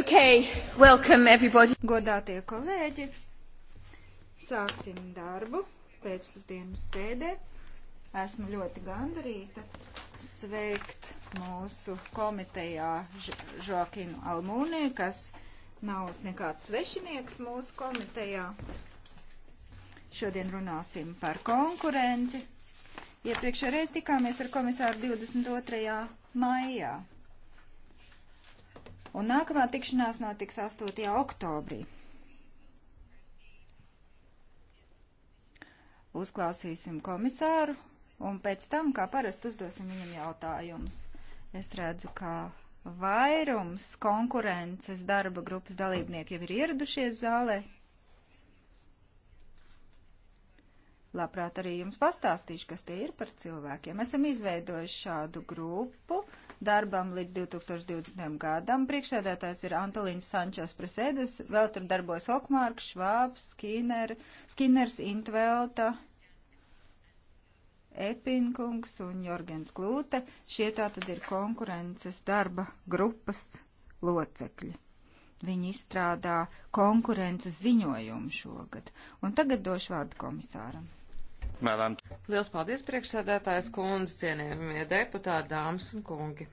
Okay, welcome everybody. Godātie kolēģi, sāksim darbu pēcpusdienas sēdē. Esmu ļoti gandarīta sveikt mūsu komitejā Žokinu Almūnī, kas nav nekāds svešinieks mūsu komitejā. Šodien runāsim par konkurenci. Iepriekšējā reizē tikāmies ar komisāru 22. maijā Un nākamā tikšanās notiks 8. oktobrī. Uzklausīsim komisāru un pēc tam, kā parasti, uzdosim viņam jautājumus. Es redzu, ka vairums konkurences darba grupas dalībnieku jau ir ieradušies zālē. Labprāt arī jums pastāstīšu, kas tie ir par cilvēkiem. Esam izveidojuši šādu grupu. Uh, darbam līdz 2020. gadam. Priekšsēdētājs ir Antolīns Sančos Presēdes, vēl tur darbos Okmārks, Švābs, Skiner, Skinners, Intvelta, Epinkungs un Jorgens Klūte. Šie tā tad ir konkurences darba grupas locekļi. Viņi izstrādā konkurences ziņojumu šogad. Un tagad došu vārdu komisāram. Mēlām. Liels paldies, priekšsēdētājs kundze, cienījamie deputāti, dāmas un kungi.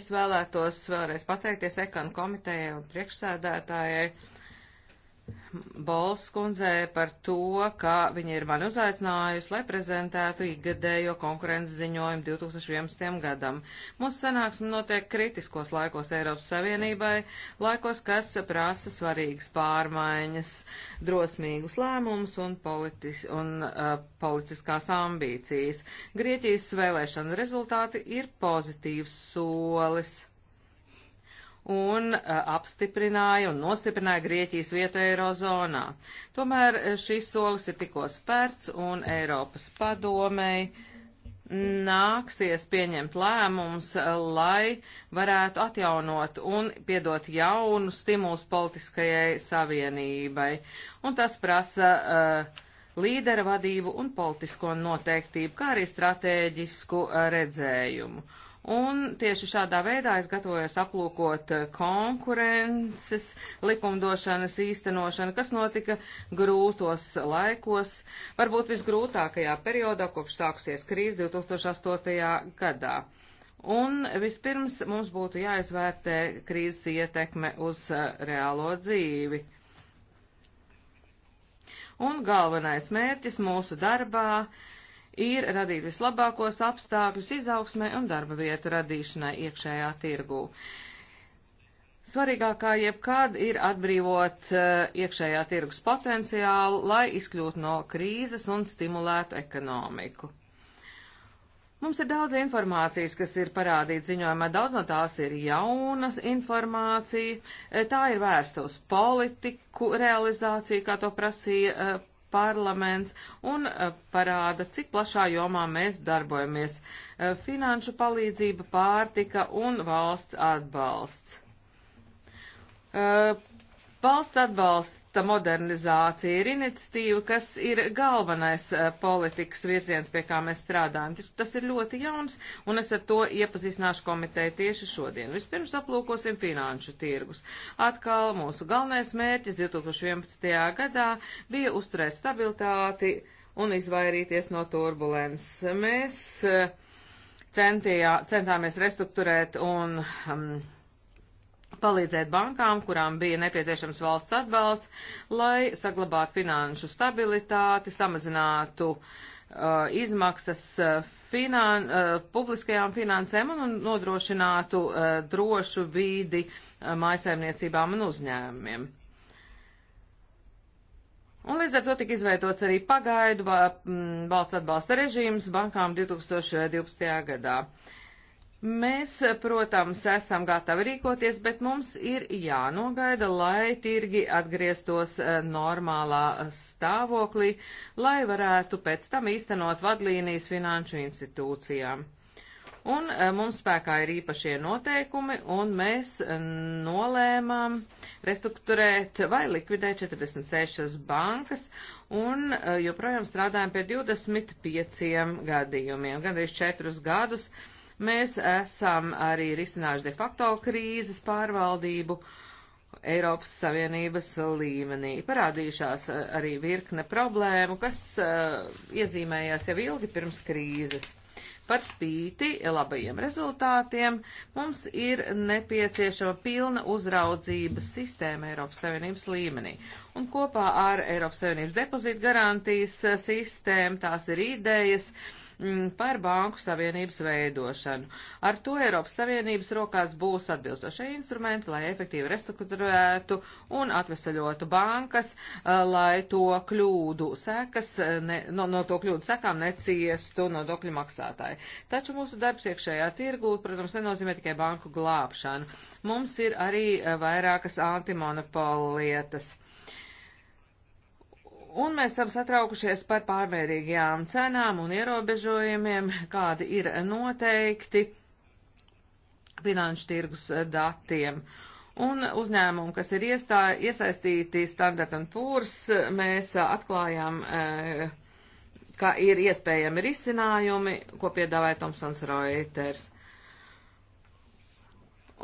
Es vēlētos vēlreiz pateikties Ekonu komitejai un priekšsēdētājai Bols kundzē par to, ka viņa ir mani uzaicinājusi, lai prezentētu ikgadējo konkurences ziņojumu 2011. gadam. Mūsu sanāksme notiek kritiskos laikos Eiropas Savienībai, laikos, kas prasa svarīgas pārmaiņas, drosmīgus lēmumus un, politis, un uh, politiskās ambīcijas. Grieķijas vēlēšana rezultāti ir pozitīvs solis un e, apstiprināja un nostiprināja Grieķijas vietu Eirozonā. Tomēr e, šis solis ir tikko spērts un Eiropas padomei nāksies pieņemt lēmums, e, lai varētu atjaunot un piedot jaunu stimulus politiskajai savienībai. Un tas prasa uh, līdera vadību un politisko noteiktību, kā arī stratēģisku uh, redzējumu. Uh, Un tieši šādā veidā es gatavojos aplūkot eh, konkurences likumdošanas īstenošanu, kas notika grūtos laikos, varbūt visgrūtākajā periodā, kopš sāksies krīze 2008. gadā. Un vispirms mums būtu jāizvērtē krīzes ietekme uz eh, reālo dzīvi. Un galvenais mērķis mūsu darbā uh, ir radīt vislabākos apstākļus izaugsmai un darba vietu radīšanai iekšējā tirgū. Svarīgākā jebkad ir atbrīvot eh, iekšējā tirgus potenciālu, lai izkļūtu no krīzes un stimulētu ekonomiku. Mums ir daudz informācijas, kas ir parādīta ziņojumā, daudz no tās ir jaunas informācija, eh, tā ir vērsta uz politiku realizāciju, kā to prasīja eh, parlaments un e, parāda, cik plašā jomā mēs darbojamies e, - finanšu palīdzība, pārtika un valsts atbalsts. E, valsts atbalsts pasta modernizācija ir iniciatīva, kas ir galvenais eh, politikas virziens, pie kā mēs strādājam. Tas ir ļoti jauns, un es ar to iepazīstināšu komiteju tieši šodien. Vispirms aplūkosim finanšu tirgus. Atkal mūsu galvenais mērķis 2011. gadā bija uzturēt stabilitāti un izvairīties no turbulences. Mēs eh, centījā, centāmies restruktūrēt un. Um, palīdzēt bankām, kurām bija nepieciešams valsts atbalsts, lai saglabātu finanšu stabilitāti, samazinātu uh, izmaksas uh, finan, uh, publiskajām finansēm un nodrošinātu uh, drošu vīdi uh, mājasēmniecībām un uzņēmumiem. Un līdz ar to tika izveidots arī pagaidu valsts atbalsta režīms bankām 2012. gadā. Uh, Mēs, protams, esam gatavi rīkoties, bet mums ir jānogaida, lai tirgi atgrieztos eh, normālā stāvoklī, lai varētu pēc tam īstenot vadlīnijas finanšu institūcijām. Un eh, mums spēkā ir īpašie noteikumi, un mēs eh, nolēmām restruktūrēt vai likvidēt 46 bankas, un joprojām strādājam pie 25 gadījumiem, gandrīz 4 gadus. gadus Mēs esam arī risinājuši de facto krīzes pārvaldību. Eiropas Savienības līmenī. Parādījušās eh, arī virkne problēmu, kas uh, iezīmējās jau ilgi pirms krīzes. Par spīti labajiem rezultātiem mums ir nepieciešama pilna uzraudzības sistēma Eiropas Savienības līmenī. Un kopā ar Eiropas Savienības depozīta garantijas eh, sistēmu tās ir idejas, uh, Mm, par Banku Savienības veidošanu. Ar to Eiropas Savienības rokās būs atbilstošie instrumenti, lai efektīvi restruktūrētu un atvesaļotu bankas, eh, lai to kļūdu sekas, eh, ne, no, no to kļūdu sekām neciestu nodokļu maksātāji. Taču mūsu darbs iekšējā tirgū, protams, nenozīmē tikai banku glābšanu. Mums ir arī eh, vairākas antimonopolietas. lietas Un mēs esam satraukušies par pārmērīgajām cenām un ierobežojumiem, kādi ir noteikti finanšu tirgus datiem. Un uzņēmumu, kas ir iestā, iesaistīti Standard un Pūrs, mēs atklājām, eh, ka ir iespējami risinājumi, ko piedāvāja Thomsons Reuters.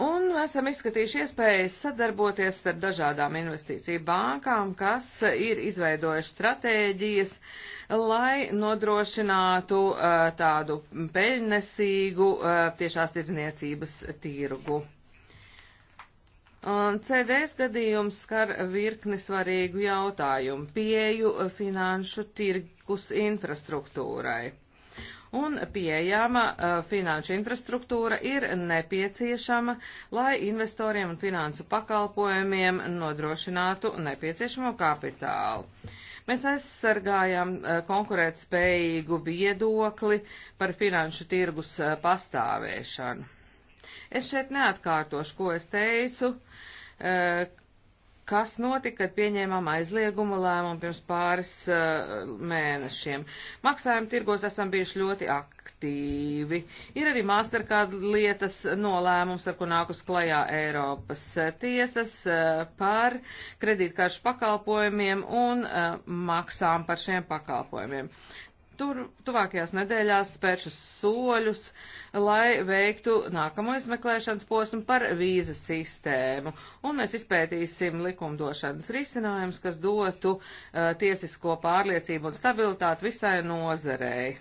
Un esam izskatījuši iespējas sadarboties ar dažādām investīciju bankām, kas ir izveidojuši stratēģijas, lai nodrošinātu uh, tādu peļnesīgu uh, tiešās tirdzniecības tirgu. Un CDS gadījums skar virkni svarīgu jautājumu - pieju finanšu tirgus infrastruktūrai un pieejama finanšu infrastruktūra ir nepieciešama, lai investoriem un finansu pakalpojumiem nodrošinātu nepieciešamo kapitālu. Mēs aizsargājam konkurētspējīgu viedokli par finanšu tirgus pastāvēšanu. Es šeit neatkārtošu, ko es teicu, kas notika, kad pieņēmām aizliegumu lēmumu pirms pāris uh, mēnešiem. Maksājuma tirgos esam bijuši ļoti aktīvi. Ir arī Mastercard lietas nolēmums, ar ko nākus klajā Eiropas eh, tiesas uh, par kredītkāršu pakalpojumiem un uh, maksām par šiem pakalpojumiem. Uh, tur tuvākajās nedēļās spēršu soļus, lai veiktu nākamo izmeklēšanas posmu par vīza sistēmu. Un mēs izpētīsim likumdošanas risinājumus, kas dotu uh, tiesisko pārliecību un stabilitāti visai nozarei.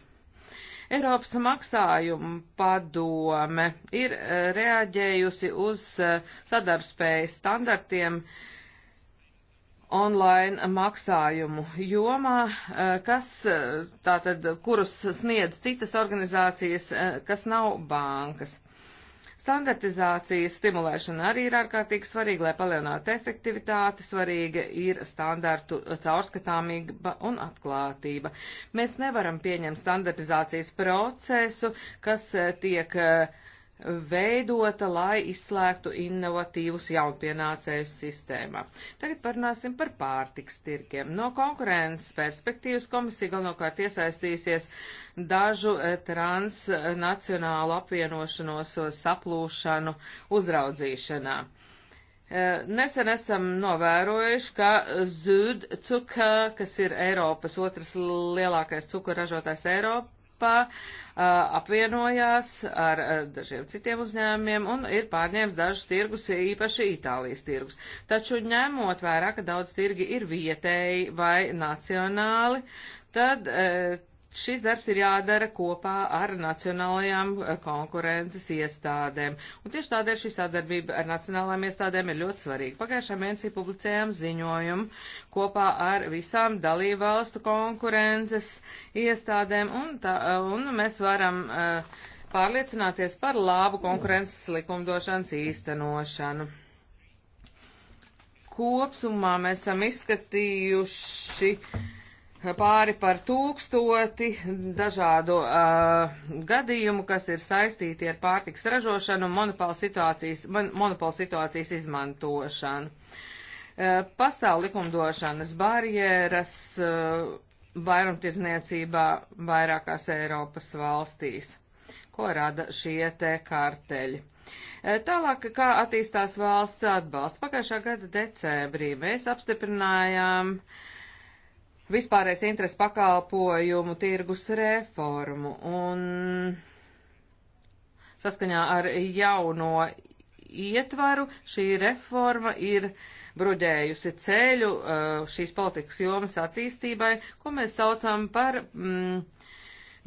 Eiropas maksājuma padome ir uh, reaģējusi uz uh, sadarbspējas standartiem uh, online maksājumu jomā, eh, kas eh, tātad, kurus sniedz citas organizācijas, eh, kas nav bankas. Standartizācijas stimulēšana arī ir ārkārtīgi svarīga, lai palielinātu efektivitāti, svarīga ir standartu caurskatāmība un atklātība. Mēs nevaram pieņemt standartizācijas procesu, kas tiek uh, veidota, lai izslēgtu innovatīvus jaunpienācējus sistēmā. Tagad parunāsim par pārtiks tirkiem. No konkurences perspektīvas komisija galvenokārt iesaistīsies dažu e, transnacionālu apvienošanos saplūšanu uzraudzīšanā. E, nesen esam novērojuši, ka Zūd Cuka, kas ir Eiropas otrs lielākais cukuražotājs Eiropā, Eiropā apvienojās ar dažiem citiem uzņēmumiem un ir pārņēmis dažus tirgus, īpaši Itālijas tirgus. Taču ņemot vērā, ka daudz tirgi ir vietēji vai nacionāli, tad Šis darbs ir jādara kopā ar nacionālajām eh, konkurences iestādēm. Un tieši tādēļ šī sadarbība ar nacionālajām iestādēm ir ļoti svarīga. Pagājušā mēnesī publicējām ziņojumu kopā ar visām dalībvalstu konkurences iestādēm, un, tā, eh, un mēs varam uh, pārliecināties par labu konkurences likumdošanas īstenošanu. Kopsumā mēs esam izskatījuši uh, pāri par tūkstoti dažādu uh, gadījumu, kas ir saistīti ar pārtiks ražošanu un monopola situācijas, mon, monopola situācijas izmantošanu. Uh, pastāv likumdošanas barjeras uh, vairumtirzniecībā vairākās Eiropas valstīs, ko rada šie te karteļi. Tālāk, kā attīstās valsts atbalsts, pagājušā gada decembrī mēs apstiprinājām uh, vispārreiz interesi pakalpojumu tirgus reformu un saskaņā ar jauno ietvaru šī reforma ir bruģējusi ceļu uh, šīs politikas jomas attīstībai, ko mēs saucam par mm,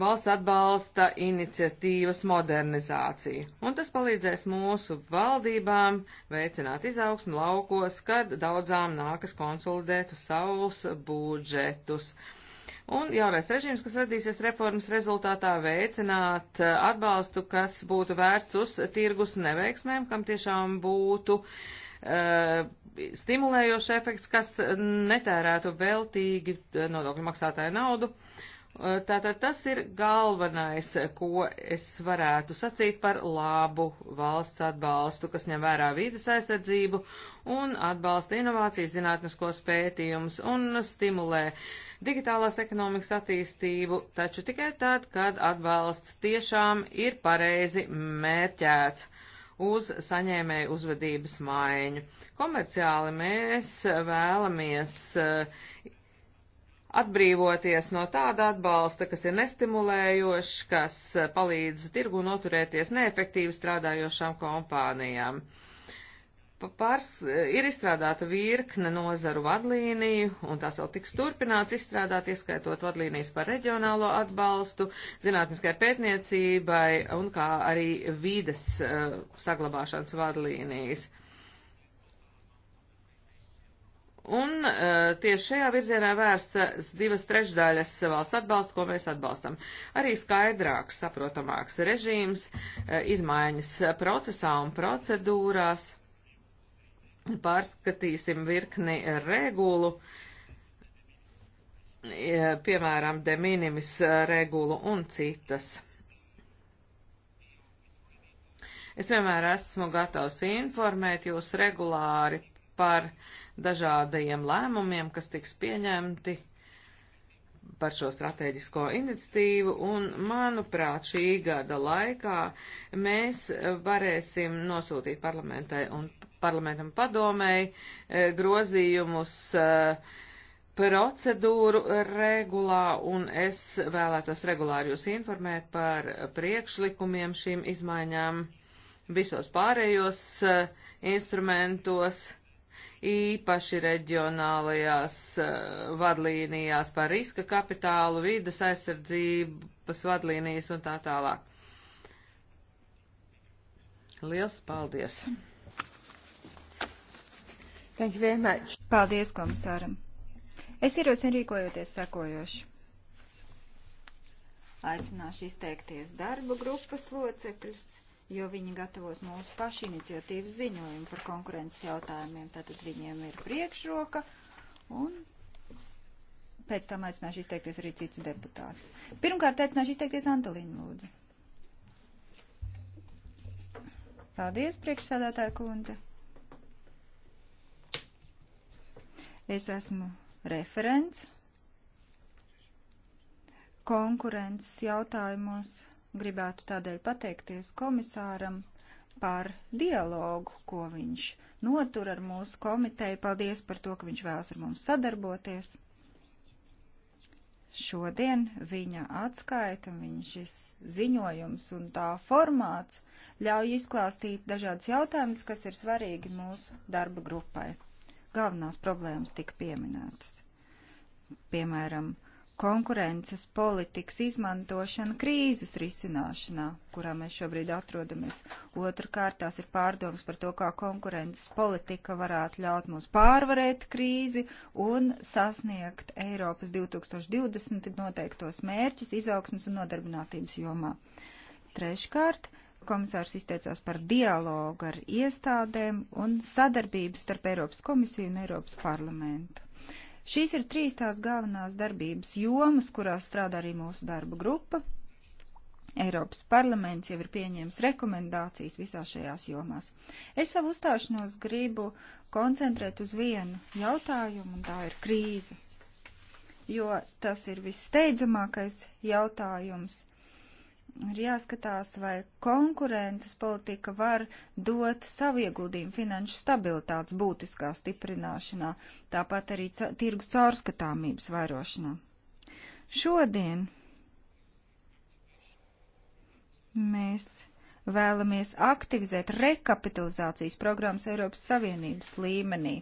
valsts atbalsta iniciatīvas modernizāciju, un tas palīdzēs mūsu valdībām veicināt izaugsmu laukos, kad daudzām nākas konsolidēt savus budžetus. Un jaunais režīms, kas radīsies reformas rezultātā, veicināt atbalstu, kas būtu vērsts uz tirgus neveiksmēm, kam tiešām būtu uh, stimulējošs efekts, kas netērētu veltīgi nodokļu maksātāju naudu. Uh, Tātad tas ir galvenais, ko es varētu sacīt par labu valsts atbalstu, kas ņem vērā vīdes aizsardzību un atbalsta inovācijas zinātniskos pētījumus un stimulē digitālās ekonomikas attīstību, taču tikai tad, kad atbalsts tiešām ir pareizi mērķēts uz saņēmēju uzvedības maiņu. Komerciāli mēs vēlamies uh, atbrīvoties no tāda atbalsta, kas ir nestimulējošs, kas eh, palīdz tirgu noturēties neefektīvi strādājošām kompānijām. Pārs, eh, ir izstrādāta virkne nozaru vadlīniju, un tās vēl tiks turpināts izstrādāt, ieskaitot vadlīnijas par reģionālo atbalstu, zinātniskai pētniecībai un kā arī vīdes uh, eh, saglabāšanas vadlīnijas. Uh, Un uh, tieši šajā virzienā vērstas divas trešdaļas valsts atbalsta, ko mēs atbalstam. Arī skaidrāks, saprotamāks režīms, uh, izmaiņas procesā un procedūrās. Pārskatīsim virkni regulu, eh, piemēram, de minimis regulu un citas. Es vienmēr esmu gatavs informēt jūs regulāri par uh, dažādajiem lēmumiem, kas tiks pieņemti par šo strateģisko iniciatīvu, un, manuprāt, šī gada laikā mēs varēsim nosūtīt parlamentai un parlamentam padomēji e, grozījumus e, procedūru regulā, un es vēlētos regulāri jūs informēt par priekšlikumiem šīm izmaiņām visos pārējos e, instrumentos īpaši reģionālajās eh, vadlīnijās par riska kapitālu, vidas aizsardzības vadlīnijas un tā tālāk. Liels paldies! Thank you very much. Paldies komisāram. Es ierosinu rīkojoties sekojoši. Aicināšu izteikties darba grupas locekļus jo viņi gatavos mūsu pašu iniciatīvas ziņojumu par konkurences jautājumiem. Tātad viņiem ir priekšroka un pēc tam aicināšu izteikties arī cits deputāts. Pirmkārt, aicināšu izteikties Antolīnu Lūdzu. Paldies, priekšsādātāja kundze. Es esmu referents konkurences jautājumos Gribētu tādēļ pateikties komisāram par dialogu, ko viņš notur ar mūsu komiteju. Paldies par to, ka viņš vēlas ar mums sadarboties. Šodien viņa atskaita, viņa šis ziņojums un tā formāts ļauj izklāstīt dažādas jautājumas, kas ir svarīgi mūsu darba grupai. Galvenās problēmas tika pieminētas. Piemēram, konkurences politikas izmantošana krīzes risināšanā, kurā mēs šobrīd atrodamies. Otrakārt, tās ir pārdomas par to, kā konkurences politika varētu ļaut mums pārvarēt krīzi un sasniegt Eiropas 2020 noteiktos mērķus izaugsmas un nodarbinātības jomā. Treškārt, komisārs izteicās par dialogu ar iestādēm un sadarbību starp Eiropas komisiju un Eiropas parlamentu. Šīs ir trīs tās galvenās darbības jomas, kurās strādā arī mūsu darba grupa. Eiropas parlaments jau ir pieņēmis rekomendācijas visās šajās jomās. Es savu uzstāšanos gribu koncentrēt uz vienu jautājumu, un tā ir krīze, jo tas ir vissteidzamākais jautājums ir jāskatās, vai konkurences politika var dot savu ieguldījumu finanšu stabilitātes būtiskā stiprināšanā, tāpat arī ca tirgus caurskatāmības vairošanā. Šodien mēs vēlamies aktivizēt rekapitalizācijas programmas Eiropas Savienības līmenī.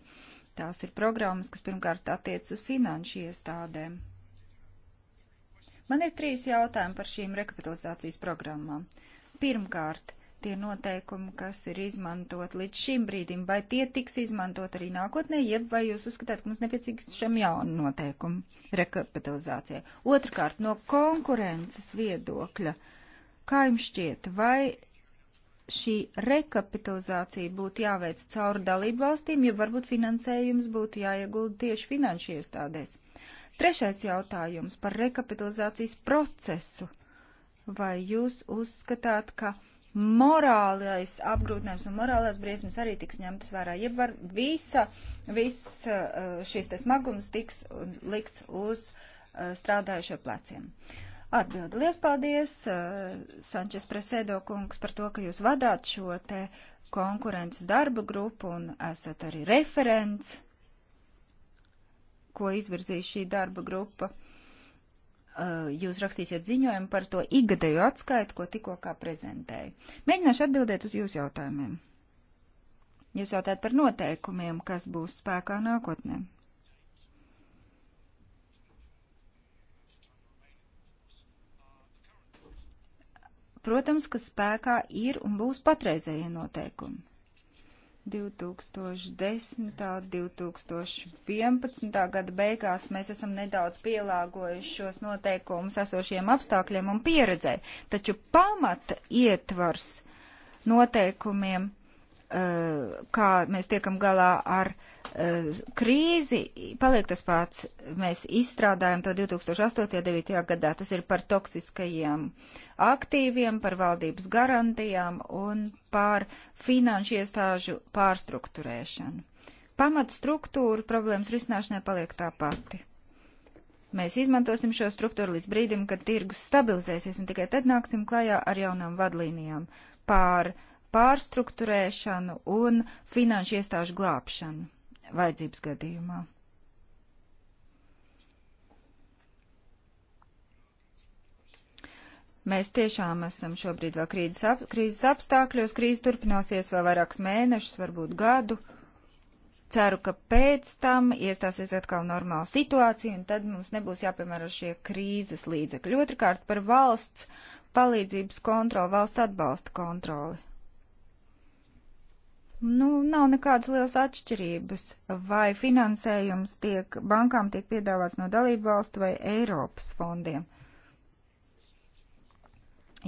Tās ir programmas, kas pirmkārt attiec uz finanšu iestādēm. Man ir trīs jautājumi par šīm rekapitalizācijas programmām. Pirmkārt, tie noteikumi, kas ir izmantot līdz šim brīdim, vai tie tiks izmantot arī nākotnē, jeb vai jūs uzskatāt, ka mums nepieciešams šiem jaunu noteikumu rekapitalizācijai? Otrkārt, no konkurences viedokļa, kā jums šķiet, vai šī rekapitalizācija būtu jāveic caur dalību valstīm, ja varbūt finansējums būtu jāiegulda tieši finanšu iestādēs? Trešais jautājums par rekapitalizācijas procesu. Vai jūs uzskatāt, ka morālais apgrūtinājums un morālais briesmas arī tiks ņemtas vērā. Ja var visa, visa uh, šīs te smagums tiks likts uz uh, strādājušo pleciem. Atbildi. Lies paldies, uh, Sančes Presēdo kungs, par to, ka jūs vadāt šo te konkurences darba grupu un esat arī referents ko izvirzīs šī darba grupa. Uh, jūs rakstīsiet ziņojumu par to igadēju atskaitu, ko tikko kā prezentēju. Mēģināšu atbildēt uz jūsu jautājumiem. Jūs jautājat par noteikumiem, kas būs spēkā nākotnē. Protams, ka spēkā ir un būs patreizējie noteikumi. 2010. 2011. gada beigās mēs esam nedaudz pielāgojuši šos noteikumus esošiem apstākļiem un pieredzē, taču pamata ietvars noteikumiem Eh, kā mēs tiekam galā ar eh, krīzi, paliek tas pats. Mēs izstrādājam to 2008.9. gadā. Tas ir par toksiskajiem aktīviem, par valdības garantijām un par finanšu iestāžu pārstruktūrēšanu. Pamat struktūra problēmas risināšanai paliek tā pati. Mēs izmantosim šo struktūru līdz brīdim, kad tirgus stabilizēsies, un tikai tad nāksim klajā ar jaunām vadlīnijām pār uh, pārstruktūrēšanu un finanšu iestāžu glābšanu vajadzības gadījumā. Mēs tiešām esam šobrīd vēl krīzes, ap, krīzes apstākļos, krīze turpināsies vēl vairākus mēnešus, varbūt gadu. Ceru, ka pēc tam iestāsies atkal normāla situācija, un tad mums nebūs jāpiemēro šie krīzes līdzekļi. Otrakārt par valsts palīdzības kontroli, valsts atbalsta kontroli. Nu, nav nekādas liels atšķirības, vai finansējums tiek bankām tiek piedāvāts no dalību valstu vai Eiropas fondiem.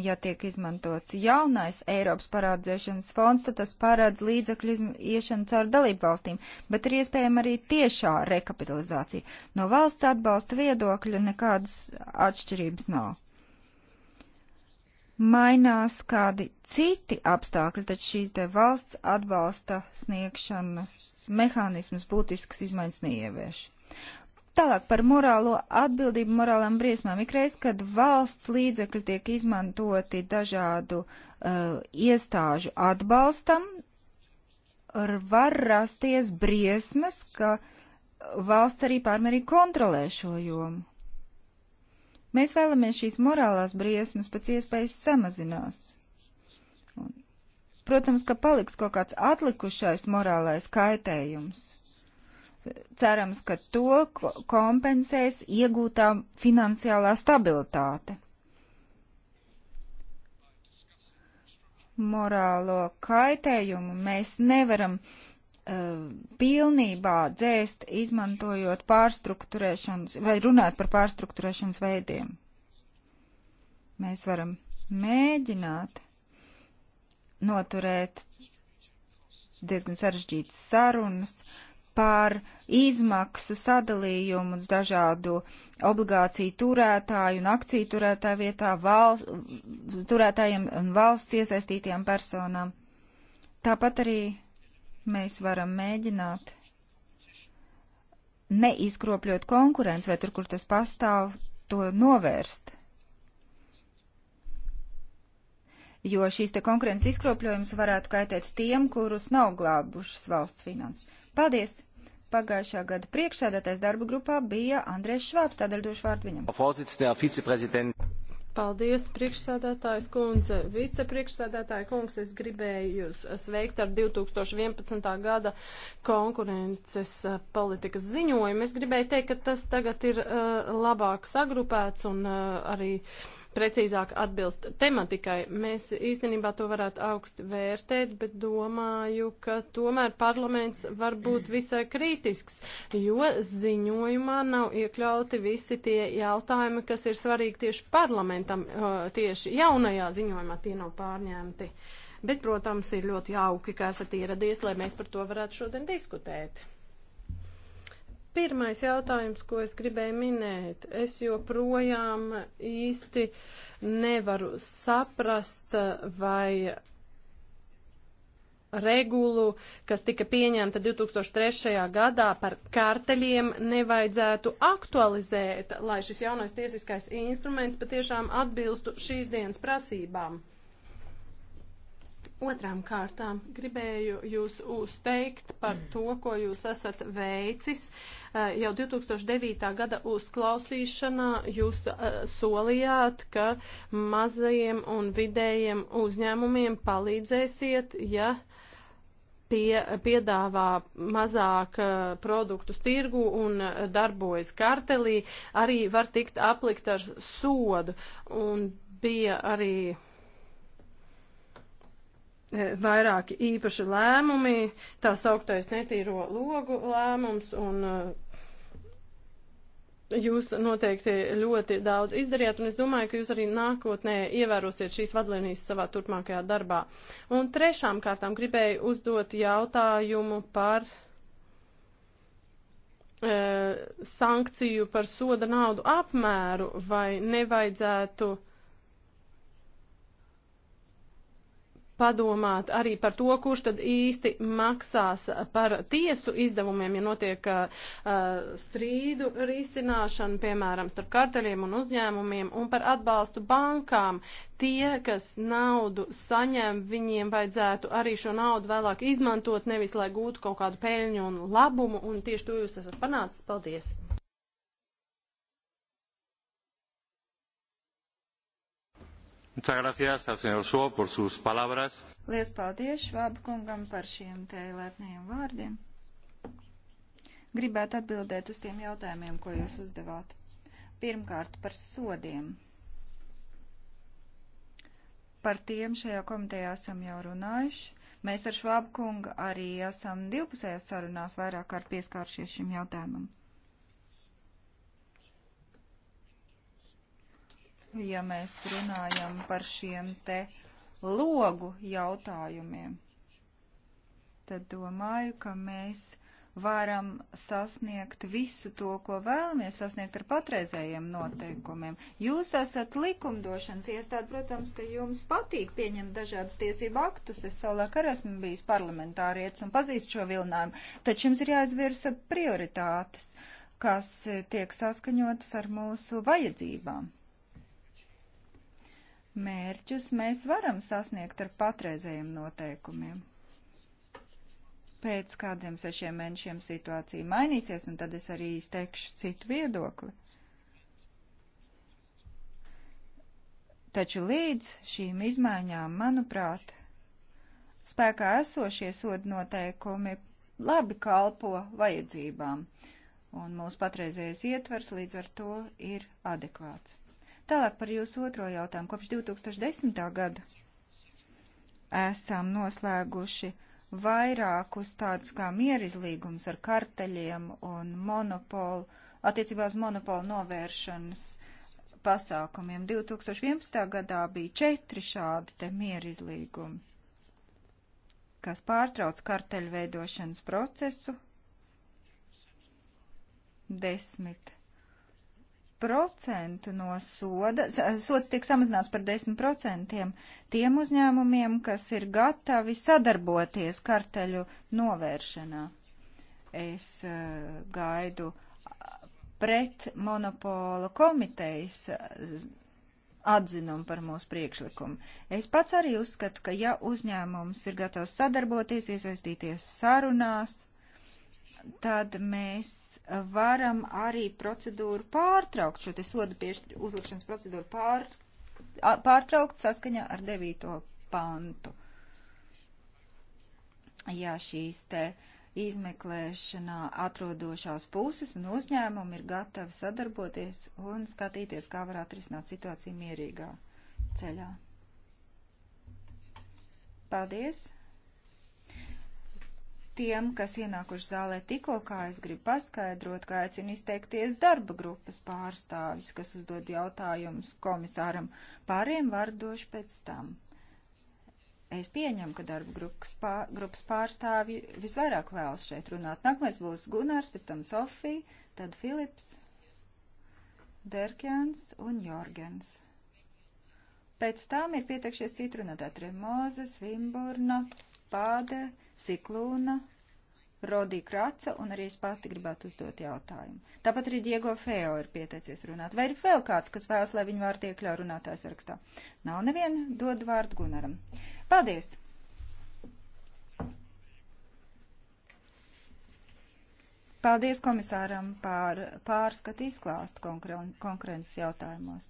Ja tiek izmantots jaunais Eiropas parādzēšanas fonds, tad tas parādz līdzekļu iešanu caur dalību valstīm, bet ir iespējama arī tiešā rekapitalizācija. No valsts atbalsta viedokļa nekādas atšķirības nav mainās kādi citi apstākļi, tad šīs te valsts atbalsta sniegšanas mehānismas būtiskas izmaiņas neievieš. Tālāk par morālo atbildību, morālām briesmām. Ikreiz, kad valsts līdzekļi tiek izmantoti dažādu uh, iestāžu atbalstam, var rasties briesmas, ka valsts arī pārmērīgi kontrolē šo jomu. Mēs vēlamies šīs morālās briesmas pēc iespējas samazinās. Un, protams, ka paliks kaut kāds atlikušais morālais kaitējums. Cerams, ka to kompensēs iegūtā finansiālā stabilitāte. Morālo kaitējumu mēs nevaram uh, Um, pilnībā dzēst, izmantojot pārstruktūrēšanas vai runāt par pārstruktūrēšanas veidiem. Mēs varam mēģināt noturēt diezgan sarežģītas sarunas par izmaksu sadalījumu uz dažādu obligāciju turētāju un akciju turētāju vietā val, turētājiem un valsts iesaistītajām personām. Tāpat arī Mēs varam mēģināt neizkropļot konkurenci vai tur, kur tas pastāv, to novērst. Jo šīs te konkurences izkropļojums varētu kaitēt tiem, kurus nav glābušas valsts finanses. Paldies! Pagājušā gada priekšsēdētais darba grupā bija Andrēs Švābs, tādēļ došu vārdu viņam. Paldies, priekšsēdētājs kundze, vicepriekšsēdētāja kungs. Es gribēju jūs sveikt ar 2011. gada konkurences eh, politikas ziņojumu. Es gribēju teikt, ka tas tagad ir uh, labāk sagrupēts un uh, arī precīzāk atbilst tematikai. Mēs īstenībā to varētu augstu vērtēt, bet domāju, ka tomēr parlaments var būt visai kritisks, jo ziņojumā nav iekļauti visi tie jautājumi, kas ir svarīgi tieši parlamentam, uh, tieši jaunajā ziņojumā tie nav pārņemti. Bet, protams, ir ļoti jauki, ka esat ieradies, lai mēs par to varētu šodien diskutēt. Pirmais jautājums, ko es gribēju minēt, es joprojām īsti nevaru saprast, vai regulu, kas tika pieņemta 2003. gadā par kārteļiem, nevajadzētu aktualizēt, lai šis jaunais tiesiskais instruments patiešām atbilstu šīs dienas prasībām. Otrām kārtām gribēju jūs uzteikt par to, ko jūs esat veicis. Eh, jau 2009. gada uzklausīšanā jūs eh, solījāt, ka mazajiem un vidējiem uzņēmumiem palīdzēsiet, ja pie, piedāvā mazāk eh, produktus tirgu un darbojas kartelī, arī var tikt aplikt ar sodu. Un bija arī E, vairāki īpaši lēmumi, tā sauktais netīro logu lēmums, un e, jūs noteikti ļoti daudz izdarījāt, un es domāju, ka jūs arī nākotnē ievērosiet šīs vadlīnijas savā turpmākajā darbā. Un trešām kārtām gribēju uzdot jautājumu par e, sankciju par soda naudu apmēru vai nevajadzētu padomāt arī par to, kurš tad īsti maksās par tiesu izdevumiem, ja notiek uh, uh, strīdu risināšana, piemēram, starp karteļiem un uzņēmumiem, un par atbalstu bankām. Tie, kas naudu saņem, viņiem vajadzētu arī šo naudu vēlāk izmantot, nevis lai gūtu kaut kādu peļņu un labumu, un tieši to jūs esat panācis. Paldies! Lielas paldies Švāba kungam par šiem te lepniem vārdiem. Gribētu atbildēt uz tiem jautājumiem, ko jūs uzdevāt. Pirmkārt, par sodiem. Par tiem šajā komitejā esam jau runājuši. Mēs ar Švāba kungu arī esam divpusējās sarunās vairāk kārt pieskāršies šim jautājumam. ja mēs runājam par šiem te logu jautājumiem, tad domāju, ka mēs varam sasniegt visu to, ko vēlamies sasniegt ar patreizējiem noteikumiem. Jūs esat likumdošanas iestāde, protams, ka jums patīk pieņemt dažādas tiesību aktus. Es savulaik arī esmu bijis parlamentārietis un pazīstu šo vilinājumu, taču jums ir jāizvirsa prioritātes, kas tiek saskaņotas ar mūsu vajadzībām mērķus mēs varam sasniegt ar patreizējiem noteikumiem. Pēc kādiem sešiem mēnešiem situācija mainīsies, un tad es arī izteikšu citu viedokli. Taču līdz šīm izmaiņām, manuprāt, spēkā esošie sodu noteikumi labi kalpo vajadzībām, un mūsu patreizējais ietvers līdz ar to ir adekvāts. Tālāk par jūsu otro jautājumu. Kopš 2010. gada esam noslēguši vairākus tādus kā mierizlīgums ar karteļiem un monopolu, attiecībā uz monopolu novēršanas pasākumiem. 2011. gadā bija četri šādi te mierizlīgumi, kas pārtrauc karteļu veidošanas procesu. Desmit procentu no soda, eh, sods tiek samazināts par 10% tiem uzņēmumiem, kas ir gatavi sadarboties karteļu novēršanā. Es uh, gaidu eh, pret monopola komitejas atzinumu par mūsu priekšlikumu. Es pats arī uzskatu, ka ja uzņēmums ir gatavs sadarboties, iesaistīties sarunās, tad mēs varam arī procedūru pārtraukt, šo te sodu piešķir uzlikšanas procedūru pār, pārtraukt saskaņā ar 9. pantu. Ja šīs te izmeklēšanā atrodošās puses un uzņēmumi ir gatavi sadarboties un skatīties, kā var atrisināt situāciju mierīgā ceļā. Paldies! Tiem, kas ienākuši zālē tikko, kā es gribu paskaidrot, ka aicinu izteikties darba grupas pārstāvis, kas uzdod jautājumus komisāram. Pāriem varu došu pēc tam. Es pieņemu, ka darba grupas, pār, grupas pārstāvi visvairāk vēlas šeit runāt. Nākamais būs Gunārs, pēc tam Sofija, tad Filips, Derkjans un Jorgens. Pēc tam ir pietekšies citi runātāji - Tremozes, Vimburna, Pāde. Siklūna, Rodī Kraca un arī es pati gribētu uzdot jautājumu. Tāpat arī Diego Feo ir pieteicies runāt. Vai ir vēl kāds, kas vēlas, lai viņu vārdu iekļauj runātājs rakstā? Nav neviena, dod vārdu Gunaram. Paldies! Paldies komisāram par pārskatu izklāstu konkurences jautājumos.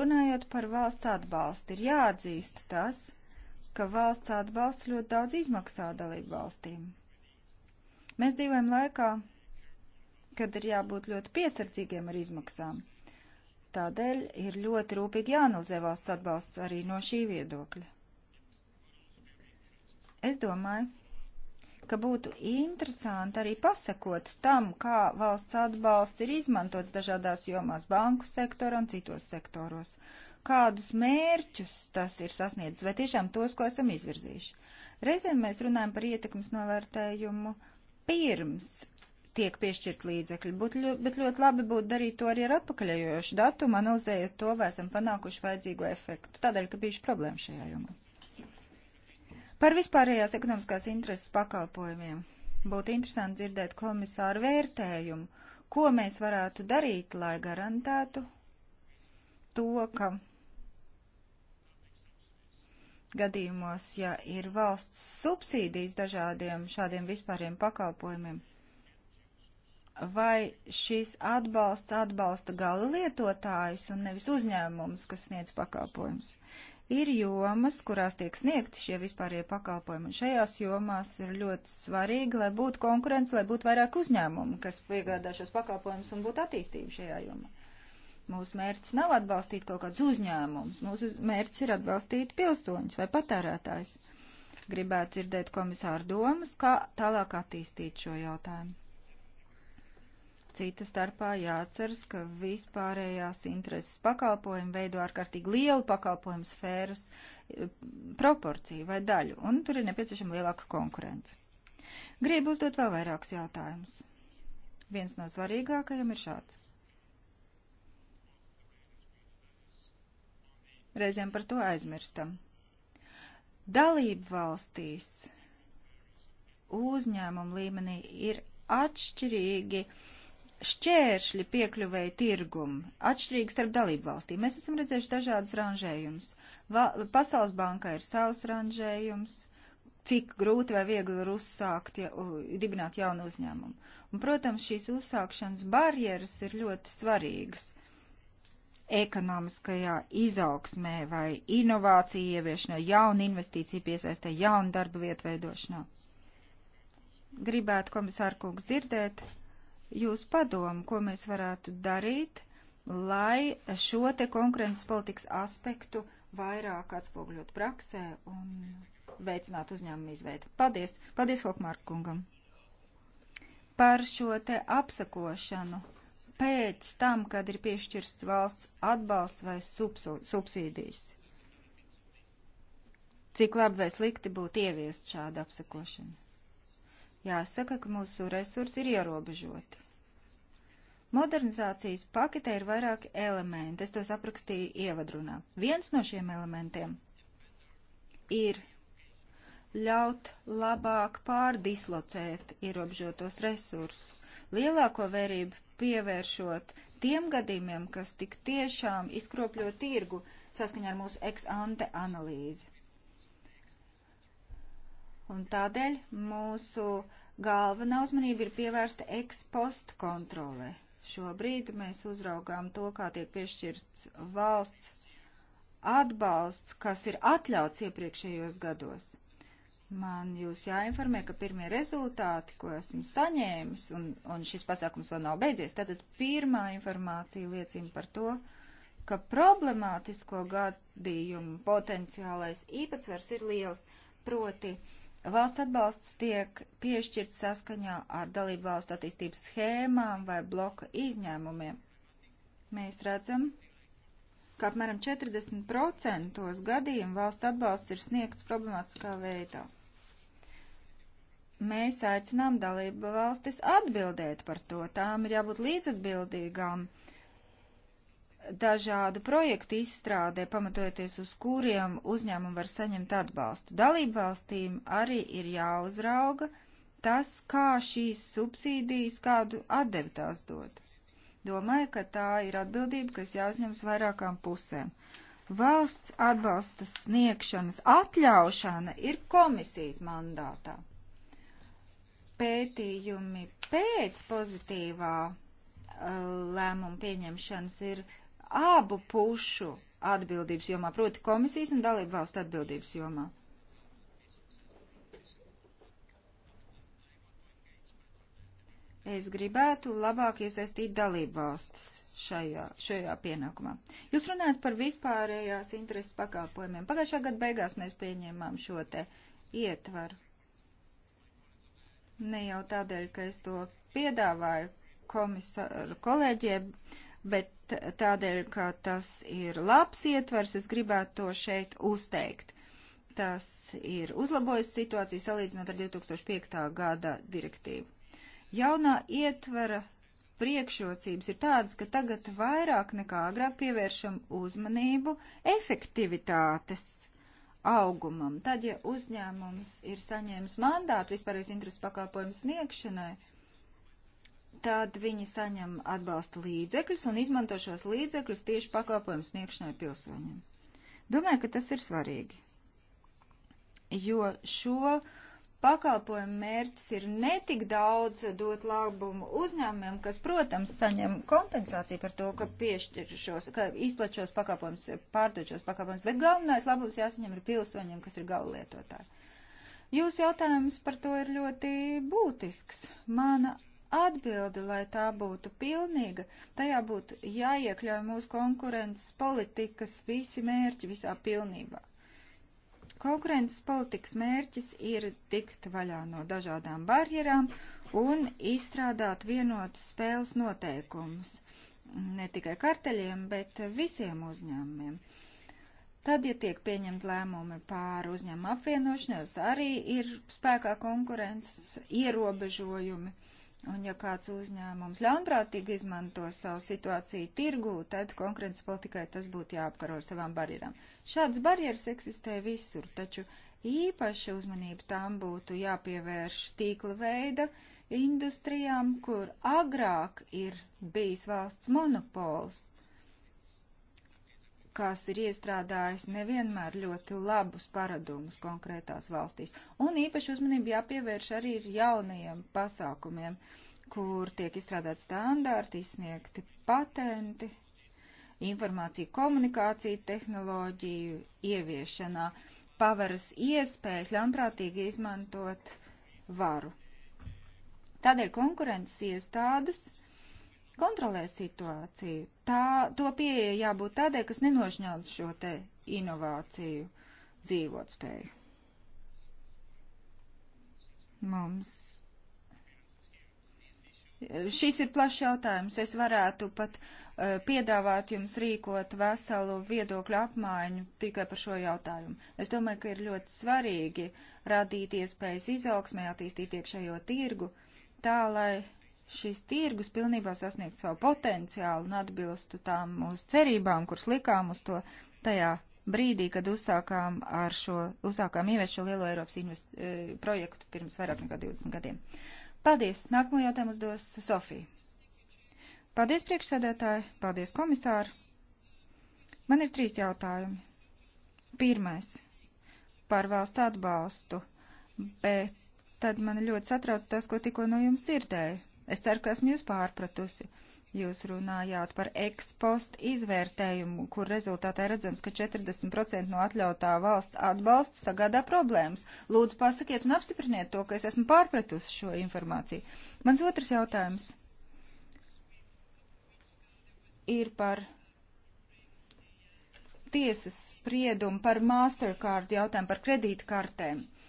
Runājot par valsts atbalstu, ir jāatzīst tas, ka valsts atbalsts ļoti daudz izmaksā dalību valstīm. Mēs dzīvojam laikā, kad ir jābūt ļoti piesardzīgiem ar izmaksām. Tādēļ ir ļoti rūpīgi jāanalizē valsts atbalsts arī no šī viedokļa. Es domāju, ka būtu interesanti arī pasakot tam, kā valsts atbalsts ir izmantots dažādās jomās banku sektora un citos sektoros. Uh, kādus mērķus tas ir sasniedzis, vai tiešām tos, ko esam izvirzījuši. Reizēm mēs runājam par ietekmes novērtējumu pirms tiek piešķirt līdzekļi, būt, bet ļoti labi būtu darīt to arī ar atpakaļējošu datumu, analizējot to, vai esam panākuši vajadzīgo efektu, tādēļ, ka bijuši problēma šajā jomā. Par vispārējās ekonomiskās intereses pakalpojumiem būtu interesanti dzirdēt komisāru vērtējumu, ko mēs varētu darīt, lai garantētu to, ka gadījumos, ja ir valsts subsīdijas dažādiem šādiem vispāriem pakalpojumiem, vai šīs atbalsts atbalsta gala lietotājus un nevis uzņēmumus, kas sniedz pakalpojumus. Ir jomas, kurās tiek sniegti šie vispārējie pakalpojumi, un šajās jomās ir ļoti svarīgi, lai būtu konkurence, lai būtu vairāk uzņēmumu, kas piegādā šos pakalpojumus un būtu attīstība šajā jomā. Mūsu mērķis nav atbalstīt kaut kādus uzņēmumus, mūsu mērķis ir atbalstīt pilsoņus vai patērētājus. Gribētu dzirdēt komisāru domas, kā tālāk attīstīt šo jautājumu. Cita starpā jāatceras, ka vispārējās intereses pakalpojumi veido ārkārtīgi lielu pakalpojumu sfēras eh, proporciju vai daļu, un tur ir nepieciešama lielāka konkurence. Gribu uzdot vēl vairākus jautājumus. Viens no svarīgākajiem ir šāds. Reizēm par to aizmirstam. Dalību valstīs uzņēmumu līmenī ir atšķirīgi šķēršļi piekļuvēja tirgumu, atšķirīgi starp dalību valstīm. Mēs esam redzējuši dažādus ranžējumus. Va Pasaules bankā ir savs ranžējums, cik grūti vai viegli ir uzsākt, ja, dibināt jaunu uzņēmumu. Un, protams, šīs uzsākšanas barjeras ir ļoti svarīgas ekonomiskajā izaugsmē vai inovāciju ieviešanā, jaunu investīciju piesaistē, jaunu darba vietu veidošanā. Gribētu komisārkungs dzirdēt jūs padomu, ko mēs varētu darīt, lai šo te konkurences politikas aspektu vairāk atspogļot praksē un veicināt uzņēmumu izveidu. Paldies! Paldies Hokmārkungam par šo te apsakošanu pēc tam, kad ir piešķirsts valsts atbalsts vai subsīdijas. Cik labi vai slikti būtu ieviest šādu apsakošanu? Jāsaka, ka mūsu resursi ir ierobežoti. Modernizācijas paketē ir vairāki elementi, es tos aprakstīju ievadrunā. Viens no šiem elementiem ir ļaut labāk pārdislocēt ierobežotos resursus. Lielāko vērību pievēršot tiem gadījumiem, kas tik tiešām izkropļo tirgu saskaņā ar mūsu ex-ante analīzi. Un tādēļ mūsu galvenā uzmanība ir pievērsta ex-post kontrolē. Šobrīd mēs uzraugām to, kā tiek piešķirts valsts atbalsts, kas ir atļauts iepriekšējos gados. Man jūs jāinformē, ka pirmie rezultāti, ko esmu saņēmis, un, un šis pasākums vēl nav beidzies, tātad pirmā informācija liecina par to, ka problemātisko gadījumu potenciālais īpatsvars ir liels, proti valsts atbalsts tiek piešķirts saskaņā ar dalību valstu attīstības schēmām vai bloka izņēmumiem. Mēs redzam, ka apmēram 40% gadījumu valsts atbalsts ir sniegts problemātiskā veidā mēs aicinām dalību valstis atbildēt par to. Tām ir jābūt līdzatbildīgām dažādu projektu izstrādē, pamatojoties uz kuriem uzņēmumi var saņemt atbalstu. Dalību valstīm arī ir jāuzrauga tas, kā šīs subsīdijas kādu atdevi tās dod. Domāju, ka tā ir atbildība, kas jāuzņems vairākām pusēm. Valsts atbalsta sniegšanas atļaušana ir komisijas mandātā pētījumi pēc pozitīvā uh, lēmuma pieņemšanas ir abu pušu atbildības jomā, proti komisijas un dalību valstu atbildības jomā. Es gribētu labāk iesaistīt dalību valstis šajā, šajā pienākumā. Jūs runājat par vispārējās intereses pakalpojumiem. Pagājušā gada beigās mēs pieņēmām šo te ietvaru Ne jau tādēļ, ka es to piedāvāju komisāru kolēģiem, bet tādēļ, ka tas ir labs ietvers, es gribētu to šeit uzteikt. Tas ir uzlabojis situāciju salīdzinot ar 2005. gada direktīvu. Jaunā ietvera priekšrocības ir tādas, ka tagad vairāk nekā agrāk pievēršam uzmanību efektivitātes augumam. Tad, ja uzņēmums ir saņēmis mandātu vispārējais interesu pakalpojumu sniegšanai, tad viņi saņem atbalsta līdzekļus un izmanto šos līdzekļus tieši pakalpojumu sniegšanai pilsoņiem. Domāju, ka tas ir svarīgi, jo šo pakalpojumu mērķis ir netik daudz dot labumu uzņēmumiem, kas, protams, saņem kompensāciju par to, ka piešķir šos, ka izplat šos pakalpojumus, pārdod šos pakalpojumus, bet galvenais labums jāsaņem ir pilsoņiem, kas ir galvlietotāji. Jūsu jautājums par to ir ļoti būtisks. Mana atbildi, lai tā būtu pilnīga, tajā būtu jāiekļauj mūsu konkurences politikas visi mērķi visā pilnībā. Konkurences politikas mērķis ir tikt vaļā no dažādām barjerām un izstrādāt vienotus spēles noteikumus ne tikai karteļiem, bet visiem uzņēmumiem. Tad, ja tiek pieņemt lēmumi pār uzņēmumu apvienošanos, arī ir spēkā konkurences ierobežojumi. Un ja kāds uzņēmums ļaunprātīgi izmanto savu situāciju tirgū, tad konkurences politikai tas būtu jāapkaro ar savām barjerām. Šādas barjeras eksistē visur, taču īpaši uzmanību tām būtu jāpievērš tīkla veida industrijām, kur agrāk ir bijis valsts monopols kas ir iestrādājis nevienmēr ļoti labus paradumus konkrētās valstīs. Un īpaši uzmanību jāpievērš arī ir jaunajiem pasākumiem, kur tiek izstrādāti standārti, izsniegti patenti, informācija komunikācija tehnoloģiju ieviešanā, paveras iespējas ļaunprātīgi izmantot varu. Tādēļ konkurences iestādes kontrolē situāciju. Tā, to pieeja jābūt tādai, kas nenošņauc šo te inovāciju dzīvotspēju. Mums Šis ir plašs jautājums. Es varētu pat uh, piedāvāt jums rīkot veselu viedokļu apmaiņu tikai par šo jautājumu. Es domāju, ka ir ļoti svarīgi radīt iespējas izaugsmē, attīstīt iekšējo tirgu, tā lai šis tirgus pilnībā sasniegtu savu potenciālu un atbilstu tām mūsu cerībām, kuras likām uz to tajā brīdī, kad uzsākām ar šo, uzsākām ievies šo lielo Eiropas invest, e, projektu pirms vairāk nekā 20 gadiem. Paldies! Nākamo jautājumu uzdos Sofija. Paldies, priekšsēdētāji! Paldies, komisāri! Man ir trīs jautājumi. Pirmais - par valsts atbalstu, bet tad man ļoti satrauc tas, ko tikko no jums dzirdēju Es ceru, ka esmu jūs pārpratusi. Jūs runājāt par ekspostu izvērtējumu, kur rezultātā redzams, ka 40% no atļautā valsts atbalsta sagādā problēmas. Lūdzu, pasakiet un apstipriniet to, ka es esmu pārpratusi šo informāciju. Mans otrs jautājums ir par tiesas spriedumu par Mastercard jautājumu par kredītkartēm. Uh,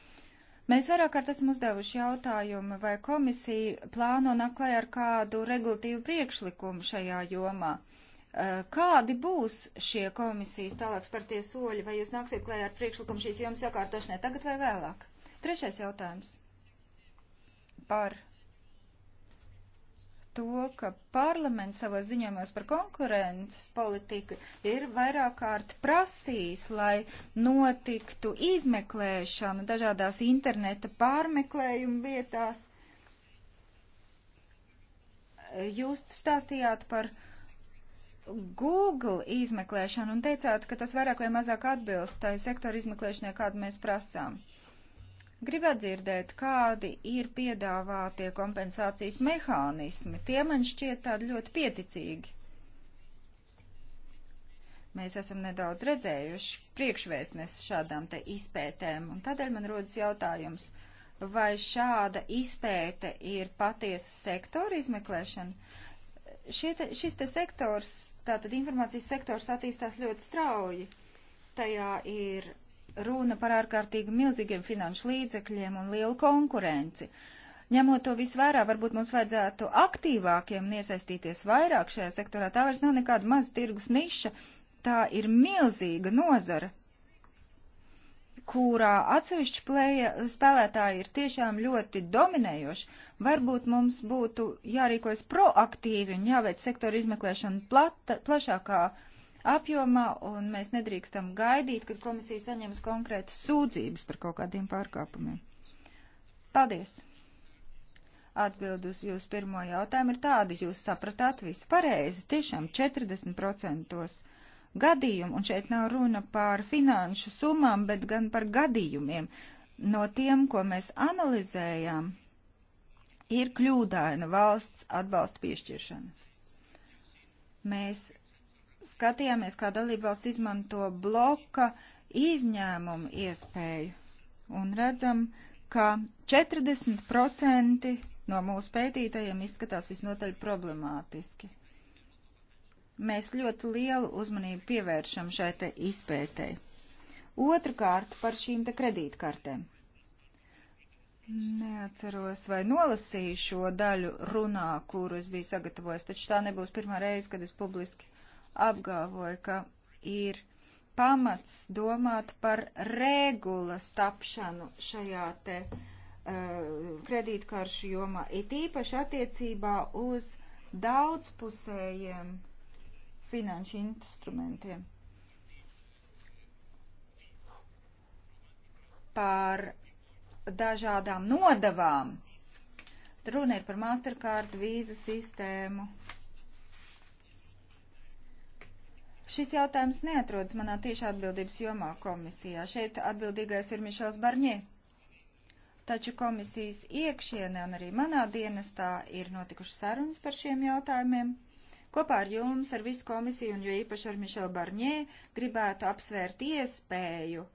Mēs vairāk kārt esam uzdevuši jautājumu, vai komisija plāno naklē ar kādu regulatīvu priekšlikumu šajā jomā. Eh, kādi būs šie komisijas tālāk spērtie soļi, vai jūs nāksiet klējā ar priekšlikumu šīs jomas sakārtošanai tagad vai vēlāk? Trešais jautājums par to, ka parlaments savos ziņojumos par konkurences politiku ir vairāk kārt prasījis, lai notiktu izmeklēšana dažādās interneta pārmeklējuma vietās. Jūs stāstījāt par Google izmeklēšanu un teicāt, ka tas vairāk vai mazāk atbilst tai sektoru izmeklēšanai, kādu mēs prasām. Gribētu dzirdēt, kādi ir piedāvātie kompensācijas mehānismi. Tie man šķiet tādi ļoti pieticīgi. Mēs esam nedaudz redzējuši priekšvēstnes šādām te izpētēm, un tādēļ man rodas jautājums, vai šāda izpēte ir patiesa sektora izmeklēšana. Te, šis te sektors, tātad informācijas sektors attīstās ļoti strauji. Tajā ir runa par ārkārtīgi milzīgiem finanšu līdzekļiem un lielu konkurenci. Ņemot to visu vērā, varbūt mums vajadzētu aktīvākiem iesaistīties vairāk šajā sektorā. Tā vairs nav nekāda maza tirgus niša, tā ir milzīga nozara, kurā atsevišķi plēja, spēlētāji ir tiešām ļoti dominējoši. Varbūt mums būtu jārīkojas proaktīvi un jāveic sektora izmeklēšana plata, plašākā apjomā, un mēs nedrīkstam gaidīt, kad komisija saņems konkrētas sūdzības par kaut kādiem pārkāpumiem. Paldies! Atbild uz jūsu pirmo jautājumu ir tāda, jūs sapratāt visu pareizi, tiešām 40% gadījumu, un šeit nav runa par finanšu summām, bet gan par gadījumiem. No tiem, ko mēs analizējām, ir kļūdaina valsts atbalsta piešķiršana. Mēs skatījāmies, kā dalībvalsts izmanto bloka izņēmumu iespēju un redzam, ka 40% no mūsu pētītājiem izskatās visnotaļ problemātiski. Mēs ļoti lielu uzmanību pievēršam šai te izpētēji. Otrakārt par šīm te kredītkartēm. Neatceros, vai nolasīju šo daļu runā, kuru es biju sagatavojis, taču tā nebūs pirmā reize, kad es publiski apgalvoja, ka ir pamats domāt par regulas tapšanu šajā te uh, kredītkaršu jomā, it īpaši attiecībā uz daudzpusējiem finanšu instrumentiem. Par dažādām nodavām. Runa ir par Mastercard vīza sistēmu, Šis jautājums neatrodas manā tieši atbildības jomā komisijā. Šeit atbildīgais ir Mišels Barņē. Taču komisijas iekšienē un arī manā dienestā ir notikušas sarunas par šiem jautājumiem. Kopā ar jums, ar visu komisiju un jo īpaši ar Mišelu Barņē gribētu apsvērt iespēju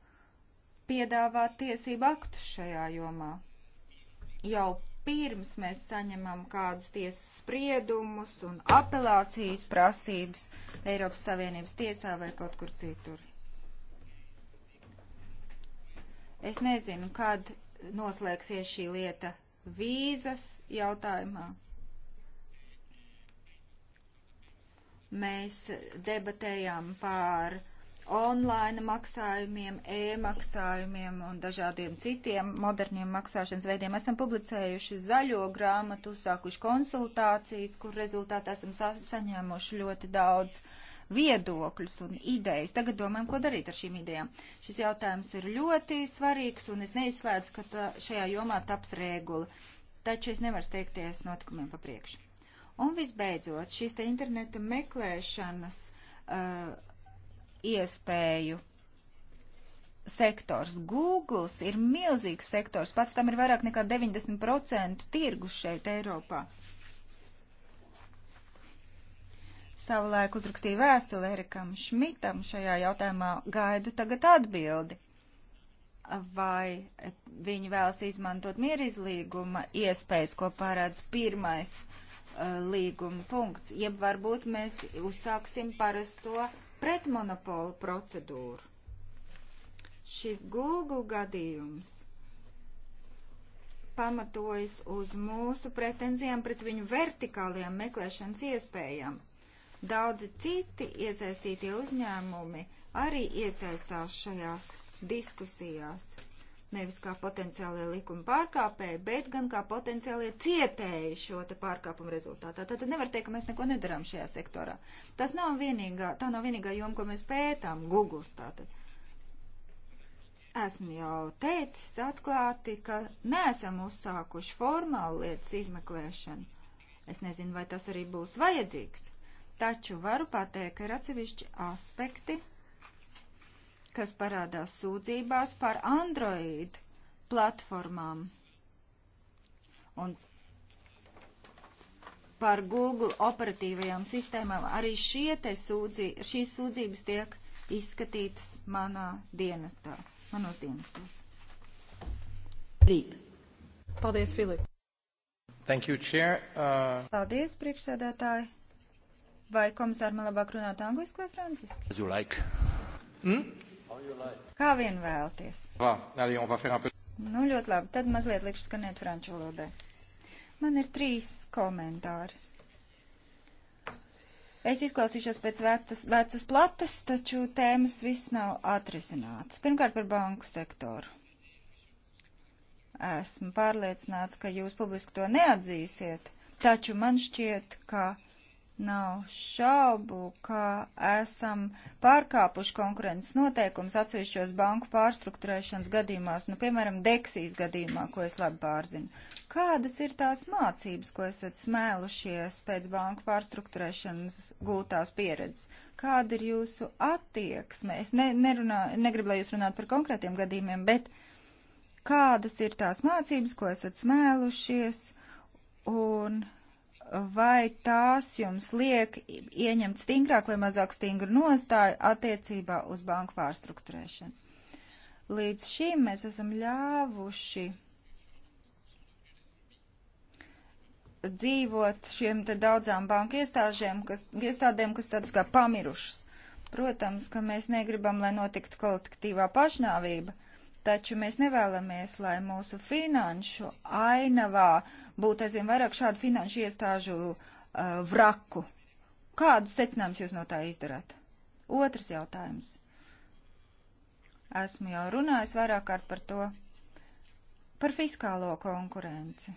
piedāvāt tiesību aktu šajā jomā. Jau pirms mēs saņemam kādus tiesas spriedumus un apelācijas prasības Eiropas Savienības tiesā vai kaut kur citur. Es nezinu, kad noslēgsies šī lieta vīzas jautājumā. Mēs debatējām pār uh, online maksājumiem, e-maksājumiem un dažādiem citiem moderniem maksāšanas veidiem. Esam publicējuši zaļo grāmatu, sākuši konsultācijas, kur rezultātā esam sa saņēmuši ļoti daudz viedokļus un idejas. Tagad domājam, ko darīt ar šīm idejām. Šis jautājums ir ļoti svarīgs, un es neizslēdzu, ka tā, šajā jomā taps regula, taču es nevaru steigties notikumiem pa priekšu. Un visbeidzot, šīs te interneta meklēšanas uh, iespēju sektors. Google ir milzīgs sektors, pats tam ir vairāk nekā 90% tirgus šeit Eiropā. Savulaik uzrakstīju vēstuli Erikam Šmitam šajā jautājumā, gaidu tagad atbildi. Vai viņi vēlas izmantot mierizlīguma iespējas, ko pārādz pirmais uh, līguma punkts, jeb varbūt mēs uzsāksim parasto pretmonopola procedūru. Šis Google gadījums pamatojas uz mūsu pretenzijām pret viņu vertikālajām meklēšanas iespējām. Daudzi citi iesaistītie uzņēmumi arī iesaistās šajās diskusijās nevis kā potenciālie likuma pārkāpēji, bet gan kā potenciālie cietēji šo te pārkāpumu rezultātā. Tātad nevar teikt, ka mēs neko nedarām šajā sektorā. Tas nav vienīgā, tā nav vienīgā joma, ko mēs pētām, Googles tātad. Esmu jau teicis atklāti, ka neesam uzsākuši formālu lietas izmeklēšanu. Es nezinu, vai tas arī būs vajadzīgs, taču varu pateikt, ka ir atsevišķi aspekti, kas parādās sūdzībās par Android platformām un par Google operatīvajām sistēmām. Arī šie te sūdzī, šīs sūdzības tiek izskatītas manā dienestā, manos dienestos. Lība. Paldies, Filip. Thank you, Chair. Uh... Paldies, priekšsēdētāji. Vai komisāri man labāk runāt angliski vai franciski? As you like. Mm? Kā vien vēlaties. Nu, ļoti labi. Tad mazliet likšu skanēt franču valodē. Man ir trīs komentāri. Es izklausīšos pēc vecas, vecas platas, taču tēmas viss nav atrisināts. Pirmkārt par banku sektoru. Esmu pārliecināts, ka jūs publiski to neatzīsiet, taču man šķiet, ka Nav šaubu, ka esam pārkāpuši konkurences noteikums atsevišķos banku pārstruktūrēšanas gadījumās, nu, piemēram, Deksijas gadījumā, ko es labi pārzinu. Kādas ir tās mācības, ko esat smēlušies pēc banku pārstruktūrēšanas gūtās pieredzes? Kāda ir jūsu attieksme? Es ne, nerunā, negribu, lai jūs runātu par konkrētiem gadījumiem, bet kādas ir tās mācības, ko esat smēlušies? Un vai tās jums liek ieņemt stingrāk vai mazāk stingru nostāju attiecībā uz banku pārstruktūrēšanu. Līdz šim mēs esam ļāvuši dzīvot šiem te daudzām banku iestāžiem, kas, iestādēm, kas tādas kā pamirušas. Protams, ka mēs negribam, lai notiktu kolektīvā pašnāvība, taču mēs nevēlamies, lai mūsu finanšu ainavā būtu aizvien vairāk šādu finanšu iestāžu uh, vraku. Kādu secinājumus jūs no tā izdarāt? Otrs jautājums. Esmu jau runājis vairāk kārt par to, par fiskālo konkurenci.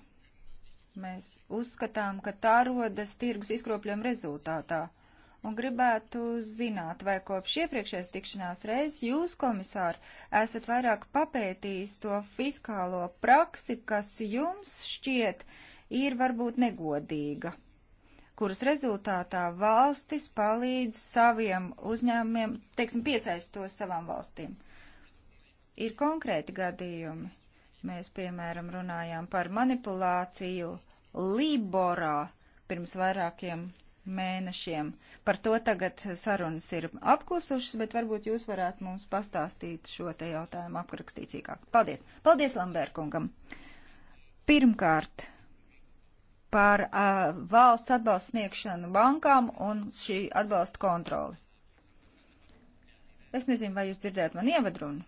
Mēs uzskatām, ka tā rodas tirgus izkropļiem rezultātā un gribētu zināt, vai kopš iepriekšējās tikšanās reizes jūs, komisāri, esat vairāk papētījis to fiskālo praksi, kas jums šķiet ir varbūt negodīga, kuras rezultātā valstis palīdz saviem uzņēmumiem, teiksim, piesaist to savām valstīm. Ir konkrēti gadījumi. Mēs, piemēram, runājām par manipulāciju Liborā pirms vairākiem mēnešiem. Par to tagad sarunas ir apklusušas, bet varbūt jūs varētu mums pastāstīt šo te jautājumu aprakstīcīgāk. Paldies! Paldies Lambērkungam! Pirmkārt, par uh, valsts atbalstu sniegšanu bankām un šī atbalsta kontroli. Es nezinu, vai jūs dzirdējat man ievadrunu,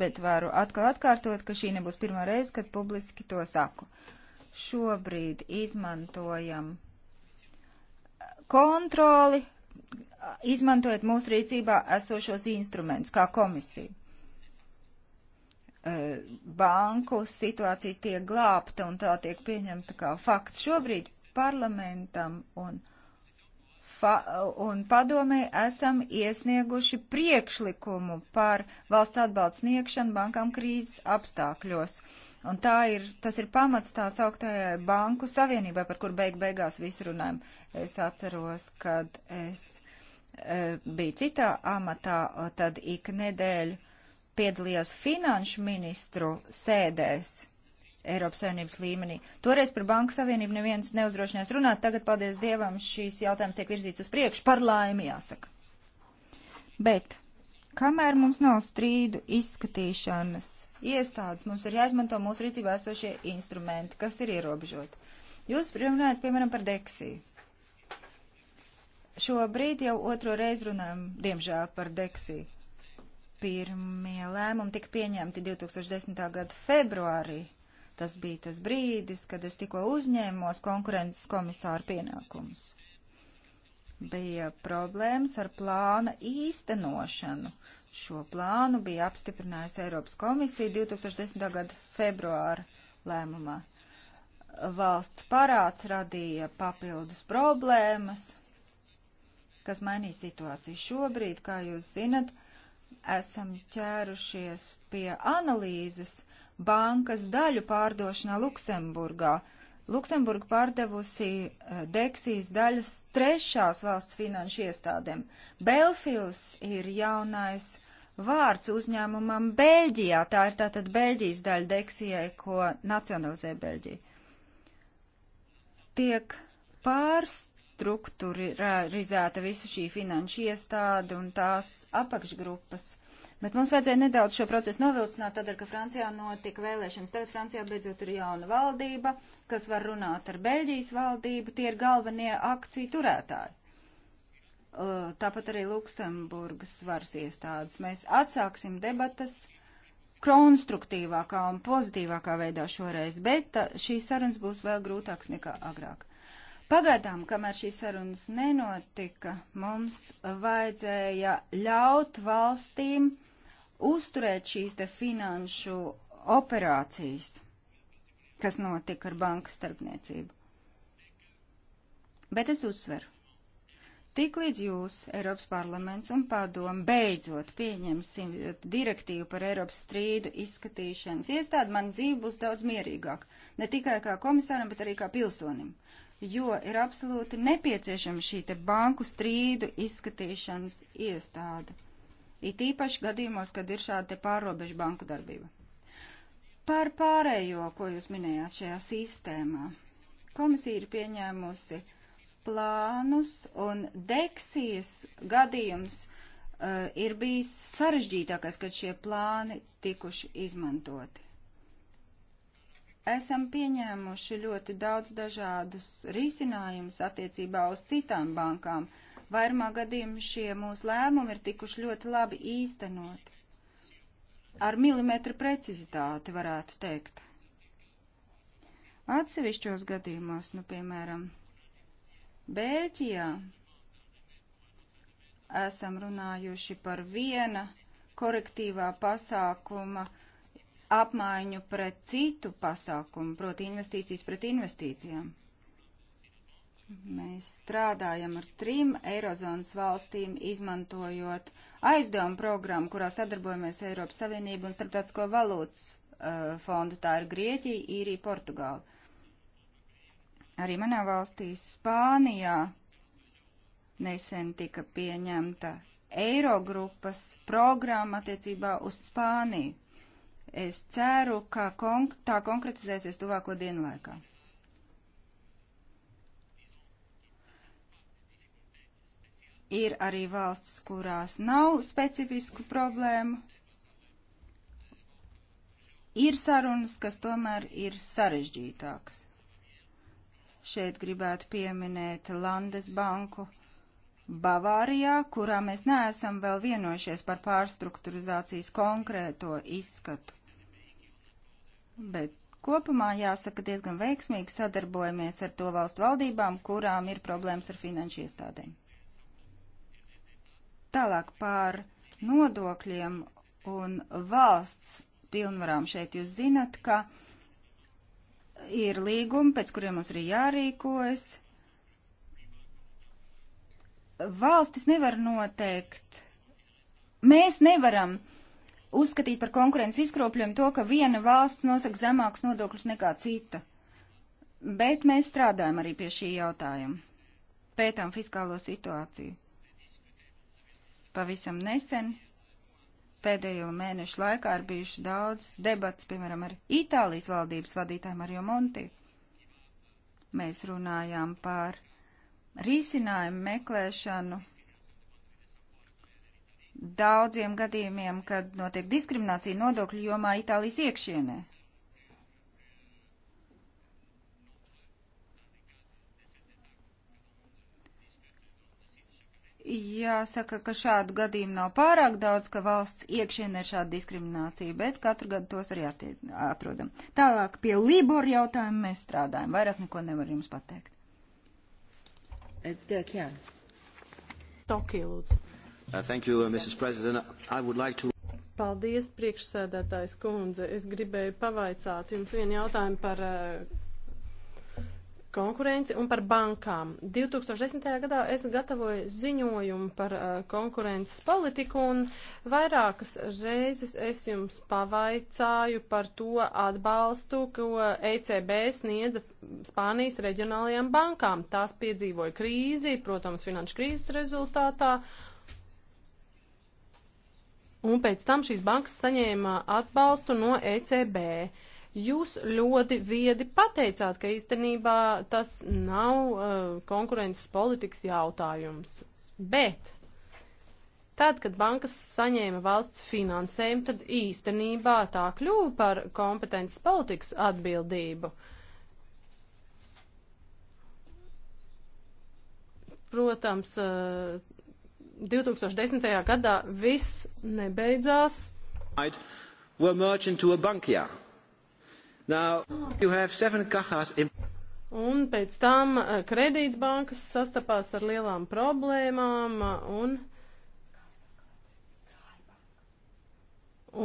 bet varu atkal atkārtot, ka šī nebūs pirmā reize, kad publiski to saku. Šobrīd izmantojam kontroli, izmantojot mūsu rīcībā esošos instrumentus, kā komisija. Eh, banku situācija tiek glābta un tā tiek pieņemta kā fakts. Šobrīd parlamentam un, un padomē esam iesnieguši priekšlikumu par valsts atbalstu sniegšanu bankām krīzes apstākļos. Uh, Un tā ir, tas ir pamats tā sauktējai banku savienībai, par kur beig beigās visu runājam. Es atceros, kad es e, biju citā amatā, tad ik nedēļu piedalījos finanšu ministru sēdēs. Eiropas Savienības līmenī. Toreiz par Banku Savienību neviens neuzdrošinājās runāt, tagad, paldies Dievam, šīs jautājums tiek virzīts uz priekšu par laimi, jāsaka. Bet Kamēr mums nav strīdu izskatīšanas iestādes, mums ir jāizmanto mūsu rīcībā esošie instrumenti, kas ir ierobežoti. Jūs runājat, piemēram, par deksiju. Šobrīd jau otro reizi runājam, diemžēl, par deksiju. Pirmie lēmumi tika pieņemti 2010. gada februārī. Tas bija tas brīdis, kad es tikko uzņēmos konkurences komisāru pienākumus bija problēmas ar plāna īstenošanu. Šo plānu bija apstiprinājusi Eiropas komisija 2010. gada februāra lēmumā. Valsts parāds radīja papildus problēmas, kas mainīja situāciju. Šobrīd, kā jūs zinat, esam ķērušies pie analīzes bankas daļu pārdošanā Luksemburgā. Uh, Luksemburga pārdevusi eh, Deksijas daļas trešās valsts finanšu iestādēm. Belfius ir jaunais vārds uzņēmumam Beļģijā. Tā ir tātad Beļģijas daļa Deksijai, ko nacionalizē Beļģija. Tiek pārstrukturizēta visa šī finanšu iestāde un tās apakšgrupas. Uh, Bet mums vajadzēja nedaudz šo procesu novilcināt, tad, ka Francijā notika vēlēšanas. Tagad Francijā beidzot ir jauna valdība, kas var runāt ar Beļģijas valdību. Tie ir galvenie akciju turētāji. Tāpat arī Luksemburgas varas iestādes. Mēs atsāksim debatas konstruktīvākā un pozitīvākā veidā šoreiz, bet uh, šīs sarunas būs vēl grūtākas nekā agrāk. Pagaidām, kamēr šīs sarunas nenotika, mums vajadzēja ļaut valstīm uh, uzturēt šīs te finanšu operācijas, kas notika ar bankas starpniecību. Bet es uzsveru. Tiklīdz jūs, Eiropas parlaments un padomu, beidzot pieņemsim direktīvu par Eiropas strīdu izskatīšanas iestādi, man dzīve būs daudz mierīgāk. Ne tikai kā komisāram, bet arī kā pilsonim jo ir absolūti nepieciešama šī banku strīdu izskatīšanas iestāde. It īpaši gadījumos, kad ir šāda pārobežu banku darbība. Par pārējo, ko jūs minējāt šajā sistēmā, komisija ir pieņēmusi plānus un deksijas gadījums uh, ir bijis sarežģītākais, kad šie plāni tikuši izmantoti. Esam pieņēmuši ļoti daudz dažādus risinājumus attiecībā uz citām bankām. Uh, Vairumā gadījumā šie mūsu lēmumi ir tikuši ļoti labi īstenoti. Ar milimetru precizitāti varētu teikt. Atsevišķos gadījumos, nu, piemēram, Bēļģijā esam runājuši par viena korektīvā pasākuma apmaiņu pret citu pasākumu, proti investīcijas pret investīcijām. Mēs strādājam ar trim Eirozonas valstīm, izmantojot aizdevumu programmu, kurā sadarbojamies Eiropas Savienību un Starptautisko valūtas uh, fondu. Tā ir Grieķija, Īrija, Portugāla. Arī manā valstī Spānijā nesen tika pieņemta Eirogrupas programma attiecībā uz Spāniju. Es ceru, ka konk tā konkretizēsies tuvāko dienu laikā. Ir arī valstis, kurās nav specifisku problēmu. Ir sarunas, kas tomēr ir sarežģītākas. Šeit gribētu pieminēt Landes banku Bavārijā, kurā mēs neesam vēl vienojušies par pārstrukturizācijas konkrēto izskatu. Bet kopumā jāsaka diezgan veiksmīgi sadarbojamies ar to valstu valdībām, kurām ir problēmas ar finanšu iestādēm. Tālāk par nodokļiem un valsts pilnvarām šeit jūs zinat, ka ir līgumi, pēc kuriem mums arī jārīkojas. Valstis nevar noteikt. Mēs nevaram uzskatīt par konkurences izkropļiem to, ka viena valsts nosaka zemākus nodokļus nekā cita. Bet mēs strādājam arī pie šī jautājuma. Pētām fiskālo situāciju. Pavisam nesen pēdējo mēnešu laikā ir bijušas daudz debats, piemēram, ar Itālijas valdības vadītājiem Mario Monti. Mēs runājām par risinājumu meklēšanu daudziem gadījumiem, kad notiek diskriminācija nodokļu jomā Itālijas iekšienē. Jāsaka, ka šādu gadījumu nav pārāk daudz, ka valsts iekšienē ir šāda diskriminācija, bet katru gadu tos arī atrodam. Tālāk pie Libor jautājuma mēs strādājam. Vairāk neko nevar jums pateikt. Tiek, jā. Tokī, lūdzu. Uh, thank you, uh, Mrs. President. I would like to... Paldies, priekšsēdētājs kundze. Es gribēju pavaicāt jums vienu jautājumu par uh, konkurenci un par bankām. 2010. gadā es gatavoju ziņojumu par uh, konkurences politiku un vairākas reizes es jums pavaicāju par to atbalstu, ko ECB sniedza Spānijas reģionālajām bankām. Tās piedzīvoja krīzi, protams, finanšu krīzes rezultātā. Un pēc tam šīs bankas saņēma atbalstu no ECB. Uh, Jūs ļoti viedi pateicāt, ka īstenībā tas nav uh, konkurences politikas jautājums. Bet tad, kad bankas saņēma valsts finansējumu, tad īstenībā tā kļuva par kompetences politikas atbildību. Protams, uh, eh, 2010. gadā viss nebeidzās. Were merged into a bankia. Now, you have seven cajas in... Un pēc tam eh, kredītbankas sastapās ar lielām problēmām eh, un,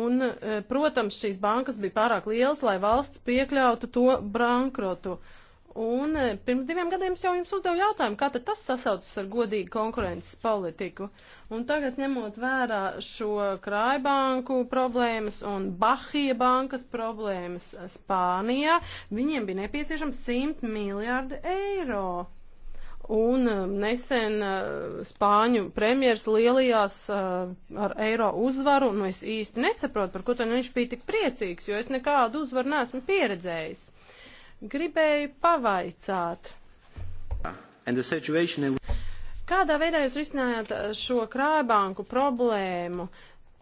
un, eh, protams, šīs bankas bija pārāk lielas, lai valsts piekļautu to bankrotu. Uh, Un eh, pirms diviem gadiem jau jums uzdevu jautājumu, kā tas sasaucas ar godīgu konkurences politiku. Un tagad ņemot vērā šo krājbanku problēmas un Bahija bankas problēmas Spānijā, viņiem bija nepieciešams 100 miljārdi eiro. Un eh, nesen eh, Spāņu premjers lielījās ar eiro uzvaru, nu es īsti nesaprotu, par ko tad viņš bija tik priecīgs, jo es nekādu uzvaru neesmu pieredzējis. Gribēju pavaicāt. Situation... Kādā veidā jūs risinājāt uh, šo krājbanku problēmu?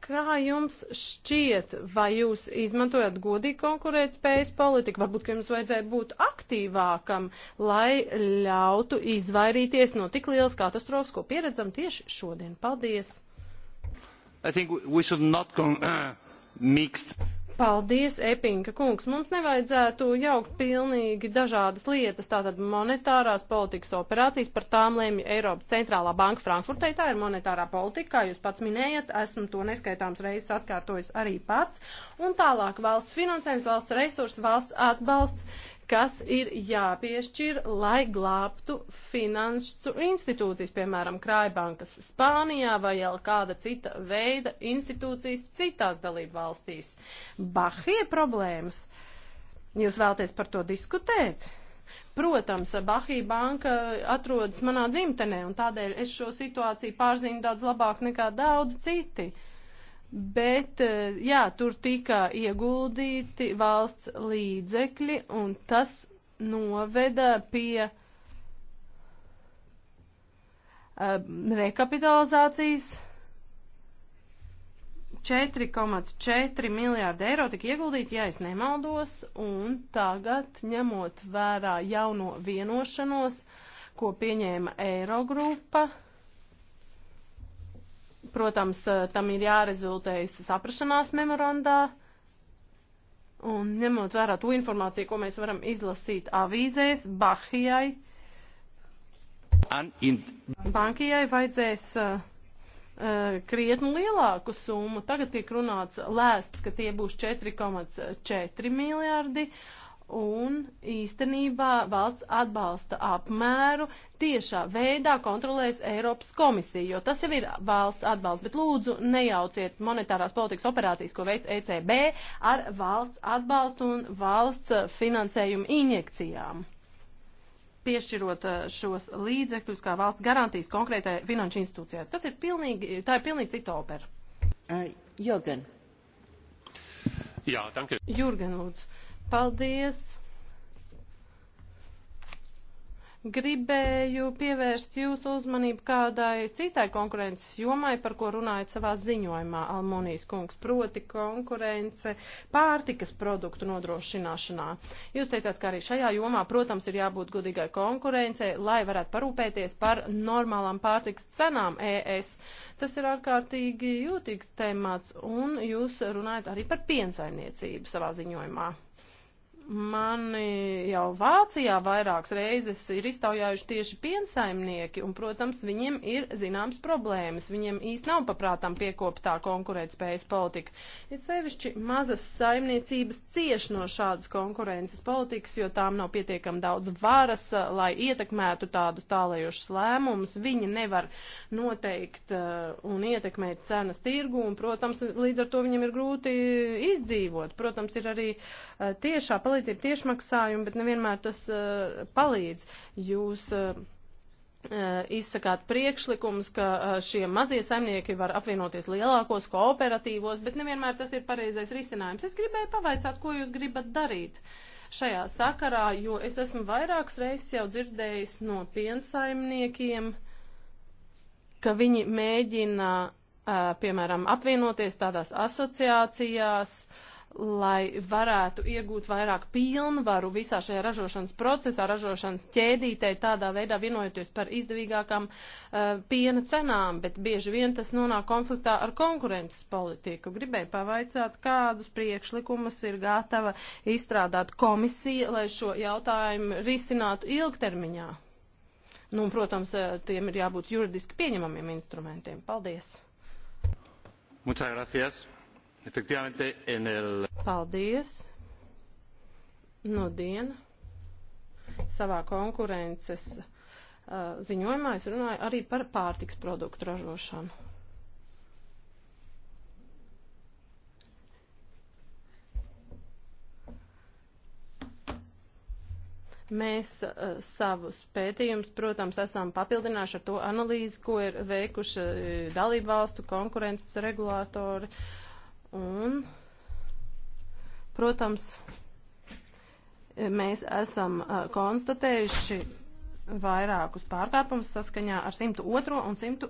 Kā jums šķiet, vai jūs izmantojat godīgi konkurētspējas politiku? Varbūt, ka jums vajadzēja būt aktīvākam, lai ļautu izvairīties no tik lielas katastrofas, ko pieredzam tieši šodien. Paldies! I think we should not con mixed Paldies, Epinka kungs. Mums nevajadzētu jaukt pilnīgi dažādas lietas, tātad monetārās politikas operācijas, par tām lēmja Eiropas centrālā banka Frankfurtē, tā ir monetārā politika, kā jūs pats minējat, esmu to neskaitāms reizes atkārtojis arī pats. Un tālāk valsts finansējums, valsts resursi, valsts atbalsts kas ir jāpiešķir, lai glābtu finanšu institūcijas, piemēram, Krājbankas Spānijā vai jau kāda cita veida institūcijas citās dalību valstīs. Bahie problēmas. Jūs vēlaties par to diskutēt? Protams, Bahija banka atrodas manā dzimtenē, un tādēļ es šo situāciju pārzinu daudz labāk nekā daudz citi. Uh, Bet, eh, jā, tur tika ieguldīti valsts līdzekļi, un tas noveda pie eh, rekapitalizācijas 4,4 miljārdi eiro tika ieguldīti, ja es nemaldos, un tagad ņemot vērā jauno vienošanos, ko pieņēma Eirogrupa, grupa Protams, eh, tam ir jārezultējas saprašanās memorandā. Un ņemot vērā to informāciju, ko mēs varam izlasīt avīzēs, Bahijai, in... Bankijai vajadzēs uh, krietni lielāku summu. Tagad tiek runāts lēsts, ka tie būs 4,4 miljardi. Uh, un īstenībā valsts atbalsta apmēru tiešā veidā kontrolēs Eiropas komisija, jo tas jau ir valsts atbalsts, bet lūdzu nejauciet monetārās politikas operācijas, ko veic ECB ar valsts atbalstu un valsts finansējumu injekcijām piešķirot eh, šos līdzekļus kā valsts garantijas konkrētai finanšu institūcijai. Tas ir pilnīgi, tā ir pilnīgi cita opera. Uh, eh, Jurgen. Jā, danke. Jurgen, lūdzu. Paldies! Gribēju pievērst jūsu uzmanību kādai citai konkurences jomai, par ko runājat savā ziņojumā, Almonijas kungs, proti konkurence pārtikas produktu nodrošināšanā. Jūs teicāt, ka arī šajā jomā, protams, ir jābūt godīgai konkurencei, lai varētu parūpēties par normālām pārtikas cenām ES. Tas ir ārkārtīgi jūtīgs temats, un jūs runājat arī par piensaimniecību savā ziņojumā. Mani jau Vācijā vairākas reizes ir iztaujājuši tieši piensaimnieki, un, protams, viņiem ir zināms problēmas. Viņiem īsti nav paprātām piekoptā konkurētspējas politika. Ir sevišķi mazas saimniecības cieš no šādas konkurences politikas, jo tām nav pietiekam daudz varas, eh, lai ietekmētu tādus tālējušus lēmumus. Viņi nevar noteikt eh, un ietekmēt cenas tirgu, un, protams, līdz ar to viņiem ir grūti izdzīvot. Protams, ir arī eh, tiešā palīdzība palīdzību tiešmaksājumu, bet nevienmēr tas uh, palīdz. Jūs uh, izsakāt priekšlikumus, ka šie mazie saimnieki var apvienoties lielākos kooperatīvos, bet nevienmēr tas ir pareizais risinājums. Es gribēju pavaicāt, ko jūs gribat darīt šajā sakarā, jo es esmu vairākas reizes jau dzirdējis no piensaimniekiem, ka viņi mēģina, piemēram, apvienoties tādās asociācijās, uh, lai varētu iegūt vairāk pilnvaru visā šajā ražošanas procesā, ražošanas ķēdītē, tādā veidā vienojoties par izdevīgākām uh, piena cenām, bet bieži vien tas nonāk konfliktā ar konkurences politiku. Gribēju pavaicāt, kādus priekšlikumus ir gatava izstrādāt komisija, lai šo jautājumu risinātu ilgtermiņā. Nu, un, protams, eh, tiem ir jābūt juridiski pieņemamiem instrumentiem. Paldies! Muchas gracias. Efectivamente, en el... Paldies. No nu, diena. Savā konkurences uh, ziņojumā es runāju arī par pārtiks produktu ražošanu. Mēs uh, savus pētījumus, protams, esam papildinājuši ar to analīzi, ko ir veikuši uh, dalību valstu konkurences regulātori. Uh, Un, protams, mēs esam uh, konstatējuši vairākus pārkāpumus saskaņā ar 102. un 101.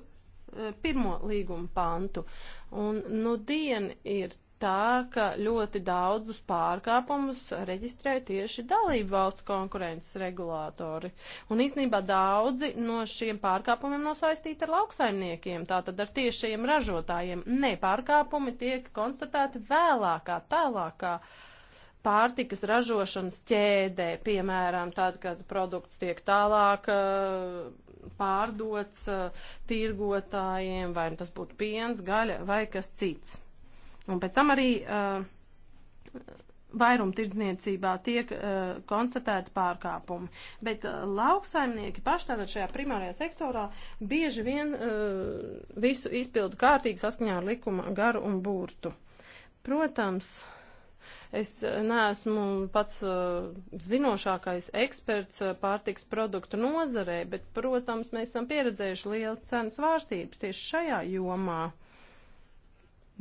E, līgumu pantu. Un nu dien ir tā, ka ļoti daudzus pārkāpumus reģistrē tieši dalību valstu konkurences regulātori. Un īsnībā daudzi no šiem pārkāpumiem nav saistīti ar lauksaimniekiem, tātad ar tiešajiem ražotājiem. Nē, pārkāpumi tiek konstatēti vēlākā, tālākā pārtikas ražošanas ķēdē, piemēram, tad, kad produkts tiek tālāk eh, pārdots eh, tirgotājiem, vai nu tas būtu piens, gaļa vai kas cits. Un pēc tam arī uh, vairumtirdzniecībā tiek uh, konstatēti pārkāpumi. Bet uh, lauksaimnieki paši tātad šajā primārajā sektorā bieži vien uh, visu izpildu kārtīgi saskaņā ar likuma garu un burtu. Protams, es neesmu pats uh, zinošākais eksperts uh, pārtiks produktu nozarē, bet, protams, mēs esam pieredzējuši liels cenu svārstības tieši šajā jomā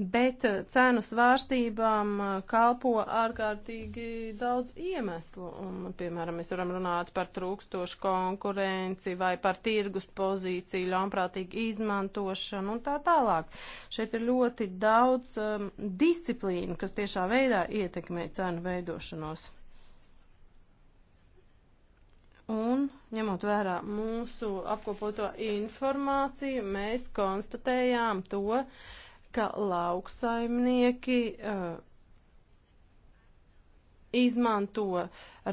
bet eh, cenu svārstībām eh, kalpo ārkārtīgi daudz iemeslu. Un, piemēram, mēs varam runāt par trūkstošu konkurenci vai par tirgus pozīciju, ļaunprātīgu izmantošanu un tā tālāk. Šeit ir ļoti daudz um, disciplīnu, kas tiešā veidā ietekmē cenu veidošanos. Un, ņemot vērā mūsu apkopoto informāciju, mēs konstatējām to, uh, ka lauksaimnieki. Uh, izmanto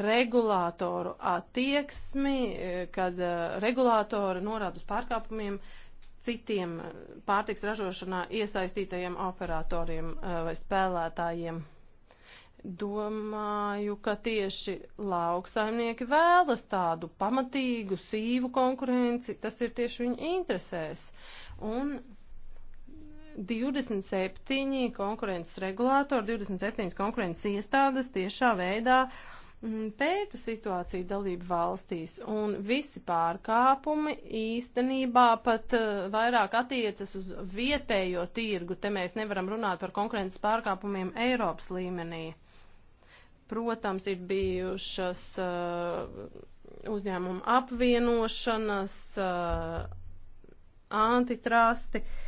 regulātoru attieksmi, eh, kad uh, regulātori norāda uz pārkāpumiem citiem pārtiks ražošanā iesaistītajiem operatoriem uh, vai spēlētājiem. Domāju, ka tieši lauksaimnieki vēlas tādu pamatīgu, sīvu konkurenci, tas ir tieši viņu interesēs. Un 27 konkurences regulātori, 27 konkurences iestādes tiešā veidā mm, pēta situāciju dalību valstīs, un visi pārkāpumi īstenībā pat eh, vairāk attiecas uz vietējo tirgu. Te mēs nevaram runāt par konkurences pārkāpumiem Eiropas līmenī. Protams, ir bijušas uh, eh, uzņēmuma apvienošanas, uh, antitrasti. Uh,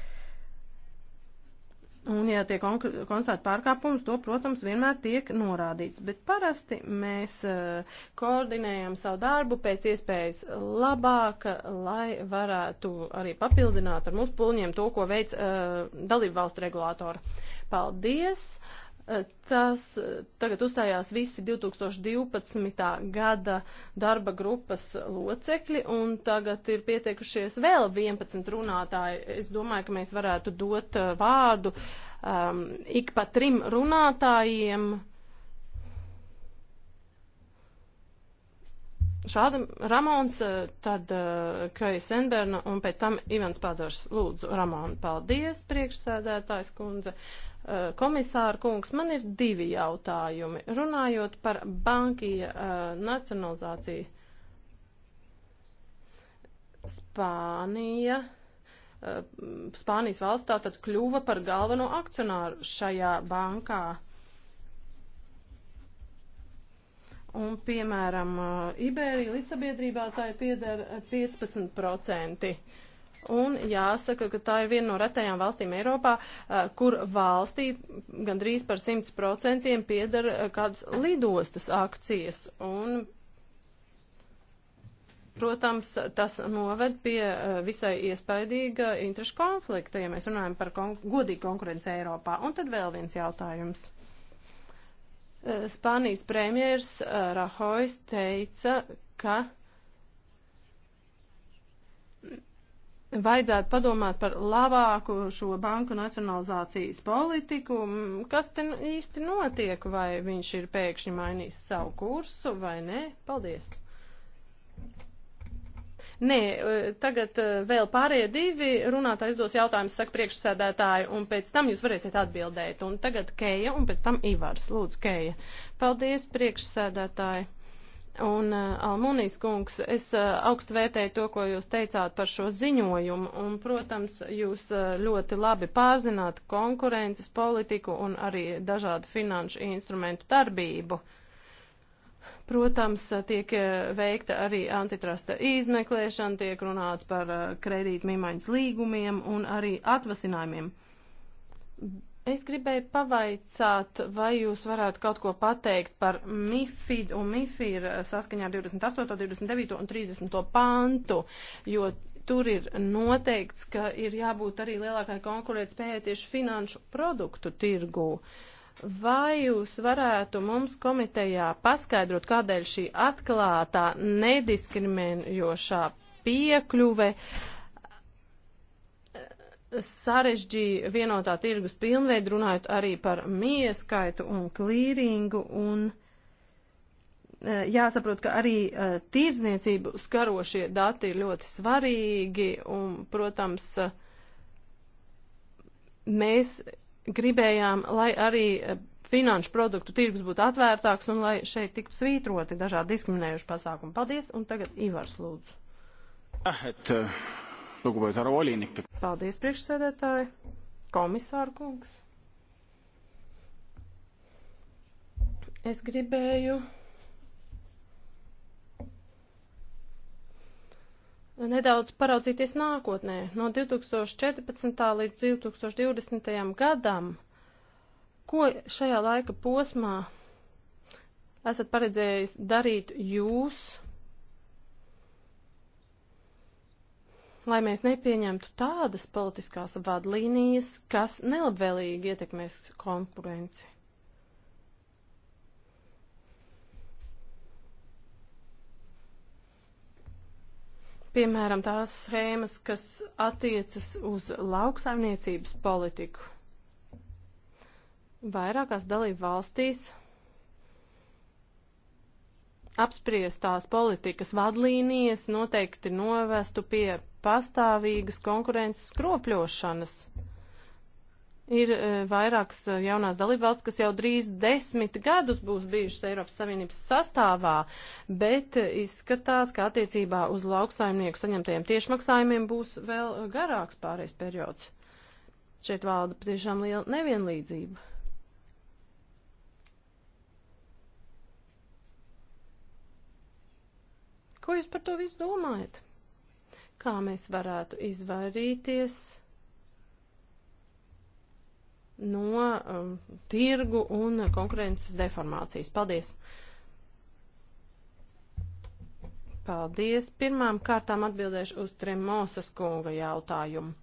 Un, ja tiek konstatēta pārkāpums, to, protams, vienmēr tiek norādīts. Bet parasti mēs uh, koordinējam savu darbu pēc iespējas labāk, lai varētu arī papildināt ar mūsu pulņiem to, ko veic uh, dalību valstu regulātori. Paldies! Uh, Tas eh, tagad uzstājās visi 2012. gada darba grupas locekļi, un tagad ir pieteikušies vēl 11 runātāji. Es domāju, ka mēs varētu dot eh, vārdu um, ik pa trim runātājiem. Šādi Ramons, eh, tad uh, Kreis Enberna un pēc tam Ivans Padošs. Lūdzu, Ramon, paldies, priekšsēdētājs kundze. Uh, komisāra kungs, man ir divi jautājumi. Runājot par bankija nacionalizāciju. Spānija. Spānijas valsts tātad kļuva par galveno akcionāru šajā bankā. Un, piemēram, Iberija līdzsabiedrībā tā ir piedara 15%. Un jāsaka, ka tā ir viena no retajām valstīm Eiropā, kur valstī gandrīz par 100% piedara kādas lidostas akcijas. Un, protams, tas noved pie visai iespaidīga interešu konflikta, ja mēs runājam par kon godīgu konkurenci Eiropā. Un tad vēl viens jautājums. Spānijas premjers Rahojs teica, ka vajadzētu padomāt par labāku šo banku nacionalizācijas politiku, kas te nu īsti notiek, vai viņš ir pēkšņi mainījis savu kursu vai nē. Paldies! Nē, e, tagad e, vēl pārējie divi runātājs dos jautājumus, saka priekšsēdētāji, un pēc tam jūs varēsiet atbildēt. Un tagad Keja, un pēc tam Ivars. Lūdzu, Keja. Paldies, priekšsēdētāji. Un, uh, Almunijas kungs, es uh, augstu vērtēju to, ko jūs teicāt par šo ziņojumu, un, protams, jūs uh, ļoti labi pārzināt konkurences politiku un arī dažādu finanšu instrumentu darbību. Protams, tiek veikta arī antitrusta izmeklēšana, tiek runāts par kredītmīmaiņas līgumiem un arī atvasinājumiem Es gribēju pavaicāt, vai jūs varētu kaut ko pateikt par MIFID un MIFIR saskaņā ar 28, 29 un 30 pantu, jo tur ir noteikts, ka ir jābūt arī lielākai konkurētspējai tieši finanšu produktu tirgū. Vai jūs varētu mums komitejā paskaidrot, kādēļ šī atklātā nediskriminējošā piekļuve uh, sarežģīja vienotā tirgus pilnveidu, runājot arī par mieskaitu un klīringu un e, jāsaprot, ka arī e, tirdzniecību skarošie dati ir ļoti svarīgi un, protams, e, mēs gribējām, lai arī finanšu produktu tirgus būtu atvērtāks un lai šeit tiktu svītroti dažādi diskriminējuši pasākumi. Paldies, un tagad Ivars lūdzu. Ah, et, uh lugupeetud härra volinik. paldies, priekšsēdētāji, komisār kungs. Es gribēju nedaudz paraudzīties nākotnē. No 2014. līdz 2020. gadam, ko šajā laika posmā esat paredzējis darīt jūs? lai mēs nepieņemtu tādas politiskās vadlīnijas, kas nelabvēlīgi ietekmēs konkurenci. Piemēram, tās schēmas, kas attiecas uz lauksaimniecības politiku. Vairākās dalību valstīs apspriestās politikas vadlīnijas noteikti novestu pie pastāvīgas konkurences skropļošanas. Ir e, vairākas e, jaunās dalībvalsts, kas jau drīz desmit gadus būs bijušas Eiropas Savienības sastāvā, bet e, izskatās, ka attiecībā uz lauksaimnieku saņemtajiem tiešmaksājumiem būs vēl garāks pārējais periods. Šeit valda patiešām liela nevienlīdzība. Ko jūs par to visu domājat? kā mēs varētu izvairīties no um, tirgu un konkurences deformācijas. Paldies! Paldies! Pirmām kārtām atbildēšu uz Tremosas kunga jautājumu.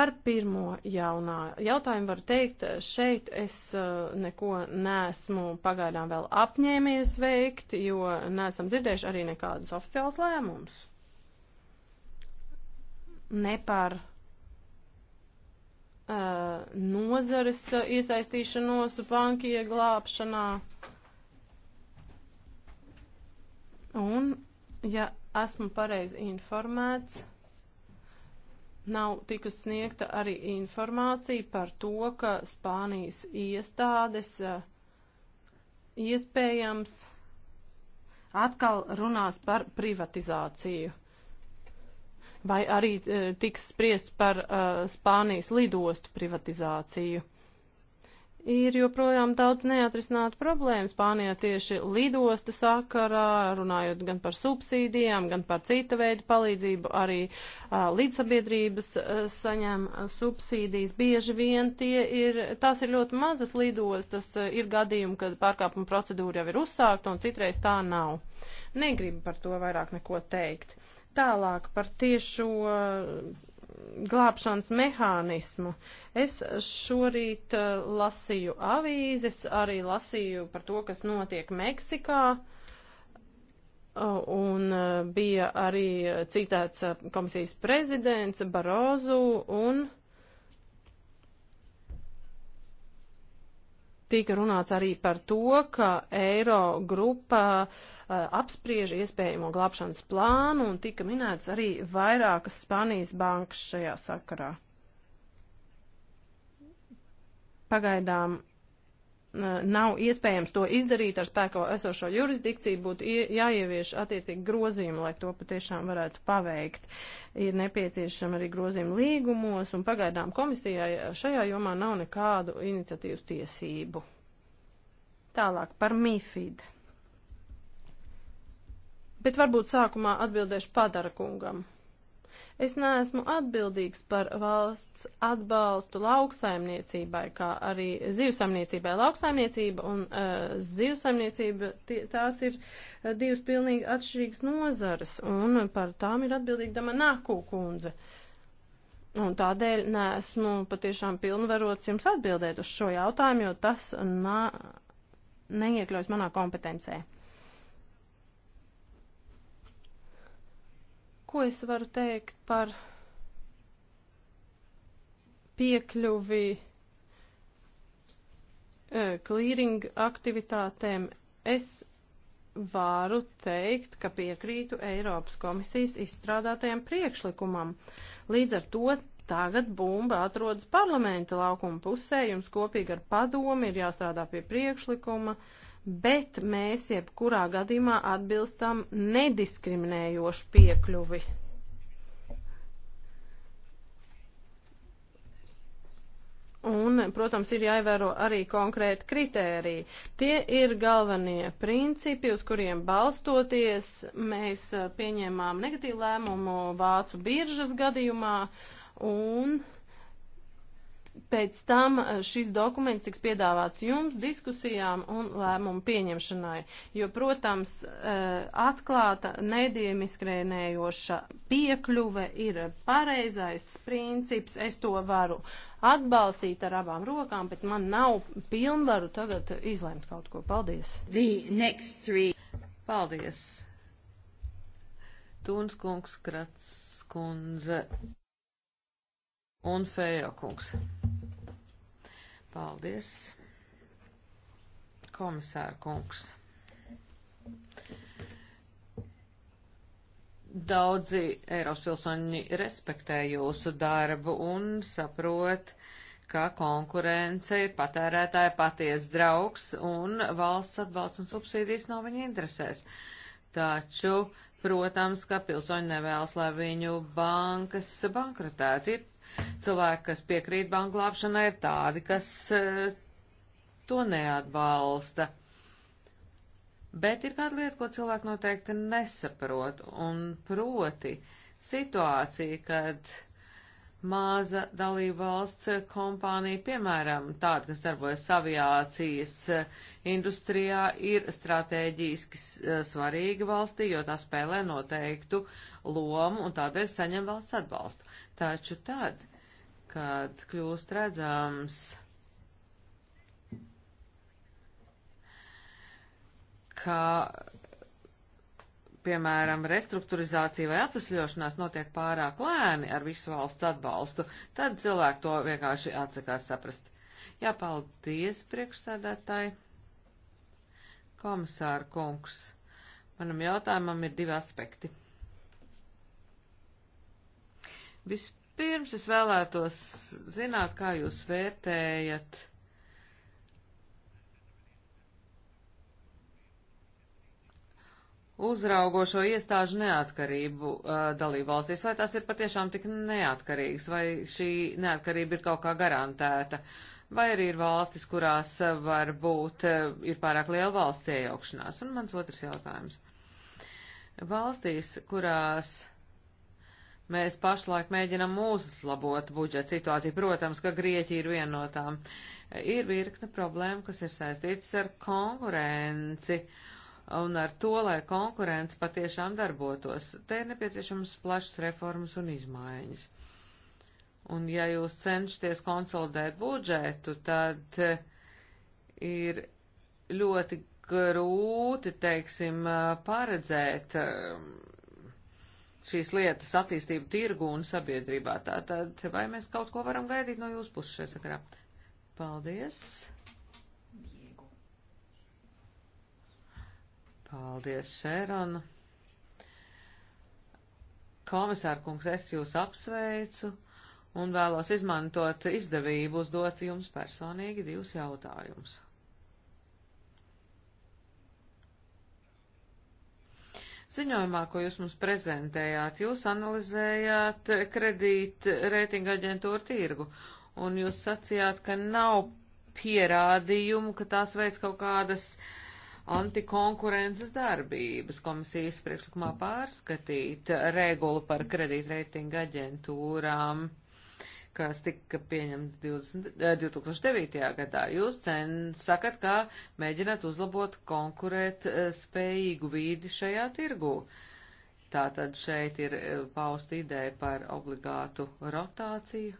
Par pirmo jaunā jautājumu var teikt, šeit es uh, neko neesmu pagaidām vēl apņēmies veikt, jo neesam dzirdējuši arī nekādus oficiālus lēmumus ne par uh, nozares iesaistīšanos banku ieglābšanā. Un, ja esmu pareizi informēts, nav tikus sniegta arī informācija par to, ka Spānijas iestādes uh, iespējams atkal runās par privatizāciju vai arī e, tiks spriest par uh, Spānijas lidostu privatizāciju. Ir joprojām daudz neatrisinātu problēmu Spānijā tieši lidostu sakarā, runājot gan par subsīdijām, gan par cita veida palīdzību. Arī uh, līdzsabiedrības uh, saņem subsīdijas. Bieži vien tie ir, tās ir ļoti mazas lidostas, uh, ir gadījumi, kad pārkāpuma procedūra jau ir uzsākta un citreiz tā nav. Negribu par to vairāk neko teikt. Tālāk par tiešo eh, glābšanas mehānismu. Es šorīt eh, lasīju avīzes, arī lasīju par to, kas notiek Meksikā. Eh, un bija arī citāts komisijas prezidents Barozu un tika runāts arī par to, ka Eiro grupa uh, apspriež iespējamo glābšanas plānu un tika minēts arī vairākas Spānijas bankas šajā sakarā. Pagaidām nav iespējams to izdarīt ar spēko esošo jurisdikciju, būtu jāievieš attiecīgi grozījumi, lai to patiešām varētu paveikt. Ir nepieciešama arī grozījuma līgumos, un pagaidām komisijai šajā jomā nav nekādu iniciatīvas tiesību. Tālāk par MIFID. Bet varbūt sākumā atbildēšu padara kungam. Es neesmu atbildīgs par valsts atbalstu lauksaimniecībai, kā arī zivsaimniecībai. Lauksaimniecība un uh, zivsaimniecība, tie, tās ir uh, divas pilnīgi atšķirīgas nozares, un par tām ir atbildīga Damanāku kundze. Un tādēļ neesmu patiešām pilnvarots jums atbildēt uz šo jautājumu, jo tas nā, neiekļaus manā kompetencē. Ko es varu teikt par piekļuvi klīringa e, aktivitātēm? Es varu teikt, ka piekrītu Eiropas komisijas izstrādātajam priekšlikumam. Līdz ar to tagad bumba atrodas parlamenta laukuma pusē, jums kopīgi ar padomi ir jāstrādā pie priekšlikuma. Uh, bet mēs jebkurā gadījumā atbilstam nediskriminējošu piekļuvi. Un, protams, ir jāievēro arī konkrēti kritēriji. Tie ir galvenie principi, uz kuriem balstoties mēs eh, pieņēmām negatīvu lēmumu Vācu biržas gadījumā un. Uh, Pēc tam eh, šis dokuments tiks piedāvāts jums diskusijām un lēmumu pieņemšanai, jo, protams, eh, atklāta nediemiskrienējoša piekļuve ir pareizais princips. Es to varu atbalstīt ar abām rokām, bet man nav pilnvaru tagad izlemt kaut ko. Paldies! Paldies! Tūns kungs, Krats kundze un Fejo kungs. Paldies, komisāra kungs. Daudzi Eiropas pilsoņi respektē jūsu darbu un saprot, ka konkurence ir patērētāja paties draugs un valsts atbalsts un subsīdijas nav viņa interesēs. Taču Protams, ka pilsoņi nevēlas, lai viņu bankas bankrotētu. Ir Cilvēki, kas piekrīt banku glābšanai, ir tādi, kas eh, to neatbalsta. Bet ir kāda lieta, ko cilvēki noteikti nesaprot, un proti situācija, kad maza dalība valsts kompānija, piemēram, tāda, kas darbojas aviācijas eh, industrijā, ir strateģiski eh, svarīga valstī, jo tā spēlē noteiktu lomu un tādēļ saņem valsts atbalstu. Taču tad, kad kļūst redzams, ka, piemēram, restruktūrizācija vai atvesļošanās notiek pārāk lēni ar visu valsts atbalstu, tad cilvēki to vienkārši atsakās saprast. Jā, paldies, priekšsēdētāji. Komisāra kungs, manam jautājumam ir divi aspekti. Vispirms es vēlētos zināt, kā jūs vērtējat uzraugošo iestāžu neatkarību uh, dalībvalstīs, vai tās ir patiešām tik neatkarīgas, vai šī neatkarība ir kaut kā garantēta, vai arī ir valstis, kurās uh, varbūt uh, ir pārāk liela valsts iejaukšanās. Un mans otrs jautājums. Valstīs, kurās Mēs pašlaik mēģinam uzlabot budžeta situāciju. Protams, ka Grieķija ir viena no tām. Ir virkne problēma, kas ir saistītas ar konkurenci un ar to, lai konkurence patiešām darbotos. Te ir nepieciešams plašas reformas un izmaiņas. Un ja jūs cenšaties konsolidēt budžetu, tad eh, ir ļoti grūti, teiksim, eh, paredzēt eh, šīs lietas attīstību tirgu un sabiedrībā. Tātad, vai mēs kaut ko varam gaidīt no jūsu puses šai sakarā? Paldies! Paldies, Šērona! Komisārkungs, es jūs apsveicu un vēlos izmantot izdevību uzdot jums personīgi divus jautājumus. Ziņojumā, ko jūs mums prezentējāt, jūs analizējāt kredīt reitinga aģentūru tirgu, un jūs sacījāt, ka nav pierādījumu, ka tās veids kaut kādas antikonkurences darbības. Komisijas priekšlikumā pārskatīt regulu par kredīt reitinga aģentūrām kas tika pieņemta 20, 2009. Eh, gadā. Jūs cen, sakat, kā mēģināt uzlabot konkurēt eh, spējīgu vīdi šajā tirgū. Tātad šeit ir eh, pausta ideja par obligātu rotāciju.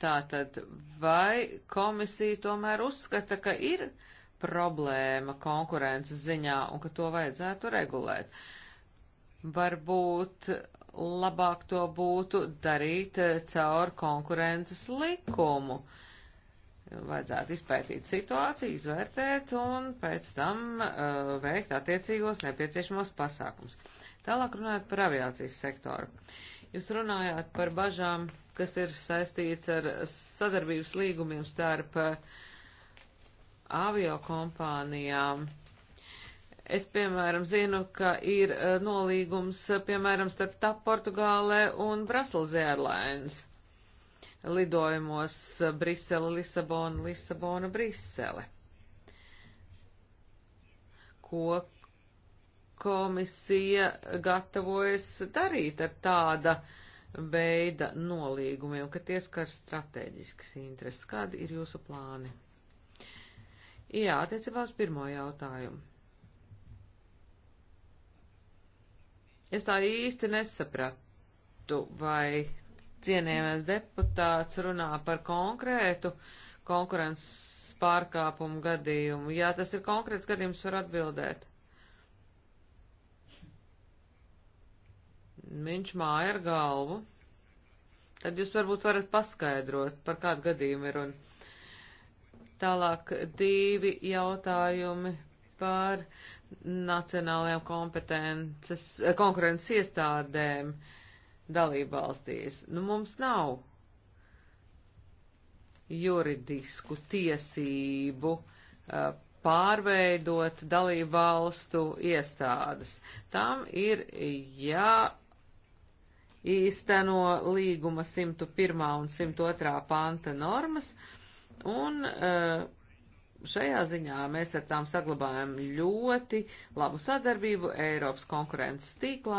Tātad, vai komisija tomēr uzskata, ka ir problēma konkurences ziņā un ka to vajadzētu regulēt? Varbūt labāk to būtu darīt eh, caur konkurences likumu. Vajadzētu izpētīt situāciju, izvērtēt un pēc tam uh, veikt attiecīgos nepieciešamos pasākums. Tālāk runājot par aviācijas sektoru. Jūs runājāt par bažām, kas ir saistīts ar sadarbības līgumiem starp eh, avio kompānijām. Uh, Es, piemēram, zinu, ka ir eh, nolīgums, eh, piemēram, starp TAP Portugālē un Brussels Airlines lidojumos eh, Brisele, Lisabona, Lisabona, Brisele. Ko komisija gatavojas darīt ar tāda veida nolīgumiem, ka tie skar strateģiskas intereses? Kādi ir jūsu plāni? Jā, attiecībā uz pirmo jautājumu. Es tā īsti nesapratu, vai cienījamais deputāts runā par konkrētu konkurences pārkāpumu gadījumu. Jā, tas ir konkrēts gadījums, var atbildēt. Viņš māja ar galvu. Tad jūs varbūt varat paskaidrot, par kādu gadījumu ir un tālāk divi jautājumi par nacionālajām kompetences, eh, konkurences iestādēm dalību valstīs. Nu, mums nav juridisku tiesību eh, pārveidot dalību valstu iestādes. Tam ir jāīsteno ja līguma 101. un 102. panta normas, un uh, šajā ziņā mēs ar tām saglabājam ļoti labu sadarbību Eiropas konkurences tīklā.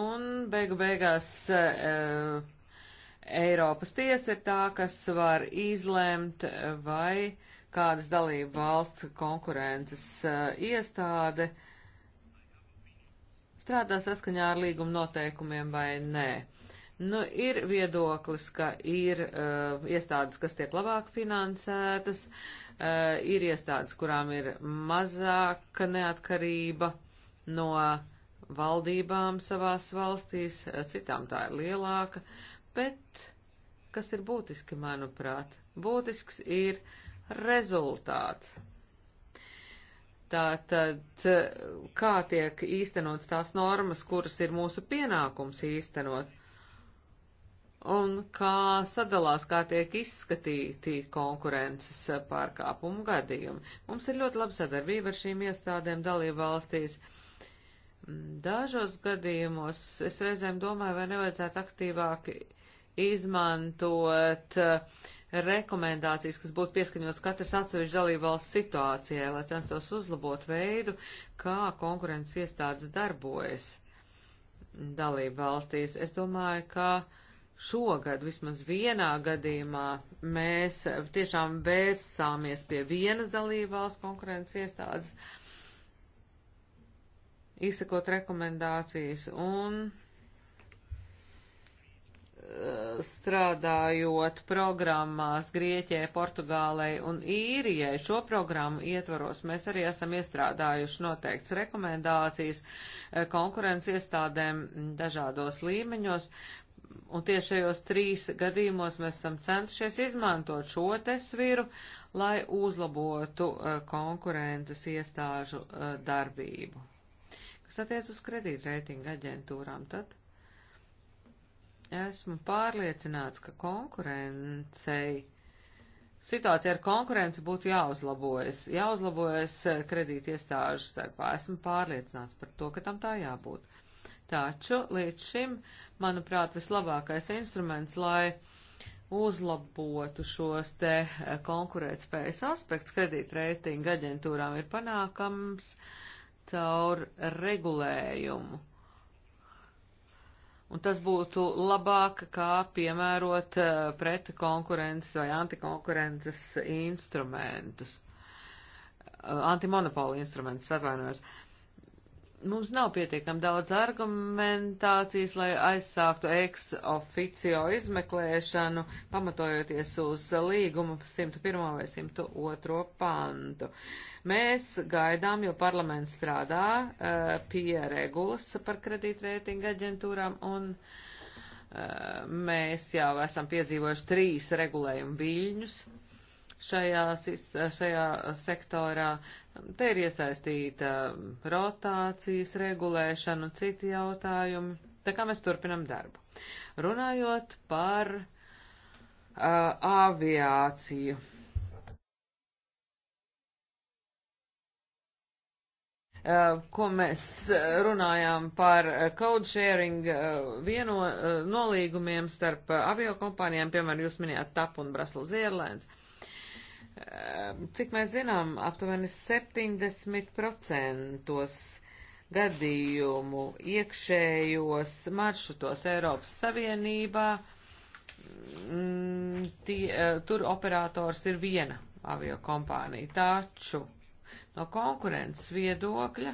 Un beigu beigās e, Eiropas tiesa ir tā, kas var izlemt, eh, vai kādas dalība valsts konkurences e, iestāde strādā saskaņā ar līguma noteikumiem vai nē. Nu, ir viedoklis, ka ir uh, iestādes, kas tiek labāk finansētas, uh, ir iestādes, kurām ir mazāka neatkarība no valdībām savās valstīs, uh, citām tā ir lielāka, bet, kas ir būtiski, manuprāt, būtisks ir rezultāts. Tātad, uh, kā tiek īstenots tās normas, kuras ir mūsu pienākums īstenot? un kā sadalās, kā tiek izskatīti konkurences pārkāpumu gadījumi. Mums ir ļoti laba sadarbība ar šīm iestādēm dalību valstīs. Dažos gadījumos es reizēm domāju, vai nevajadzētu aktīvāk izmantot eh, rekomendācijas, kas būtu pieskaņotas katras atsevišķi dalībvalsts situācijai, lai censtos uzlabot veidu, kā konkurences iestādes darbojas dalībvalstīs. Es domāju, ka uh, šogad vismaz vienā gadījumā mēs tiešām vērsāmies pie vienas dalībvalsts konkurences iestādes, izsakot rekomendācijas un eh, strādājot programmās Grieķijai, Portugālei un Īrijai. Šo programmu ietvaros mēs arī esam iestrādājuši noteikts rekomendācijas eh, konkurences iestādēm dažādos līmeņos, un tieši šajos trīs gadījumos mēs esam centušies izmantot šo te sviru, lai uzlabotu uh, konkurences iestāžu uh, darbību. Kas attiec uz kredītreitinga aģentūrām, tad esmu pārliecināts, ka konkurencei situācija ar konkurenci būtu jāuzlabojas, jāuzlabojas e, kredītiestāžu starpā. Esmu pārliecināts par to, ka tam tā jābūt. Taču līdz šim uh, manuprāt, vislabākais instruments, lai uzlabotu šos te eh, konkurētspējas aspektus kredītreitinga aģentūrām ir panākams caur regulējumu. Un tas būtu labāk, kā piemērot eh, pret konkurences vai antikonkurences instrumentus. Eh, antimonopola instrumentus, atvainojos. Uh, mums nav pietiekam daudz argumentācijas, lai aizsāktu ex officio izmeklēšanu, pamatojoties uz līgumu 101. vai 102. pantu. Mēs gaidām, jo parlaments strādā eh, pie regulas par kredītreitinga aģentūrām un eh, mēs jau esam piedzīvojuši trīs regulējumu viļņus šajā, šajā sektorā. Te ir iesaistīta rotācijas regulēšana un citi jautājumi, tā kā mēs turpinam darbu. Runājot par uh, aviāciju. Uh, ko mēs runājām par code sharing uh, vieno uh, nolīgumiem starp aviokompānijām, piemēram, jūs minējāt TAP un Brussels Airlines. Uh, Ehm, cik mēs zinām, aptuveni 70% gadījumu iekšējos maršrutos Eiropas Savienībā mm, tie, eh, tur operators ir viena aviokompānija. Taču no konkurences viedokļa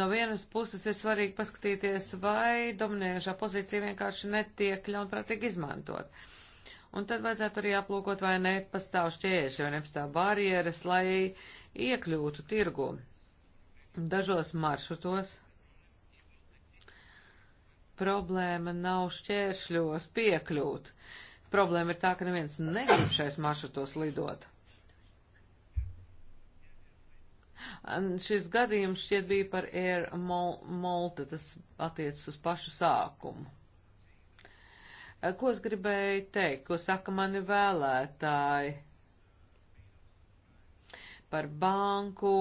no vienas puses ir svarīgi paskatīties, vai dominējošā pozīcija vienkārši netiek ļaunprātīgi izmantot. Uh, Un tad vajadzētu arī aplūkot, vai nepastāv šķēršļi, vai nepastāv barjeras, lai iekļūtu tirgu. Dažos maršrutos problēma nav šķēršļos piekļūt. Problēma ir tā, ka neviens negrib šais maršrutos lidot. Šis gadījums šķiet bija par Air Malta, tas attiecas uz pašu sākumu. Eh, ko es gribēju teikt, ko saka mani vēlētāji par banku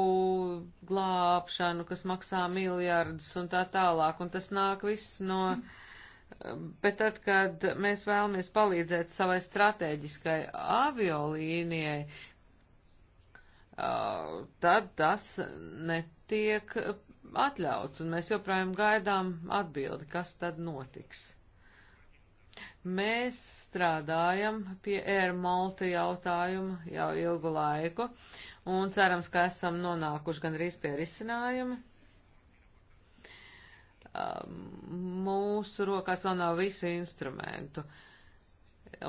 glābšanu, kas maksā miljardus un tā tālāk, un tas nāk viss no. Eh, bet tad, kad mēs vēlamies palīdzēt savai strateģiskai aviolīnijai, eh, tad tas netiek atļauts, un mēs joprojām gaidām atbildi, kas tad notiks. Mēs strādājam pie Air Malta jautājuma jau ilgu laiku un cerams, ka esam nonākuši gandrīz pie risinājuma. Um, mūsu rokās vēl nav visu instrumentu.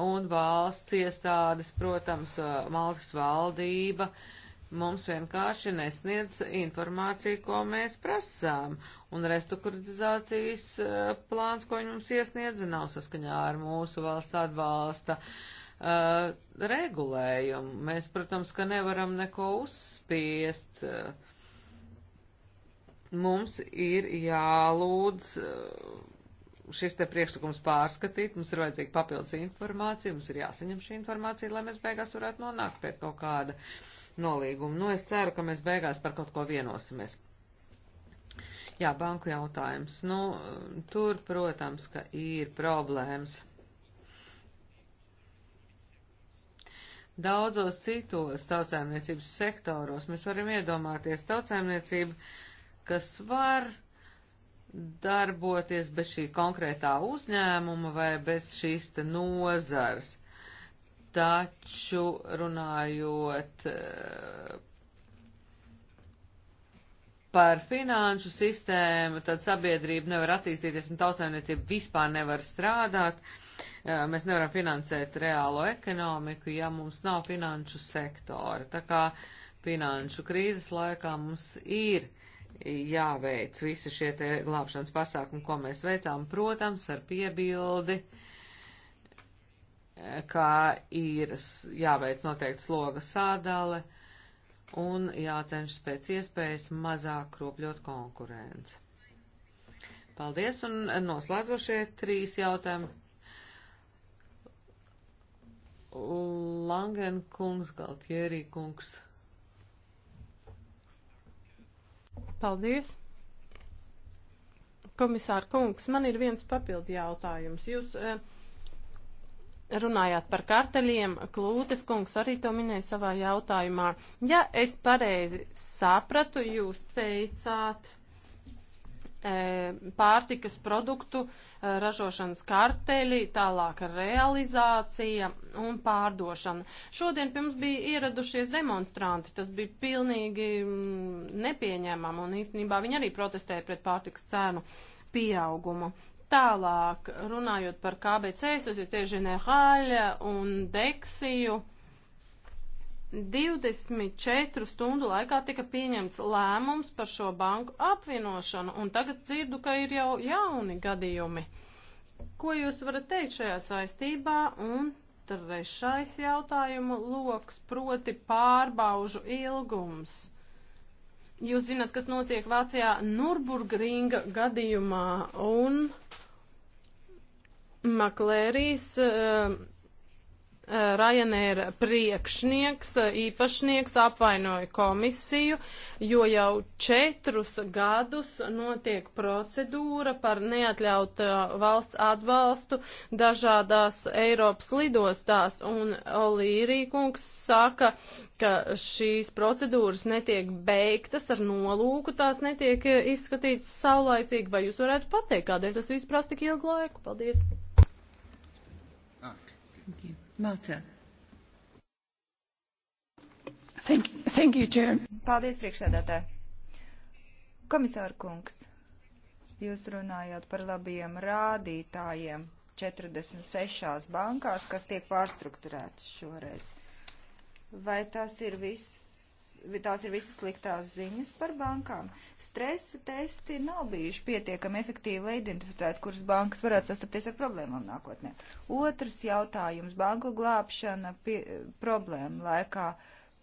Un valsts iestādes, protams, uh, Maltas valdība, uh, mums vienkārši nesniedz informāciju, ko mēs prasām, un restruktūrizācijas eh, plāns, ko viņi mums iesniedz, nav saskaņā ar mūsu valsts atbalsta uh, regulējumu. Mēs, protams, ka nevaram neko uzspiest. Mums ir jālūdz eh, šis te priekšlikums pārskatīt, mums ir vajadzīga papildus informācija, mums ir jāsaņem šī informācija, lai mēs beigās varētu nonākt pie kaut kāda uh, nolīgumu. Nu, es ceru, ka mēs beigās par kaut ko vienosimies. Jā, banku jautājums. Nu, tur, protams, ka ir problēmas. Daudzos citos tautsēmniecības sektoros mēs varam iedomāties tautsēmniecību, kas var darboties bez šī konkrētā uzņēmuma vai bez šīs te nozars. Taču runājot eh, par finanšu sistēmu, tad sabiedrība nevar attīstīties un tautsēmniecība vispār nevar strādāt. Eh, mēs nevaram finansēt reālo ekonomiku, ja mums nav finanšu sektora. Tā kā finanšu krīzes laikā mums ir jāveic visi šie te glābšanas pasākumi, ko mēs veicām, protams, ar piebildi. Uh, kā ir jāveic noteikti sloga sādale un jācenšas pēc iespējas mazāk kropļot konkurence. Paldies, un noslēdzošie trīs jautājumi. Langen kungs, Galtierī kungs. Paldies. Komisāra kungs, man ir viens papildi jautājums. Jūs eh, runājāt par karteļiem, Klūtes kungs arī to minēja savā jautājumā. Ja es pareizi sapratu, jūs teicāt e, pārtikas produktu e, ražošanas karteļi, tālāk realizācija un pārdošana. Šodien pie mums bija ieradušies demonstranti, tas bija pilnīgi mm, nepieņemama un īstenībā viņi arī protestēja pret pārtikas cēnu pieaugumu. Tālāk, runājot par KBC, Societe Generāļa un Deksiju, 24 stundu laikā tika pieņemts lēmums par šo banku apvienošanu, un tagad dzirdu, ka ir jau jauni gadījumi. Ko jūs varat teikt šajā saistībā? Un trešais jautājuma loks, proti pārbaužu ilgums. Jūs zināt, kas notiek Vācijā Nurburgringa gadījumā un Maklērijas. Uh, eh, Ryanair priekšnieks, īpašnieks apvainoja komisiju, jo jau četrus gadus notiek procedūra par neatļautu uh, valsts atbalstu dažādās Eiropas lidostās, un Olīrīkungs saka, ka šīs procedūras netiek beigtas ar nolūku, tās netiek uh, izskatītas saulaicīgi, vai jūs varētu pateikt, kādēļ tas viss prasa tik ilgu laiku? Paldies! Ah. Thank you. Marta. Thank, thank you, Chair. Paldies, priekšsēdētāji. Komisāra kungs, jūs runājāt par labiem rādītājiem 46 bankās, kas tiek pārstrukturētas šoreiz. Vai tas ir viss tās ir visas sliktās ziņas par bankām. Stresa testi nav bijuši pietiekami efektīvi, lai identificētu, kuras bankas varētu sastapties ar problēmām nākotnē. Otrs jautājums - banku glābšana pie, problēma laikā.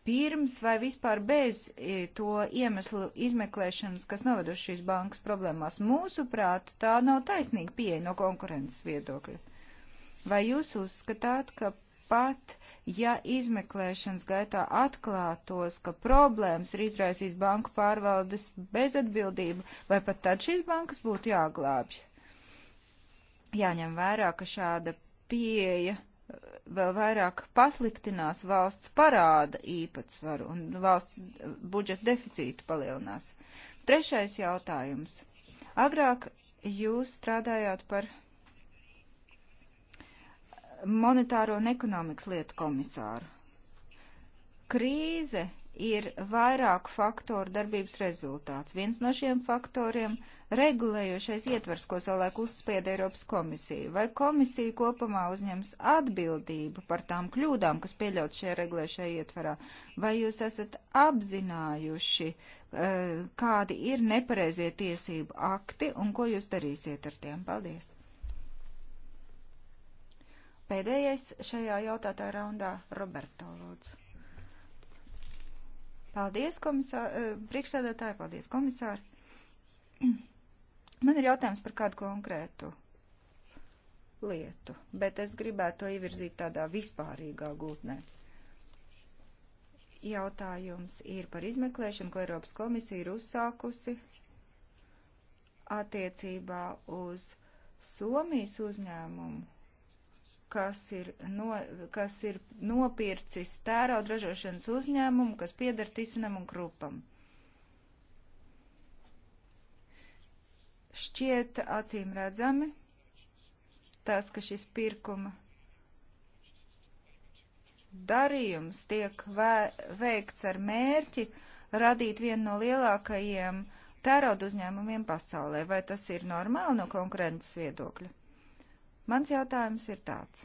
Pirms vai vispār bez e, to iemeslu izmeklēšanas, kas noveduši šīs bankas problēmās, mūsuprāt, tā nav taisnīga pieeja no konkurences viedokļa. Vai jūs uzskatāt, ka pat ja izmeklēšanas gaitā atklātos, ka problēmas ir izraisījis banku pārvaldes bezatbildība, vai pat tad šīs bankas būtu jāglābj? Jāņem vērā, ka šāda pieeja eh, vēl vairāk pasliktinās valsts parāda īpatsvaru un valsts budžeta deficītu palielinās. Trešais jautājums. Agrāk jūs strādājāt par monetāro un ekonomikas lietu komisāru. Krīze ir vairāku faktoru darbības rezultāts. Viens no šiem faktoriem - regulējošais ietvers, ko savulaik uzspieda Eiropas komisija. Vai komisija kopumā uzņems atbildību par tām kļūdām, kas pieļaut šajā regulēšajā ietverā? Vai jūs esat apzinājuši, eh, kādi ir nepareizie tiesību akti un ko jūs darīsiet ar tiem? Paldies! Pēdējais šajā jautātā raundā - Roberto Lūdzu. Paldies, komisāri, eh, priekšsēdētāji, paldies, komisāri. Man ir jautājums par kādu konkrētu lietu, bet es gribētu to ievirzīt tādā vispārīgā gūtnē jautājums ir par izmeklēšanu, ko Eiropas komisija ir uzsākusi attiecībā uz Somijas uzņēmumu, kas ir, no, kas ir nopircis tērauda ražošanas uzņēmumu, kas pieder Tisinam un Krupam. Šķiet acīm redzami tas, ka šis pirkuma darījums tiek vē, veikts ar mērķi radīt vienu no lielākajiem tērauda uzņēmumiem pasaulē. Vai tas ir normāli no konkurences viedokļa? Mans jautājums ir tāds.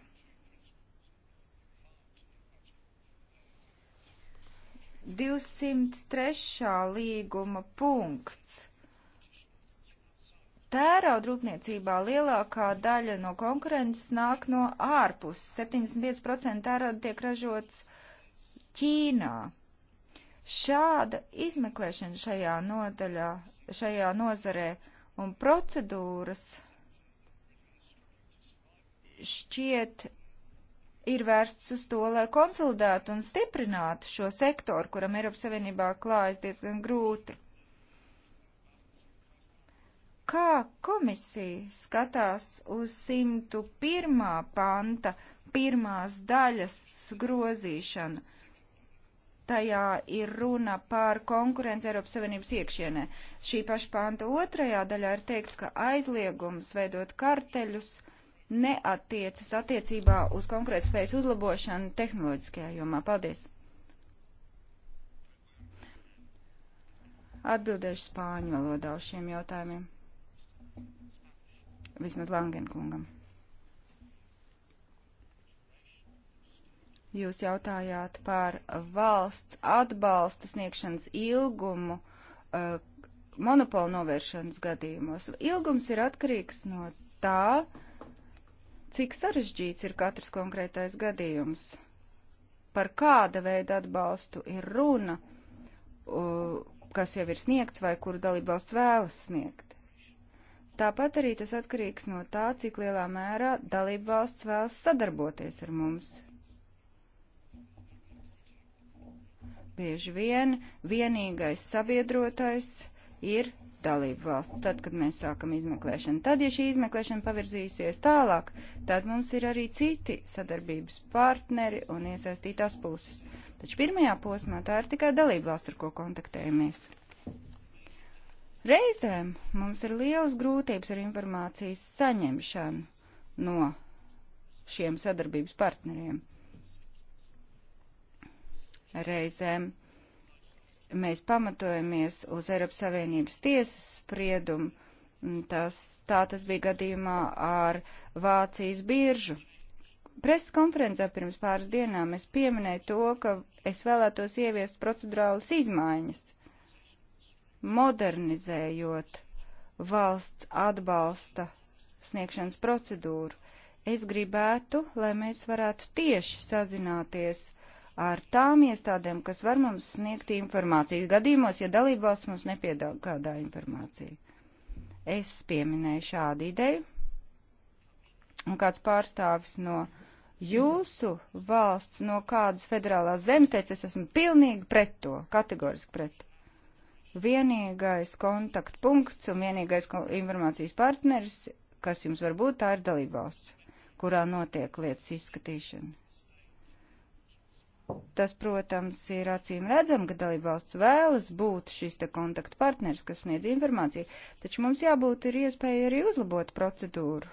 Divsimt trešā līguma punkts Tērauda rūpniecībā lielākā daļa no konkurences nāk no ārpus. 75% tērauda tiek ražots Ķīnā. Šāda izmeklēšana šajā nodaļā, šajā nozarē un procedūras šķiet ir vērsts uz to, lai konsolidētu un stiprinātu šo sektoru, kuram Eiropas Savienībā klājas diezgan grūti. Kā komisija skatās uz 101. panta pirmās daļas grozīšanu? Tajā ir runa par konkurenci Eiropas Savienības iekšienē. Šī paša panta otrajā daļā ir teikts, ka aizliegums veidot karteļus uh, neatiecas attiecībā uz konkurētspējas uzlabošanu tehnoloģiskajā jomā? Paldies! Atbildēšu spāņu valodā uz šiem jautājumiem. Vismaz Langenkungam. Jūs jautājāt par valsts atbalsta sniegšanas ilgumu uh, monopolu novēršanas gadījumos. Ilgums ir atkarīgs no tā, cik sarežģīts ir katrs konkrētais gadījums, par kāda veida atbalstu ir runa, kas jau ir sniegts vai kuru dalībvalsts vēlas sniegt. Tāpat arī tas atkarīgs no tā, cik lielā mērā dalībvalsts vēlas sadarboties ar mums. Bieži vien vienīgais sabiedrotais ir dalību valsts, tad, kad mēs sākam izmeklēšanu. Tad, ja šī izmeklēšana pavirzīsies tālāk, tad mums ir arī citi sadarbības partneri un iesaistītās puses. Taču pirmajā posmā tā ir tikai dalību valsts, ar ko kontaktējamies. Reizēm mums ir lielas grūtības ar informācijas saņemšanu no šiem sadarbības partneriem. Reizēm mēs pamatojamies uz Eiropas Savienības tiesas spriedumu. Mm, tas, tā tas bija gadījumā ar Vācijas biržu. Preses konferencē pirms pāris dienām es pieminēju to, ka es vēlētos ieviest procedurālas izmaiņas, modernizējot valsts atbalsta sniegšanas procedūru. Es gribētu, lai mēs varētu tieši sazināties ar tām iestādēm, kas var mums sniegt informāciju gadījumos, ja dalībvalsts mums nepiedāvā kādā informāciju. Es pieminēju šādu ideju, un kāds pārstāvis no jūsu valsts, no kādas federālās zemes teica, es esmu pilnīgi pret to, kategoriski pret. Vienīgais kontaktpunkts un vienīgais informācijas partneris, kas jums var būt, tā ir dalībvalsts, kurā notiek lietas izskatīšana. Tas, protams, ir acīm redzam, ka dalībvalsts vēlas būt šis te kontaktpartners, kas sniedz informāciju, taču mums jābūt ir iespēja arī uzlabot procedūru,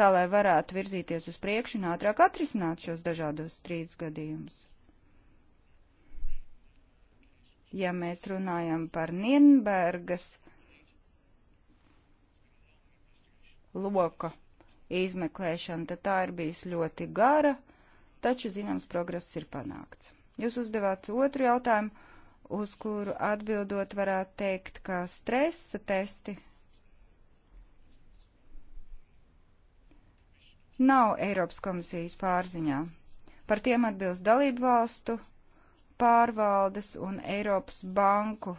tā lai varētu virzīties uz priekšu un ātrāk atrisināt šos dažādos strīdus gadījumus. Ja mēs runājam par Nienbergas loka izmeklēšanu, tad tā ir bijusi ļoti gara taču zināms progress ir panākts. Jūs uzdevāt otru jautājumu, uz kuru atbildot varētu teikt, ka stresa testi nav Eiropas komisijas pārziņā. Par tiem atbilst dalību valstu pārvaldes un Eiropas banku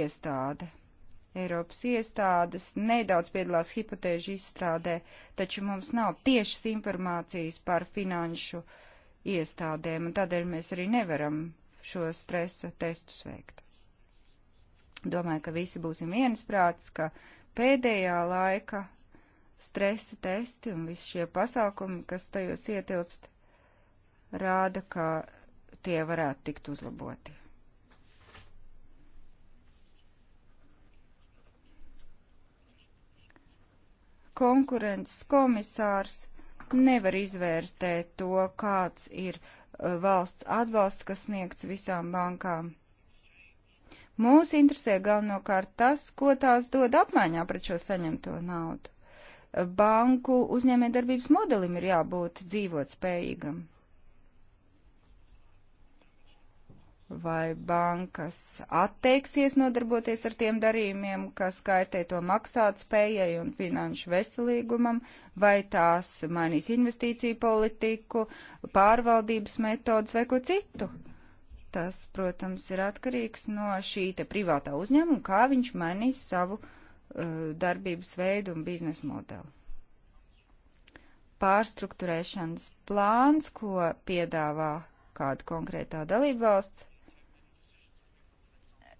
iestāde. Eiropas iestādes nedaudz piedalās hipotēžu izstrādē, taču mums nav tiešas informācijas par finanšu iestādēm, un tādēļ mēs arī nevaram šo stresa testus veikt. Domāju, ka visi būsim viensprāts, ka pēdējā laika stresa testi un visi šie pasākumi, kas tajos ietilpst, rāda, ka tie varētu tikt uzlaboti. konkurences komisārs nevar izvērtēt to, kāds ir uh, valsts atbalsts, kas sniegts visām bankām. Mūs interesē galvenokārt tas, ko tās dod apmaiņā pret šo saņemto naudu. Banku uzņēmē darbības modelim ir jābūt dzīvot spējīgam. vai bankas atteiksies nodarboties ar tiem darījumiem, kas kaitē to maksāt spējai un finanšu veselīgumam, vai tās mainīs investīciju politiku, pārvaldības metodas vai ko citu. Tas, protams, ir atkarīgs no šī te privātā uzņēmuma, kā viņš mainīs savu uh, darbības veidu un biznesa modeli. Pārstruktūrēšanas plāns, ko piedāvā kāda konkrētā dalībvalsts,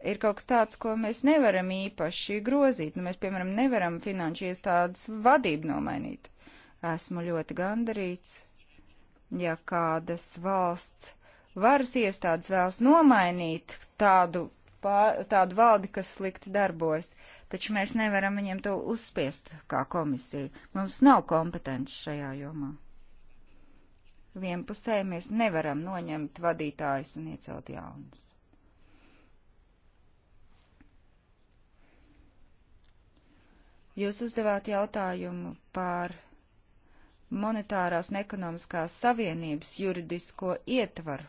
ir kaut kas tāds, ko mēs nevaram īpaši grozīt. Nu, mēs, piemēram, nevaram finanšu iestādes vadību nomainīt. Esmu ļoti gandarīts, ja kādas valsts varas iestādes vēlas nomainīt tādu, pār, tādu valdi, kas slikti darbojas, taču mēs nevaram viņiem to uzspiest kā komisija. Mums nav kompetences šajā jomā. Vienpusē mēs nevaram noņemt vadītājus un iecelt jaunus. Jūs uzdevāt jautājumu par monetārās un ekonomiskās savienības juridisko ietvaru.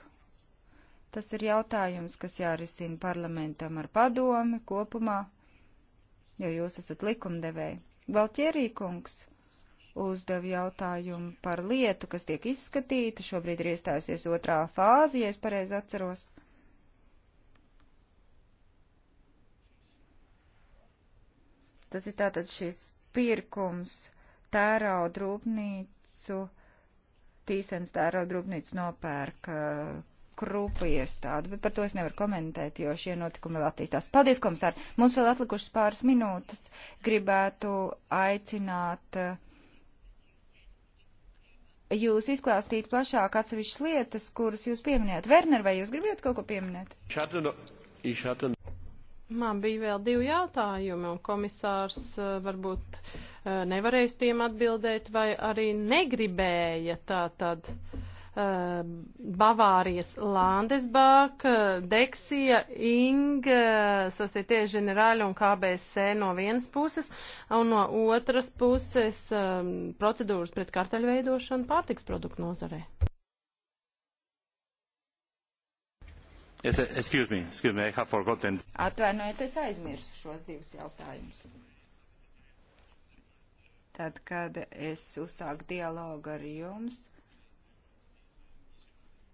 Tas ir jautājums, kas jārisina parlamentam ar padomi kopumā, jo jūs esat likumdevēji. Valtierī kungs uzdev jautājumu par lietu, kas tiek izskatīta, šobrīd ir iestājusies otrā fāze, ja es pareizi atceros. Tas ir tātad šis pirkums tērauda rūpnīcu, tīsens tērauda rūpnīcu nopērk krupa iestādi, bet par to es nevaru komentēt, jo šie notikumi vēl attīstās. Paldies, komisār! Mums vēl atlikušas pāris minūtes. Gribētu aicināt eh, jūs izklāstīt plašāk atsevišķas lietas, kuras jūs pieminējat. Werner, vai jūs gribat kaut ko pieminēt? Man bija vēl divi jautājumi, un komisārs eh, varbūt eh, nevarēja uz tiem atbildēt, vai arī negribēja tā tad. Eh, Bavārijas Landesbāk, Deksija, Ing, Societie ģenerāļi un KBC e no vienas puses, un no otras puses procedūras pret karteļveidošanu pārtiks produktu nozarē. Yes, excuse me, excuse me, I have forgotten. Atvainojiet, es aizmirsu šos divus jautājumus. Tad, kad es uzsāku dialogu ar jums,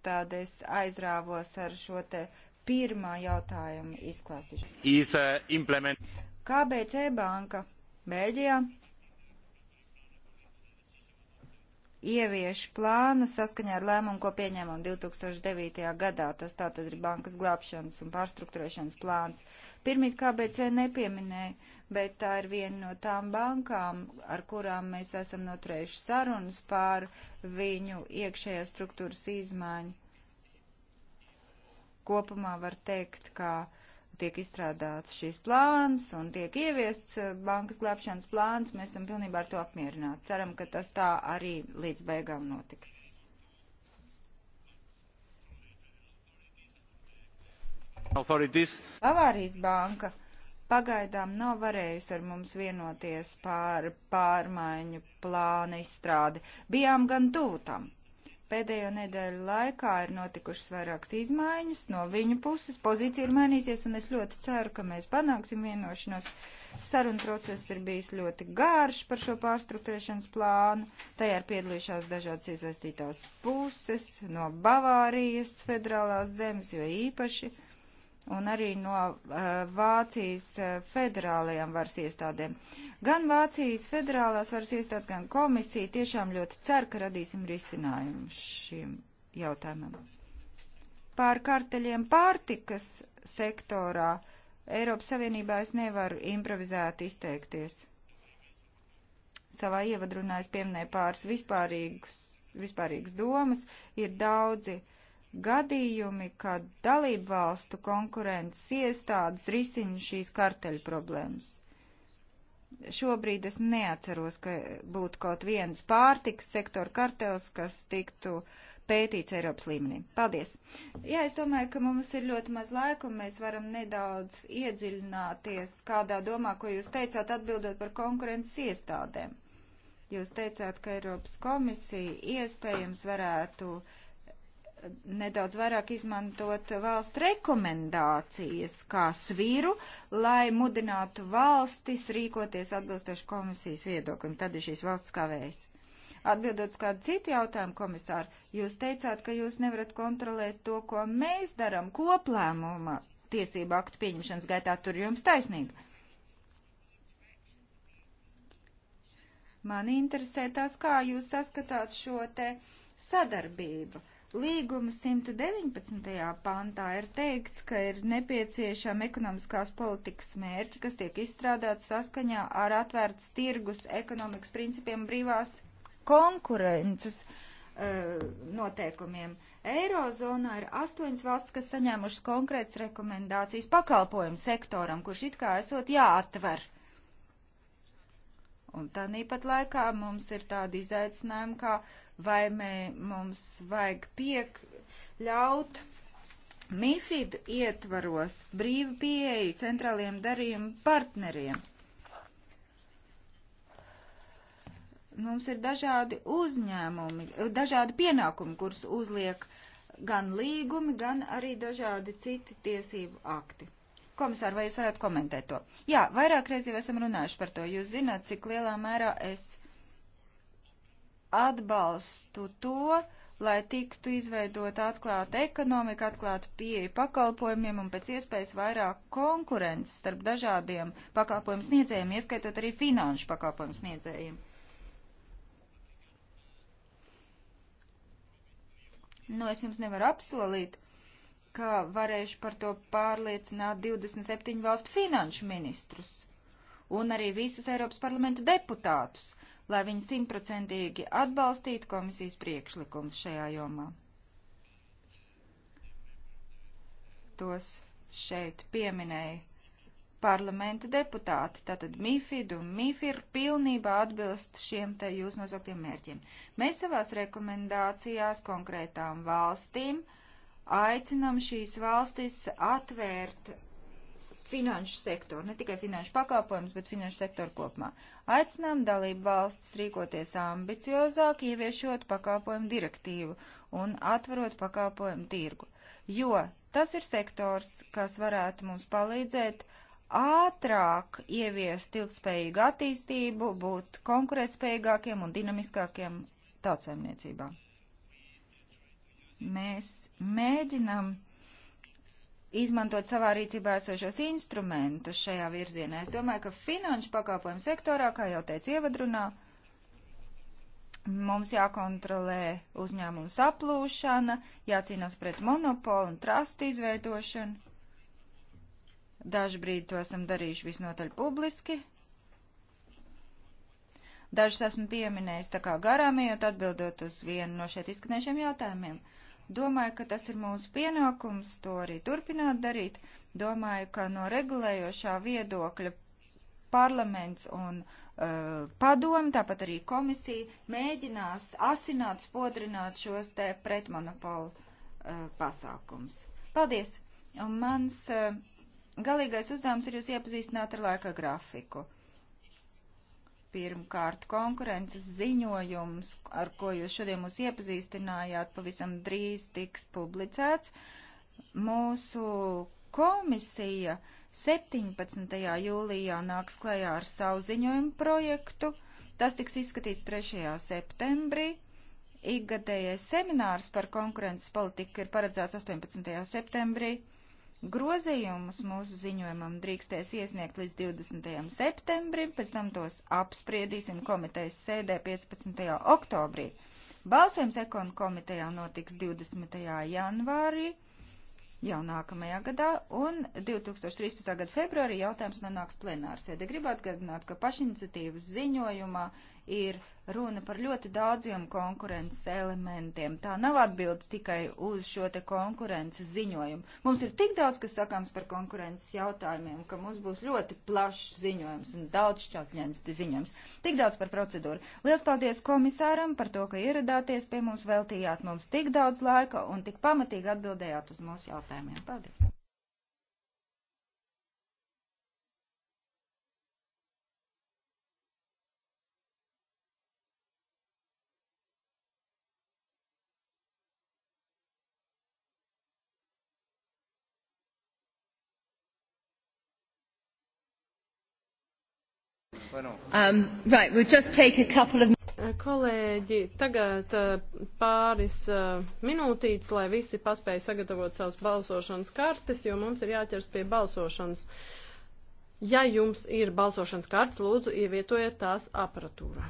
tad es aizrāvos ar šo te pirmā jautājuma izklāstīšanu. Is, uh, implement... Kāpēc e-banka Bēļģijā ievieš plānu saskaņā ar lēmumu, ko pieņēmām 2009. gadā. Tas tātad ir bankas glābšanas un pārstruktūrēšanas plāns. Pirmīt KBC nepieminēja, bet tā ir viena no tām bankām, ar kurām mēs esam noturējuši sarunas pār viņu iekšējās struktūras izmaiņu. Kopumā var teikt, ka tiek izstrādāts šīs plāns un tiek ieviests eh, bankas glābšanas plāns, mēs esam pilnībā ar to apmierināti. Ceram, ka tas tā arī līdz beigām notiks. Bavārijas banka pagaidām nav varējusi ar mums vienoties pār pārmaiņu plāna izstrādi. Bijām gan tuvu tam. Pēdējo nedēļu laikā ir notikušas vairākas izmaiņas no viņu puses, pozīcija ir mainīsies, un es ļoti ceru, ka mēs panāksim vienošanos. Saruna process ir bijis ļoti garš par šo pārstruktūrēšanas plānu. Tajā ir piedalījušās dažādas iesaistītās puses no Bavārijas federālās zemes, jo īpaši. Uh, un arī no uh, Vācijas eh, federālajām varas iestādēm. Gan Vācijas federālās varas iestādes, gan komisija tiešām ļoti cer, ka radīsim risinājumu šim jautājumam. Pār karteļiem pārtikas sektorā Eiropas Savienībā es nevaru improvizēt izteikties. Savā ievadrunā es pieminēju pāris vispārīgus, vispārīgas domas, ir daudzi uh, gadījumi, kad dalību valstu konkurences iestādes risina šīs karteļu problēmas. Šobrīd es neatceros, ka būtu kaut viens pārtiks sektora kartels, kas tiktu pētīts Eiropas līmenī. Paldies! Jā, es domāju, ka mums ir ļoti maz laika, un mēs varam nedaudz iedziļināties kādā domā, ko jūs teicāt atbildot par konkurences iestādēm. Jūs teicāt, ka Eiropas komisija iespējams varētu uh, nedaudz vairāk izmantot valstu rekomendācijas kā sviru, lai mudinātu valstis rīkoties atbilstoši komisijas viedoklim. Tad ir šīs valsts kavējas. Atbildot uz kādu citu jautājumu, komisāri, jūs teicāt, ka jūs nevarat kontrolēt to, ko mēs daram koplēmuma tiesību aktu pieņemšanas gaitā. Tur jums taisnība. Mani interesē tas, kā jūs saskatāt šo te sadarbību. Uh, Līguma 119. pantā ir teikts, ka ir nepieciešama ekonomiskās politikas mērķi, kas tiek izstrādāts saskaņā ar atvērts tirgus ekonomikas principiem brīvās konkurences uh, noteikumiem. Eirozonā ir astoņas valsts, kas saņēmušas konkrētas rekomendācijas pakalpojumu sektoram, kurš it kā esot jāatver. Un tāpat laikā mums ir tādi izaicinājumi, kā uh, vai mē, mums vajag piek ļaut MIFID ietvaros brīvu pieeju centrāliem darījumu partneriem. Mums ir dažādi uzņēmumi, dažādi pienākumi, kurus uzliek gan līgumi, gan arī dažādi citi tiesību akti. Komisār, vai jūs varētu komentēt to? Jā, vairāk reizi jau esam runājuši par to. Jūs zināt, cik lielā mērā es atbalstu to, lai tiktu izveidota atklāta ekonomika, atklāta pieeja pakalpojumiem un pēc iespējas vairāk konkurences starp dažādiem pakalpojumu sniedzējiem, ieskaitot arī finanšu pakalpojumu sniedzējiem. Nu, es jums nevaru apsolīt, ka varēšu par to pārliecināt 27 valstu finanšu ministrus un arī visus Eiropas parlamenta deputātus lai viņi simtprocentīgi atbalstītu komisijas priekšlikumus šajā jomā. Tos šeit pieminēja parlamenta deputāti. Tātad MIFID un MIFIR pilnībā atbilst šiem te jūs nosauktiem mērķiem. Mēs savās rekomendācijās konkrētām valstīm aicinam šīs valstis atvērt atbalstu finanšu sektoru, ne tikai finanšu pakalpojumus, bet finanšu sektoru kopumā. Aicinām dalību valstis rīkoties ambiciozāk, ieviešot pakalpojumu direktīvu un atverot pakalpojumu tirgu, jo tas ir sektors, kas varētu mums palīdzēt ātrāk ieviest ilgspējīgu attīstību, būt konkurētspējīgākiem un dinamiskākiem tautsēmniecībā. Mēs mēģinam izmantot savā rīcībā esošos instrumentus šajā virzienā. Es domāju, ka finanšu pakalpojumu sektorā, kā jau teicu ievadrunā, mums jākontrolē uzņēmumu saplūšana, jācīnās pret monopolu un trustu izveidošanu. Dažbrīd to esam darījuši visnotaļ publiski. Dažus esmu pieminējis tā kā garām, jo atbildot uz vienu no šeit izskanējušiem jautājumiem. Uh, Domāju, ka tas ir mūsu pienākums to arī turpināt darīt. Domāju, ka no regulējošā viedokļa parlaments un uh, padomu, tāpat arī komisija mēģinās asināt, spodrināt šos te pretmonopolu uh, pasākums. Paldies! Un mans uh, galīgais uzdevums ir jūs iepazīstināt ar laika grafiku. Pirmkārt, konkurences ziņojums, ar ko jūs šodien mūs iepazīstinājāt, pavisam drīz tiks publicēts. Mūsu komisija 17. jūlijā nāks klajā ar savu ziņojumu projektu. Tas tiks izskatīts 3. septembrī. Ikgadējais seminārs par konkurences politiku ir paredzēts 18. septembrī. Grozījumus mūsu ziņojumam drīkstēs iesniegt līdz 20. septembrim, pēc tam tos apspriedīsim komitejas sēdē 15. oktobrī. Balsojums ekonu komitejā notiks 20. janvārī jau nākamajā gadā, un 2013. gada februārī jautājums nonāks plenārsēde. Gribu atgādināt, ka pašiniciatīvas ziņojumā ir runa par ļoti daudziem konkurences elementiem. Tā nav atbildes tikai uz šo te konkurences ziņojumu. Mums ir tik daudz, kas sakāms par konkurences jautājumiem, ka mums būs ļoti plašs ziņojums un daudz šķautņēns ziņojums. Tik daudz par procedūru. Lielas paldies komisāram par to, ka ieradāties pie mums, veltījāt mums tik daudz laika un tik pamatīgi atbildējāt uz mūsu jautājumiem. Paldies! Um, right, we'll just take a couple of... Uh, kolēģi, tagad uh, pāris uh, minūtītes, lai visi paspēja sagatavot savas balsošanas kartes, jo mums ir jāķers pie balsošanas. Ja jums ir balsošanas kartes, lūdzu, ievietojiet tās aparatūrā.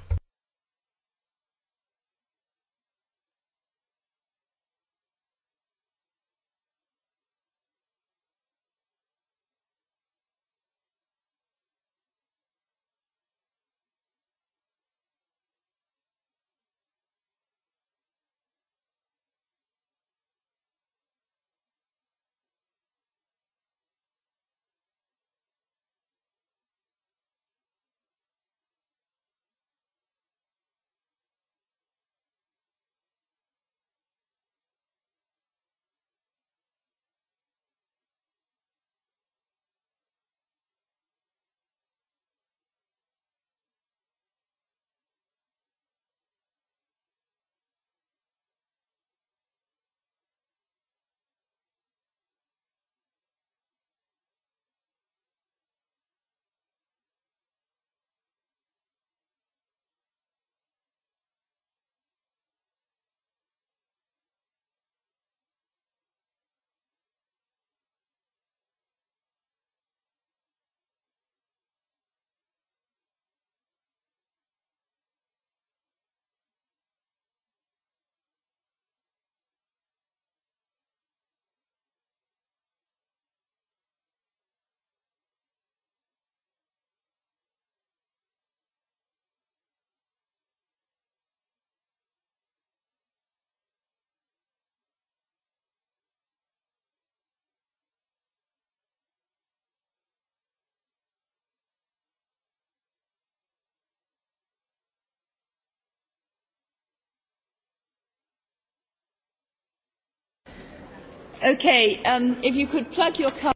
Okay, um, if you could plug your car...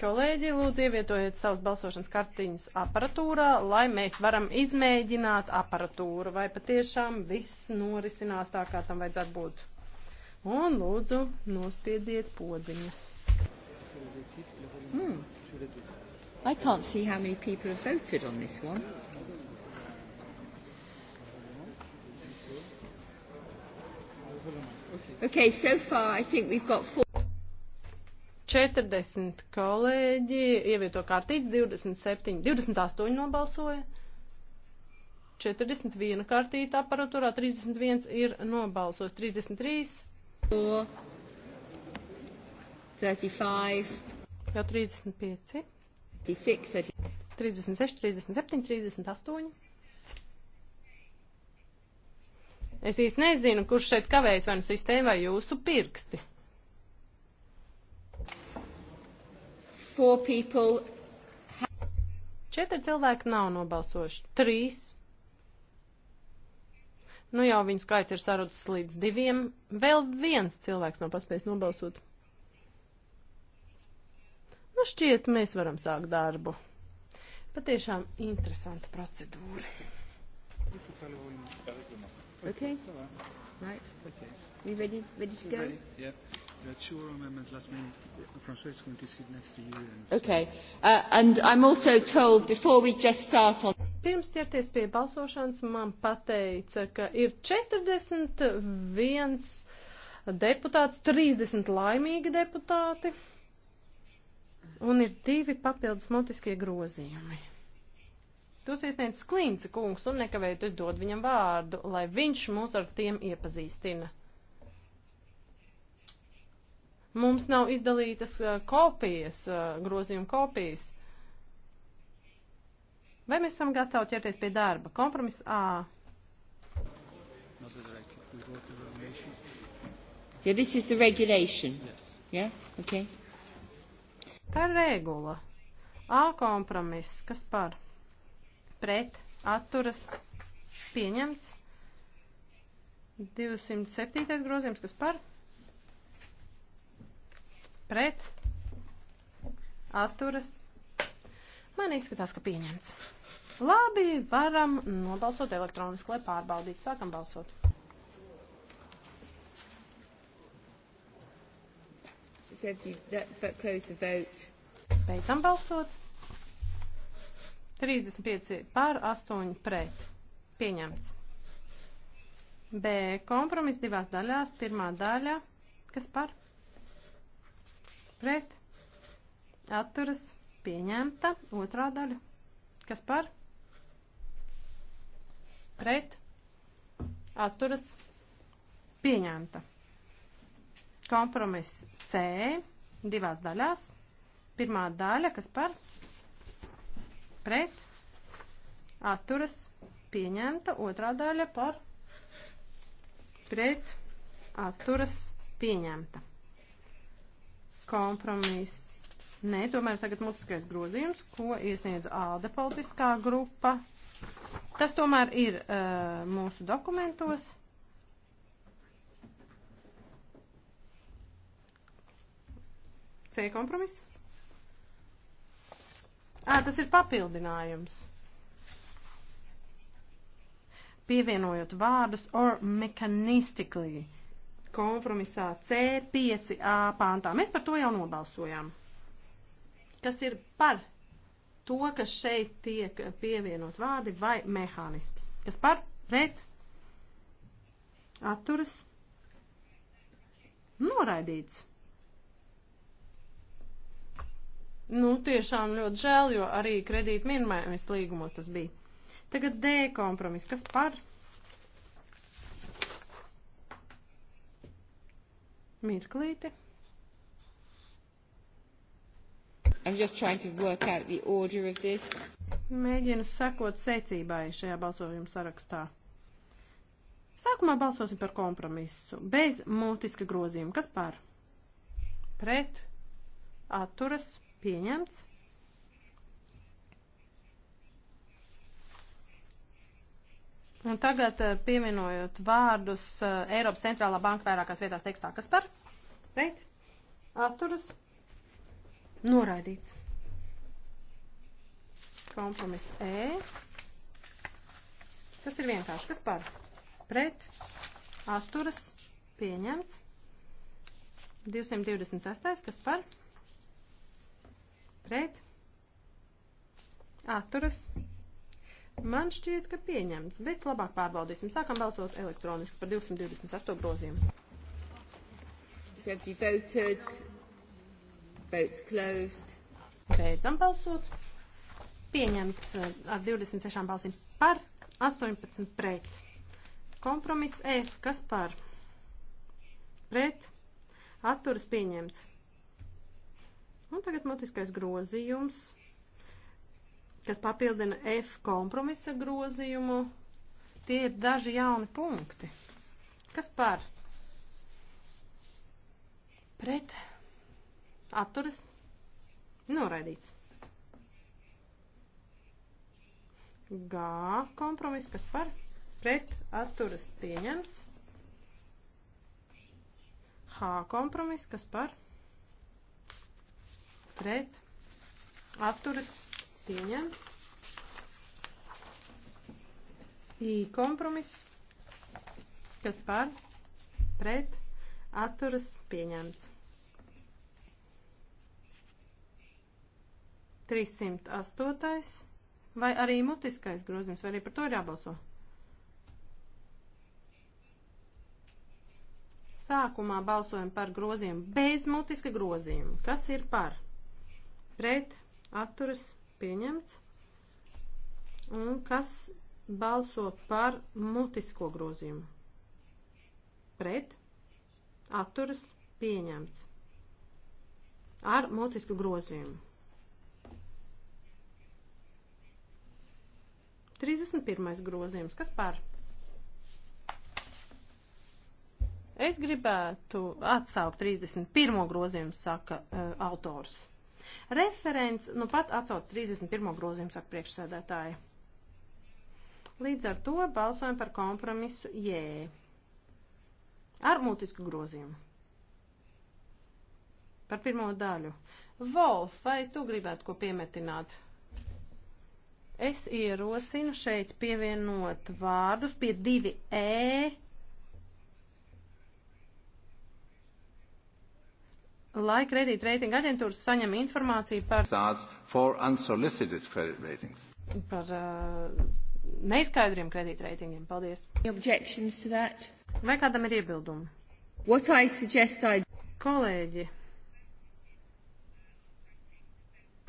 Kolēģi, lūdzu ievietojiet savus balsošanas kartiņas aparatūrā, lai mēs varam izmēģināt aparatūru, vai patiešām viss norisinās tā, kā tam vajadzētu būt. Un lūdzu nospiediet podziņas. Hmm. I can't see how many people have voted on this one. Okay, so far I think we've got four. 40 kolēģi ievieto kārtītes, 27, 28 nobalsoja, 41 kārtīta aparatūrā, 31 ir nobalsojis, 33. 4, 35. Jau 35. 36, 36, 37, 38. Es īsti nezinu, kurš šeit kavējas vai nu sistēma vai jūsu pirksti. Four people. Četri cilvēki nav nobalsojuši. Trīs. Nu jau viņu skaits ir sarucis līdz diviem. Vēl viens cilvēks nav paspējis nobalsot. Nu šķiet, mēs varam sākt darbu. Patiešām interesanta procedūra. Okay. Right. Okay. We ready? Ready to go? Ready. Yeah. There are two oral amendments last minute. Uh, Francois is going to sit next to you. And... Okay. Uh, and I'm also told before we just start on. Pirms ķerties pie balsošanas, man pateica, ka ir 41 deputāts, 30 laimīgi deputāti un ir divi papildus motiskie grozījumi. Tos iesniedz Klinca kungs un nekavējoties dod viņam vārdu, lai viņš mūs ar tiem iepazīstina. Mums nav izdalītas uh, kopijas, uh, grozījuma kopijas. Vai mēs esam gatavi ķerties pie darba? Kompromiss A. Yeah, this is the regulation. Yes. Yeah? Okay. Tā ir regula. A kompromiss, kas par pret atturas pieņemts. 207. grozījums, kas par pret pret, atturas. Man izskatās, ka pieņemts. Labi, varam nobalsot elektroniski, lai pārbaudītu. Sākam balsot. Beidzam balsot. 35 pār 8 pret. Pieņemts. B. Kompromiss divās daļās. Pirmā daļa. Kas par? pret, atturas, pieņemta, otrā daļa, kas par, pret, atturas, pieņemta. Kompromiss C divās daļās. Pirmā daļa, kas par, pret, atturas, pieņemta, otrā daļa par, pret, atturas, pieņemta kompromiss. Nē, tomēr tagad mutiskais grozījums, ko iesniedz ALDE politiskā grupa. Tas tomēr ir uh, mūsu dokumentos. C kompromiss. Ā, tas ir papildinājums. Pievienojot vārdus or mechanistically kompromisā C5A pāntā. Mēs par to jau nobalsojām. Kas ir par to, kas šeit tiek pievienot vārdi vai mehāniski? Kas par pret atturas noraidīts? Nu, tiešām ļoti žēl, jo arī kredīt minimais līgumos tas bija. Tagad D kompromis, kas par Mirklīti. I'm just trying to work out the order of this. Mēģinu sekot secībai šajā balsojuma sarakstā. Sākumā balsosim par kompromisu, bez mutiska grozījuma. Kas par? Pret, atturas, pieņemts. Un tagad eh, pieminojot vārdus eh, Eiropas centrālā banka vairākās vietās tekstā, kas par? Pret? Atturas? Noraidīts. Kompromiss E. Tas ir vienkārši. Kas par? Pret? Atturas? Pieņemts. 226. Kas par? Pret? Atturas? Pieņemts. Man šķiet, ka pieņemts, bet labāk pārbaudīsim. Sākam balsot elektroniski par 228 grozījumu. Beidzam balsot. Pieņemts eh, ar 26 balsīm par, 18 pret. Kompromiss F, kas par? Pret. Atturas pieņemts. Un tagad mutiskais grozījums kas papildina F kompromisa grozījumu. Tie ir daži jauni punkti. Kas par? Pret. Atturas. Noraidīts. G kompromis, kas par? Pret. Atturas pieņemts. H kompromis, kas par? Pret. Atturas pieņemts pieņemts. I kompromiss, kas par, pret, atturas pieņemts. 308. Vai arī mutiskais grozījums, vai arī par to ir jābalso? Sākumā balsojam par grozījumu bez mutiska grozījumu. Kas ir par? Pret, atturas, pieņemts. Un kas balso par mutisko grozījumu? Pret, atturas, pieņemts. Ar mutisku grozījumu. 31. grozījums. Kas par? Es gribētu atsaukt 31. grozījumu, saka uh, autors. Referents, nu pat atsauc 31. grozījumu, saka priekšsēdētāji. Līdz ar to balsojam par kompromisu J. Ar mutisku grozījumu. Par pirmo daļu. Volf, vai tu gribētu ko piemetināt? Es ierosinu šeit pievienot vārdus pie 2E lai kredītreitinga aģentūras saņem informāciju par, par uh, neizskaidriem kredītreitingiem. Paldies. Vai kādam ir iebildumi? I suggest, I... Kolēģi,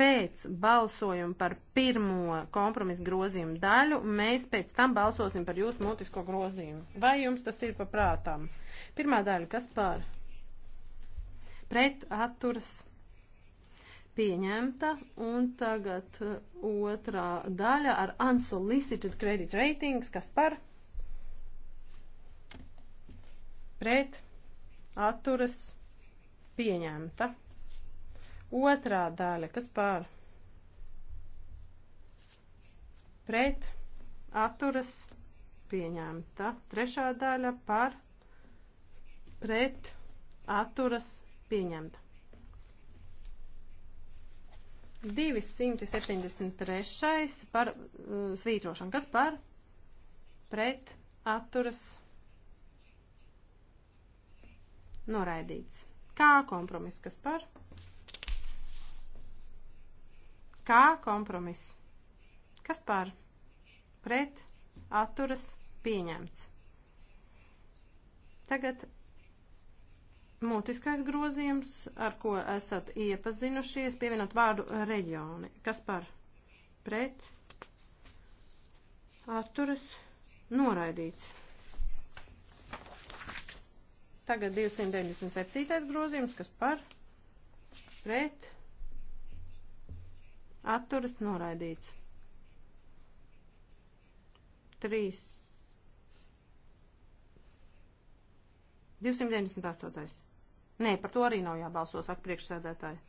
pēc balsojuma par pirmo kompromisu grozījumu daļu, mēs pēc tam balsosim par jūsu mutisko grozījumu. Vai jums tas ir paprātām? Pirmā daļa, kas pār? pret atturas pieņemta. Un tagad uh, otrā daļa ar unsolicited credit ratings, kas par pret atturas pieņemta. Otrā daļa, kas par pret atturas pieņemta. Trešā daļa par pret atturas pieņemta pieņemta. 273. par uh, svītrošanu. Kas par? Pret atturas noraidīts. Kā kompromis? Kas par? Kā kompromis? Kas par? Pret atturas pieņemts. Tagad mutiskais grozījums, ar ko esat iepazinušies, pievienot vārdu reģioni. Kas par pret? Atturas noraidīts. Tagad 297. grozījums, kas par pret? Atturas noraidīts. 3. 298. Nē, par to arī nav jābalso, saka priekšsēdētāji.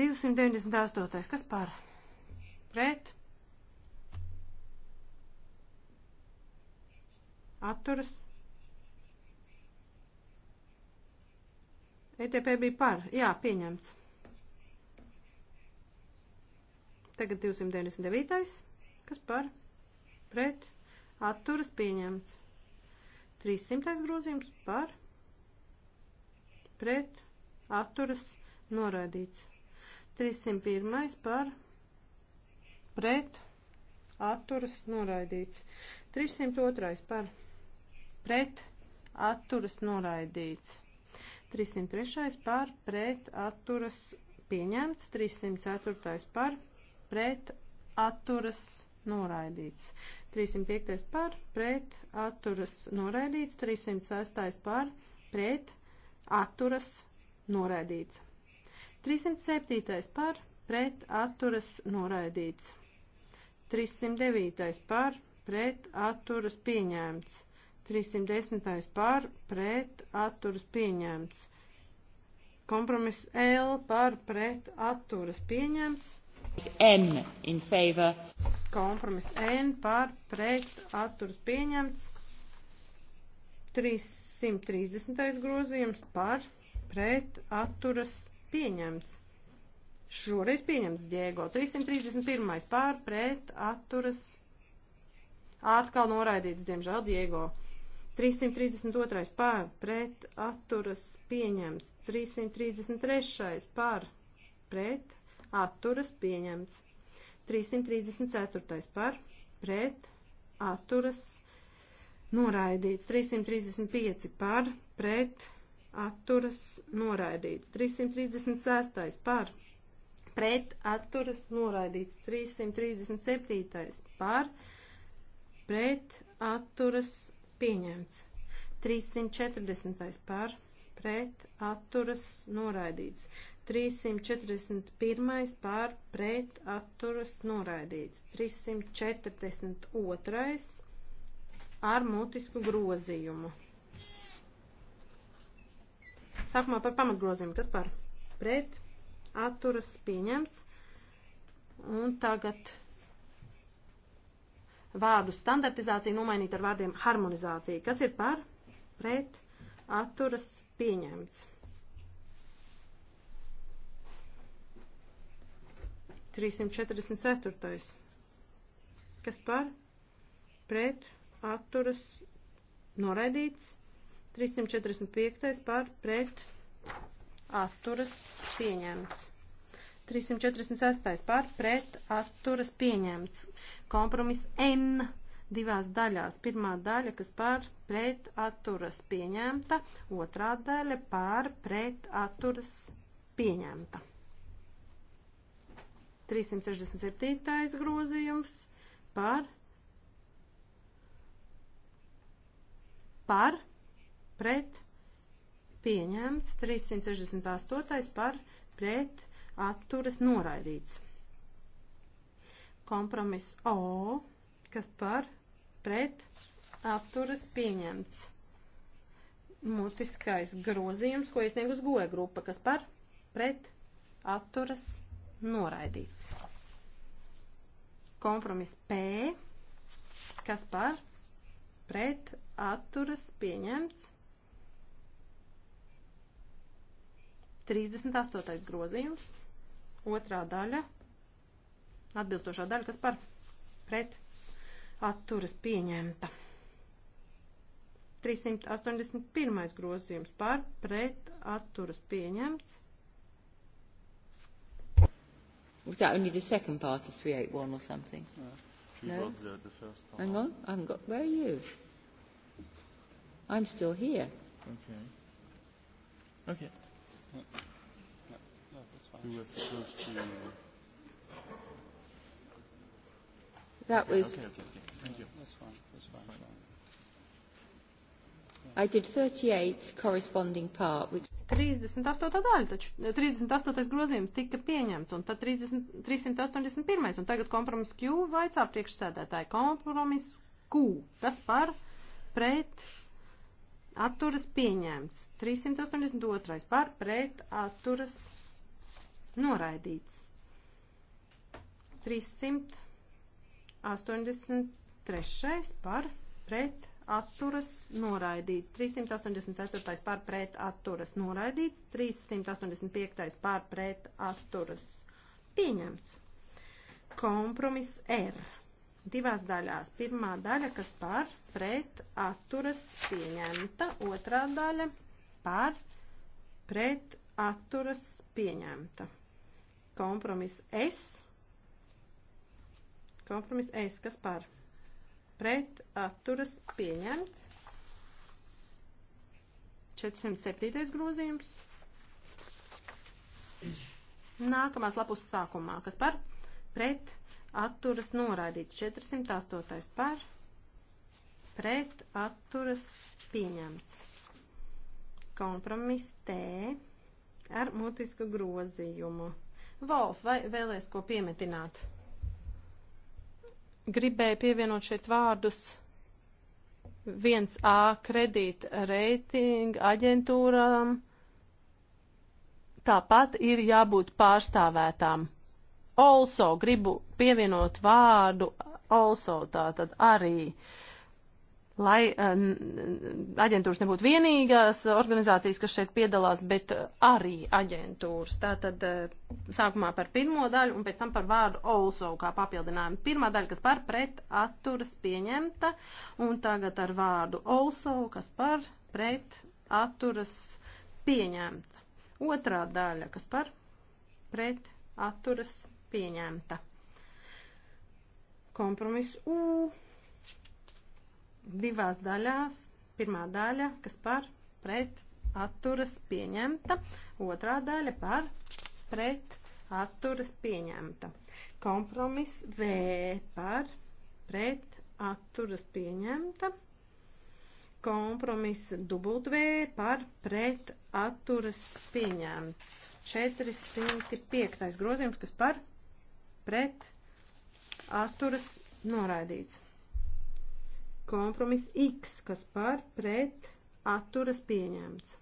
298. Kas par? Pret? Atturas? ETP bija par. Jā, pieņemts. Tagad 299. Kas par? Pret? Atturas pieņemts. 300. grozījums par? Pret? pret atturas noraidīts. 301 par pret atturas noraidīts. 302 par pret atturas noraidīts. 303 par pret atturas pieņemts. 304 par pret atturas noraidīts. 305 par pret atturas noraidīts. 306 par pret atturas noraidīts. 307. par pret atturas noraidīts. 309. par pret atturas pieņēmts. 310. par pret atturas pieņēmts. Kompromiss L par pret atturas pieņemts. M in favor. Kompromiss N par pret atturas pieņemts. 330. grozījums par pret atturas pieņemts. Šoreiz pieņemts Diego. 331. par pret atturas atkal noraidīts, diemžēl, Diego. 332. par pret atturas pieņemts. 333. par pret atturas pieņemts. 334. par pret atturas pieņemts noraidīts 335 par, pret, atturas, noraidīts 336 par, pret, atturas, noraidīts 337 par, pret, atturas, pieņemts 340 par, pret, atturas, noraidīts 341 par, pret, atturas, noraidīts 342 ar mutisku grozījumu. Sākumā par pamatgrozījumu, kas par pret atturas pieņemts. Un tagad vārdu standartizācija nomainīt ar vārdiem harmonizācija. Kas ir par pret atturas pieņemts? 344. Kas par pret atturas noraidīts. 345. par pret atturas pieņemts. 346. par pret atturas pieņemts. Kompromis N divās daļās. Pirmā daļa, kas par pret atturas pieņemta, otrā daļa par pret atturas pieņemta. 367. grozījums par par pret pieņemts, 368 par pret atturas noraidīts. Kompromiss O, kas par pret atturas pieņemts. Mutiskais grozījums, ko iesniegus goja grupa, kas par pret atturas noraidīts. Kompromiss P, kas par pret atturas pieņemts. 38. grozījums, otrā daļa, atbilstošā daļa, kas par pret atturas pieņemta. 381. grozījums par pret atturas pieņemts. Was that only the second part of 381 or something? Yeah. No? Got the, the first part. Hang on, I haven't got, where are you? I'm still here. Okay. Okay. No, no, no that's fine. We were supposed to. That okay, was. Okay, okay, okay. Thank you. No, that's fine. That's fine. That's fine. Yeah. I did 38 corresponding part, which. 38. daļa, taču 38. Eh, grozījums tika pieņemts, un tad 30, 381. un tagad kompromiss Q vaicā priekšsēdētāji kompromiss Q. Kas par pret atturas pieņemts. 382. par pret atturas noraidīts. 383. par pret atturas noraidīts. 384. par pret atturas noraidīts. 385. par pret atturas pieņemts. Kompromiss R divās daļās. Pirmā daļa, kas par pret atturas pieņemta, otrā daļa par pret atturas pieņemta. Kompromiss S. Kompromiss S, kas par pret atturas pieņemts. 407. grozījums. Nākamās lapus sākumā, kas par pret atturas pieņemta atturas noraidīts. 408. par pret atturas pieņemts. Kompromiss T ar mutisku grozījumu. Volf, vai vēlies ko piemetināt? Gribēju pievienot šeit vārdus 1A kredīta reitinga aģentūrām. Tāpat ir jābūt pārstāvētām also, gribu pievienot vārdu also, tā tad arī. Lai eh, aģentūras nebūtu vienīgās organizācijas, kas šeit piedalās, bet eh, arī aģentūras. Tātad eh, sākumā par pirmo daļu un pēc tam par vārdu also kā papildinājumu. Pirmā daļa, kas par pret atturas pieņemta un tagad ar vārdu also, kas par pret atturas pieņemta. Otrā daļa, kas par pret atturas pieņemta pieņemta. Kompromiss U divās daļās. Pirmā daļa, kas par pret atturas pieņemta, otrā daļa par pret atturas pieņemta. Kompromiss V par pret atturas pieņemta. Kompromiss W par pret atturas pieņemts. 405. grozījums, kas par pret pret atturas noraidīts. Kompromiss X, kas par pret atturas pieņemts.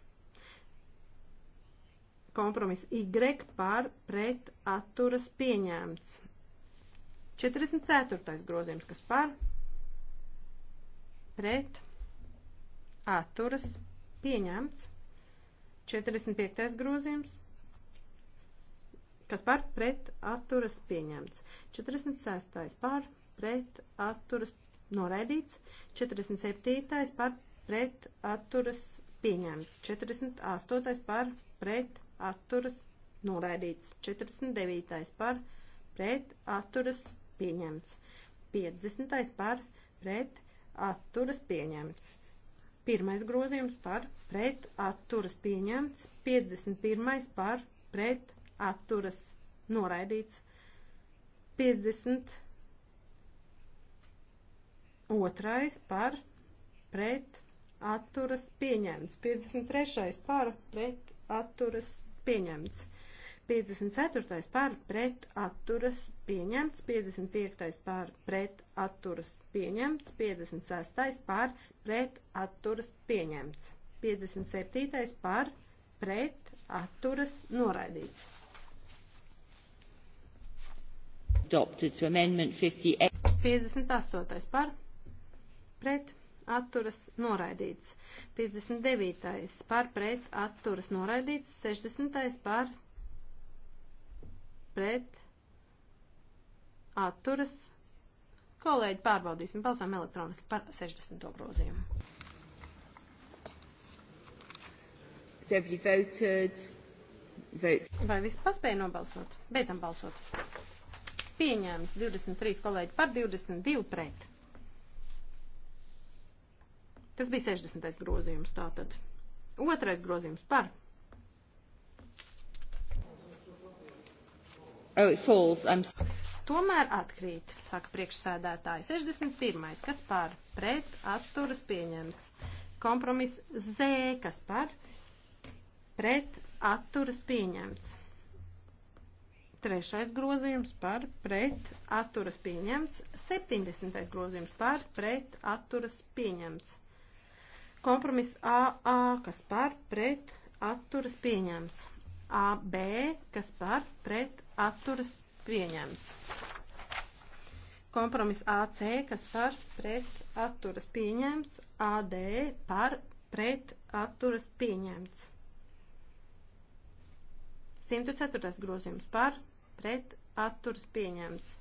Kompromiss Y par pret atturas pieņemts. 44. grozījums, kas par pret atturas pieņemts. 45. grozījums kas par pret atturas pieņemts. 46. par pret atturas noraidīts. 47. par pret atturas pieņemts. 48. par pret atturas noraidīts. 49. par pret atturas pieņemts. 50. par pret atturas pieņemts. Pirmais grozījums par pret atturas pieņemts, 51. par pret atturas noraidīts. 52. par pret atturas pieņemts. 53. par pret atturas pieņemts. 54. par pret atturas pieņemts, 55. par pret atturas pieņemts, 56. par pret atturas pieņemts, 57. par pret atturas noraidīts. adopted. So amendment 58. 58. par pret atturas noraidīts. 59. par pret atturas noraidīts. 60. par pret atturas. Kolēģi, pārbaudīsim, balsojam elektroniski par 60. grozījumu. Vai viss paspēja nobalsot? Beidzam balsot pieņemts. 23 kolēģi par 22 pret. Tas bija 60. grozījums tātad. Otrais grozījums par. Oh, it falls. I'm... Tomēr atkrīt, saka priekšsēdētāji. 61. kas par pret atturas pieņemts. Kompromiss Z, kas par pret atturas pieņemts. Trešais grozījums par pret atturas pieņemts. 70. grozījums par pret atturas pieņemts. Kompromiss AA, kas par pret atturas pieņemts. AB, kas par pret atturas pieņemts. Kompromiss AC, kas par pret atturas pieņemts. AD par pret atturas pieņemts. 104. grozījums par pret atturs pieņemts.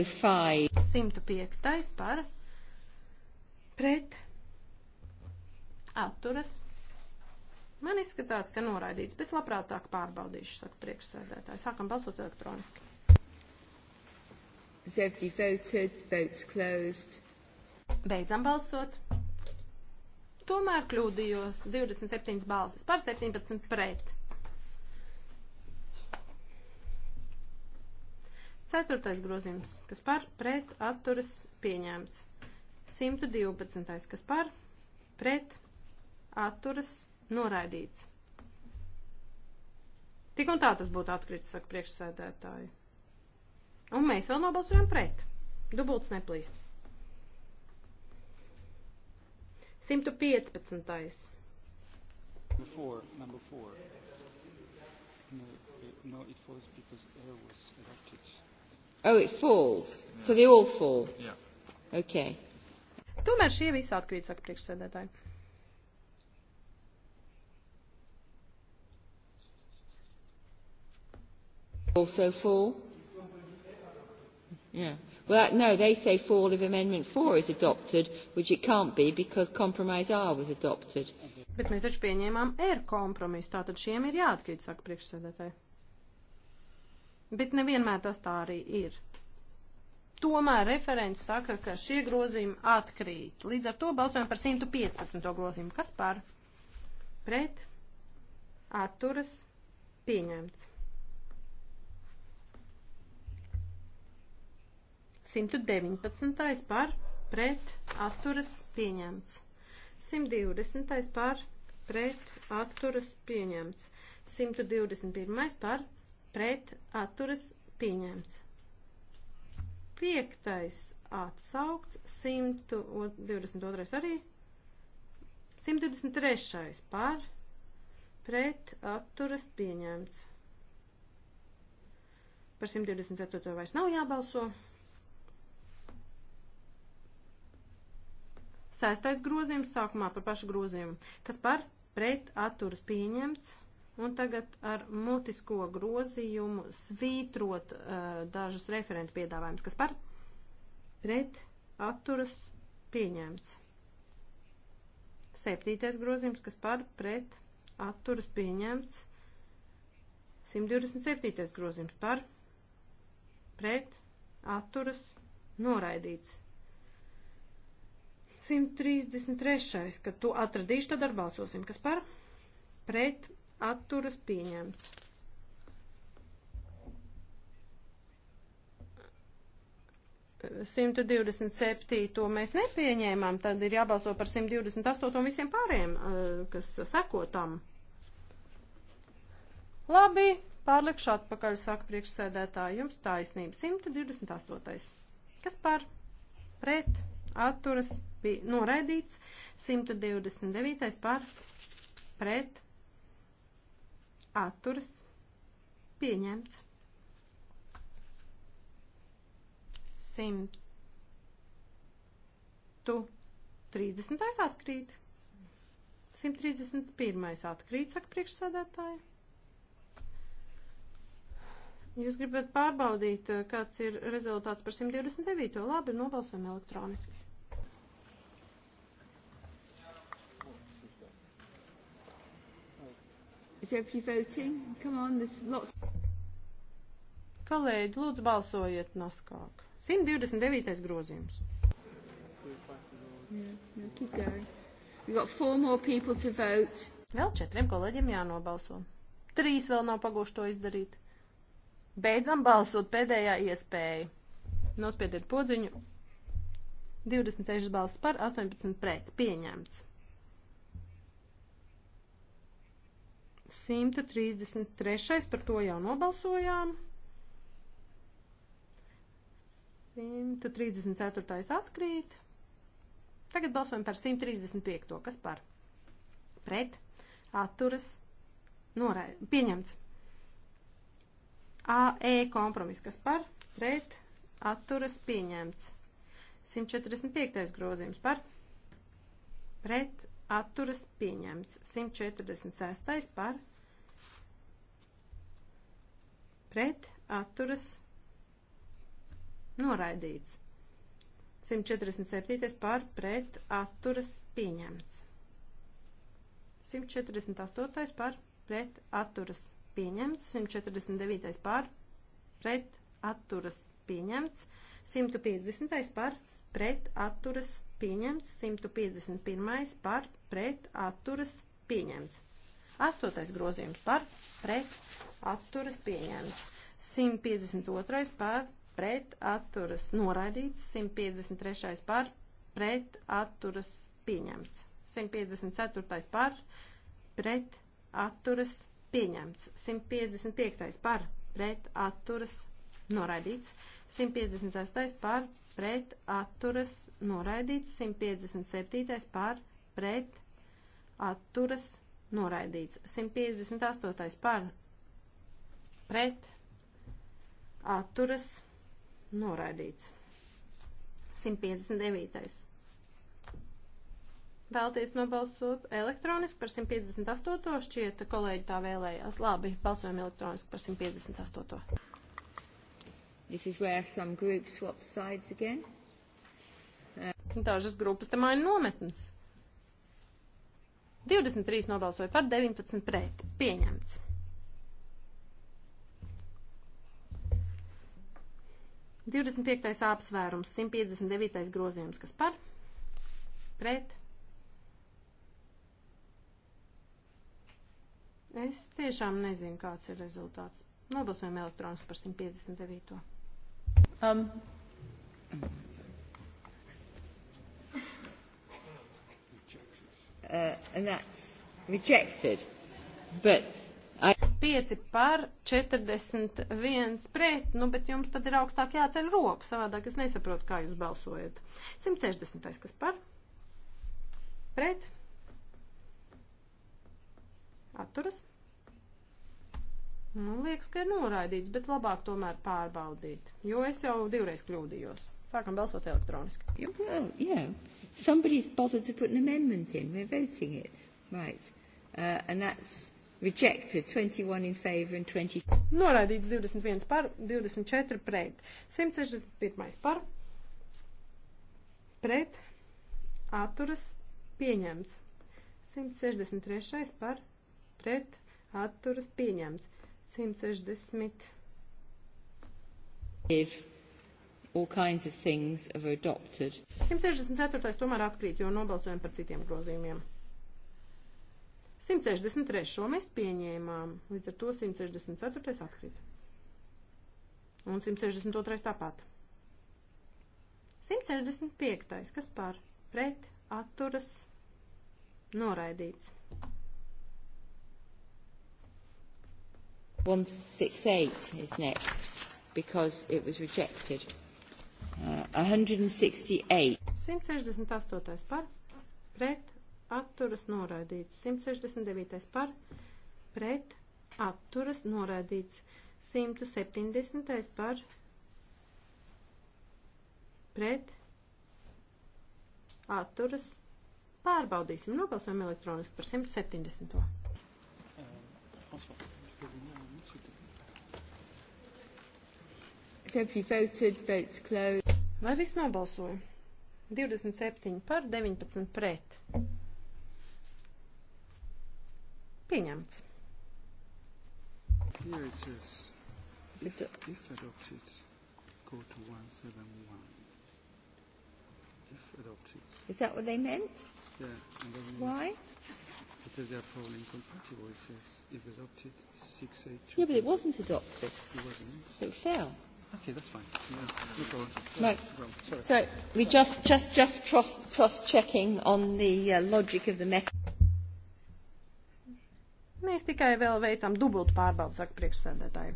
105. par pret atturas. Man izskatās, ka noraidīts, bet labprātāk pārbaudīšu, saka priekšsēdētāji. Sākam balsot elektroniski. Zevģi voted, votes closed. Beidzam balsot. Tomēr kļūdījos 27 balsis par 17 pret. Ceturtais grozījums, kas par pret atturas pieņemts. 112. kas par pret atturas noraidīts. Tik un tā tas būtu atkritis, saka priekšsēdētāji. Un mēs vēl nobalsojam pret. Dubults neplīst. 115. Four, number four. No, no, it was because air was adopted. Oh, it falls. Yeah. So they all fall. Yeah. Okay. Tomēr šie visi atkrīt, saka priekšsēdētāji. Also fall? Yeah. Well, no, they say fall if Amendment 4 is adopted, which it can't be because Compromise R was adopted. Bet mēs taču pieņēmām R kompromisu, tātad šiem ir jāatkrīt, saka priekšsēdētāji bet nevienmēr tas tā arī ir. Tomēr referents saka, ka šie grozījumi atkrīt. Līdz ar to balsojam par 115. grozījumu. Kas par? Pret? Atturas? Pieņemts. 119. par? Pret? Atturas? Pieņemts. 120. par? Pret? Atturas? Pieņemts. 121. par? pret atturas pieņemts. Piektais atsaukts, 122 arī, 123 par pret atturas pieņemts. Par 124 vairs nav jābalso. Sestais grozījums sākumā par pašu grozījumu. Kas par pret atturas pieņemts? un tagad ar mutisko grozījumu svītrot uh, dažus referentu piedāvājumus, kas par pret atturas pieņemts. Septītais grozījums, kas par pret atturas pieņemts. 127. grozījums par pret atturas noraidīts. 133. Kad to atradīšu, tad ar balsosim, kas par pret atturas pieņemts. Simtu divdesmit septīto mēs nepieņēmām, tad ir jābalso par simt divdesmit astoto un visiem pārējiem, eh, kas seko tam. Labi, pārlikšu atpakaļ, saka priekšsēdētāji, jums taisnība. 128. Kas par? Pret, atturas, bija noraidīts. 129. par? Pret, atturas pieņemts. 130. atkrīt. 131. atkrīt, saka priekšsēdētāji. Jūs gribat pārbaudīt, kāds ir rezultāts par 129. Labi, nobalsojam elektroniski. Is everybody voting? Come on, there's lots. Kolēģi, lūdzu balsojiet naskāk. 129. grozījums. Yeah, yeah, keep going. We've got four more people to vote. Vēl četriem kolēģiem jānobalso. Trīs vēl nav pagūši to izdarīt. Beidzam balsot pēdējā iespēja. Nospiediet podziņu. 26 balsis par, 18 pret. Pieņemts. 133. par to jau nobalsojām. 134. atkrīt. Tagad balsojam par 135. Kas par? Pret. Atturas. Norai, pieņemts. AE kompromiss. Kas par? Pret. Atturas. Pieņemts. 145. grozījums par. Pret atturas pieņemts. 146. par pret atturas noraidīts. 147. par pret atturas pieņemts. 148. par pret atturas pieņemts. 149. par pret atturas pieņemts. 150. par pret atturas pieņemts pieņemts, 151. par pret atturas pieņemts. 8. grozījums par pret atturas pieņemts. 152. par pret atturas noraidīts, 153. par pret atturas pieņemts. 154. par pret atturas pieņemts. 155. par pret atturas noraidīts. 156. par pret atturas noraidīts, 157. par pret atturas noraidīts, 158. par pret atturas noraidīts, 159. Vēlties nobalsot elektroniski par 158. šķiet, kolēģi tā vēlējās. Labi, balsojam elektroniski par 158. This is where some groups swap sides again. Uh. Dažas grupas te maina nometnes. 23 nobalsoja par, 19 pret. Pieņemts. Divdesmit piektais apsvērums, 159. grozījums, kas par, pret, Es tiešām nezinu, kāds ir rezultāts. Nobalsojam elektronis par 159. Um, uh, and that's rejected. But I... 5 par 41 pret, nu, bet jums tad ir augstāk jāceļ roku, savādāk es nesaprotu, kā jūs balsojat. 160. kas par? Pret? Atturas? Man nu, liekas, ka ir noraidīts, bet labāk tomēr pārbaudīt, jo es jau divreiz kļūdījos. Sākam balsot elektroniski. Yeah, well, yeah. Somebody's bothered to put an amendment in. We're voting it. Right. Uh, and that's rejected. 21 in favor and 20... Noraidīts 21 par, 24 pret. 161 par, pret, atturas, pieņemts. 163 par, pret, atturas, pieņemts. 160. If all kinds of things are adopted. 164. tomēr atkrīt, jo nobalsojam par citiem grozījumiem. 163. šo mēs pieņēmām, līdz ar to 164. atkrīt. Un 162. tāpat. 165. kas par pret atturas noraidīts. 168 is next because it was rejected. Uh, 168. 168 par, pret, atturas noraidīts. 169 par, pret, atturas noraidīts. 170 par, pret, atturas. Pārbaudīsim, nobalsojam elektroniski par 170. François. Vai viss nobalsoja? 27 par 19 pret. Pieņemts. Here it says, if, if adopted, go to 171. If adopted. Is that what they meant? Yeah. And that means Why? Because they are probably incompatible. It says, if adopted, 682. Yeah, but it wasn't adopted. It wasn't. It fell. Okay, that's fine. No. no. So we just just just cross cross checking on the uh, logic of the message. Mēs tikai vēl veicam dubultu pārbaudu, saka priekšsēdētāji.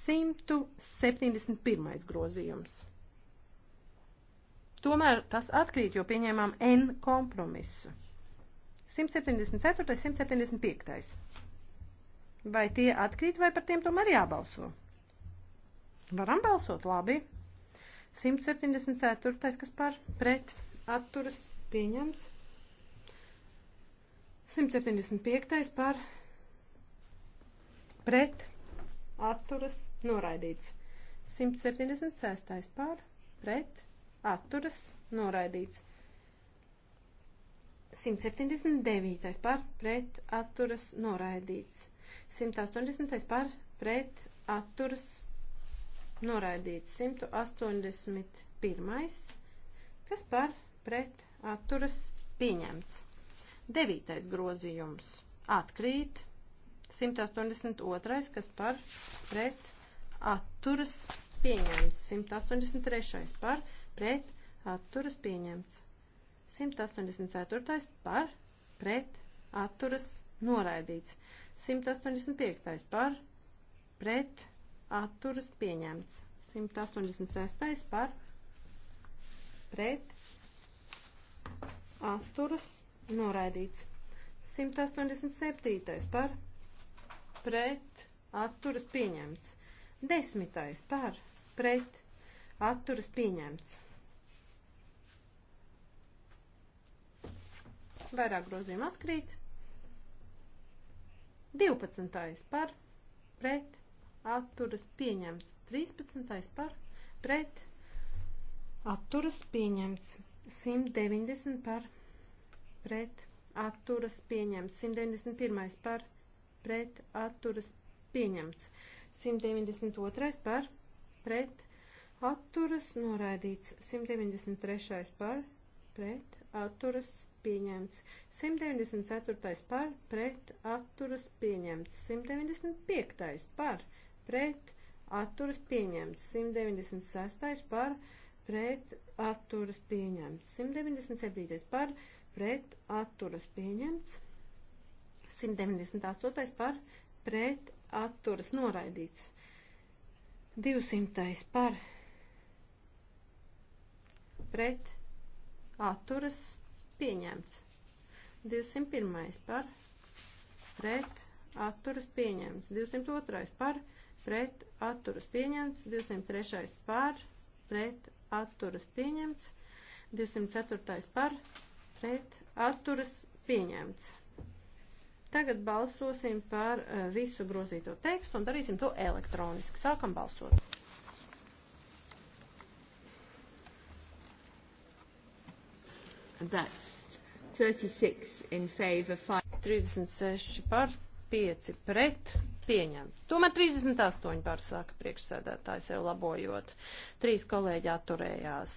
171. grozījums. Tomēr tas atkrīt, jo pieņēmām N kompromisu. 174. 175. Vai tie atkrīt, vai par tiem tomēr jābalso? Varam balsot, labi. 174. kas par pret atturas pieņemts. 175. par pret atturas noraidīts. 176. par pret atturas noraidīts. 179. par pret atturas noraidīts. 180. par pret atturas noraidīts noraidīts 181. kas par pret atturas pieņemts. 9. grozījums atkrīt 182. kas par pret atturas pieņemts. 183. par pret atturas pieņemts. 184. par pret atturas noraidīts. 185. par pret atturas pieņemts. 186. par pret atturas noraidīts. 187. par pret atturas pieņemts. 10. par pret atturas pieņemts. Vairāk grozījumu atkrīt. 12. par pret atturas pieņemts. 13. par pret atturas pieņemts. 190 par pret atturas pieņemts. 191 par pret atturas pieņemts. 192 par pret atturas noraidīts. 193 par pret atturas pieņemts pieņemts. 194. par pret atturas pieņemts. 195. par pret atturas pieņemts. 196. par pret atturas pieņemts. 197. par pret atturas pieņemts. 198. par pret atturas noraidīts. 200. par pret atturas pieņemts. 201. par pret atturas pieņemts. 202. par pret pret atturas pieņemts, 203. par pret atturas pieņemts, 204. par pret atturas pieņemts. Tagad balsosim par eh, visu grozīto tekstu un darīsim to elektroniski. Sākam balsot. That's 36 in favor, 5. 36 par, 5 pret pieņemts. Tomēr 38 pārsāka priekšsēdētājs jau labojot. Trīs kolēģi atturējās.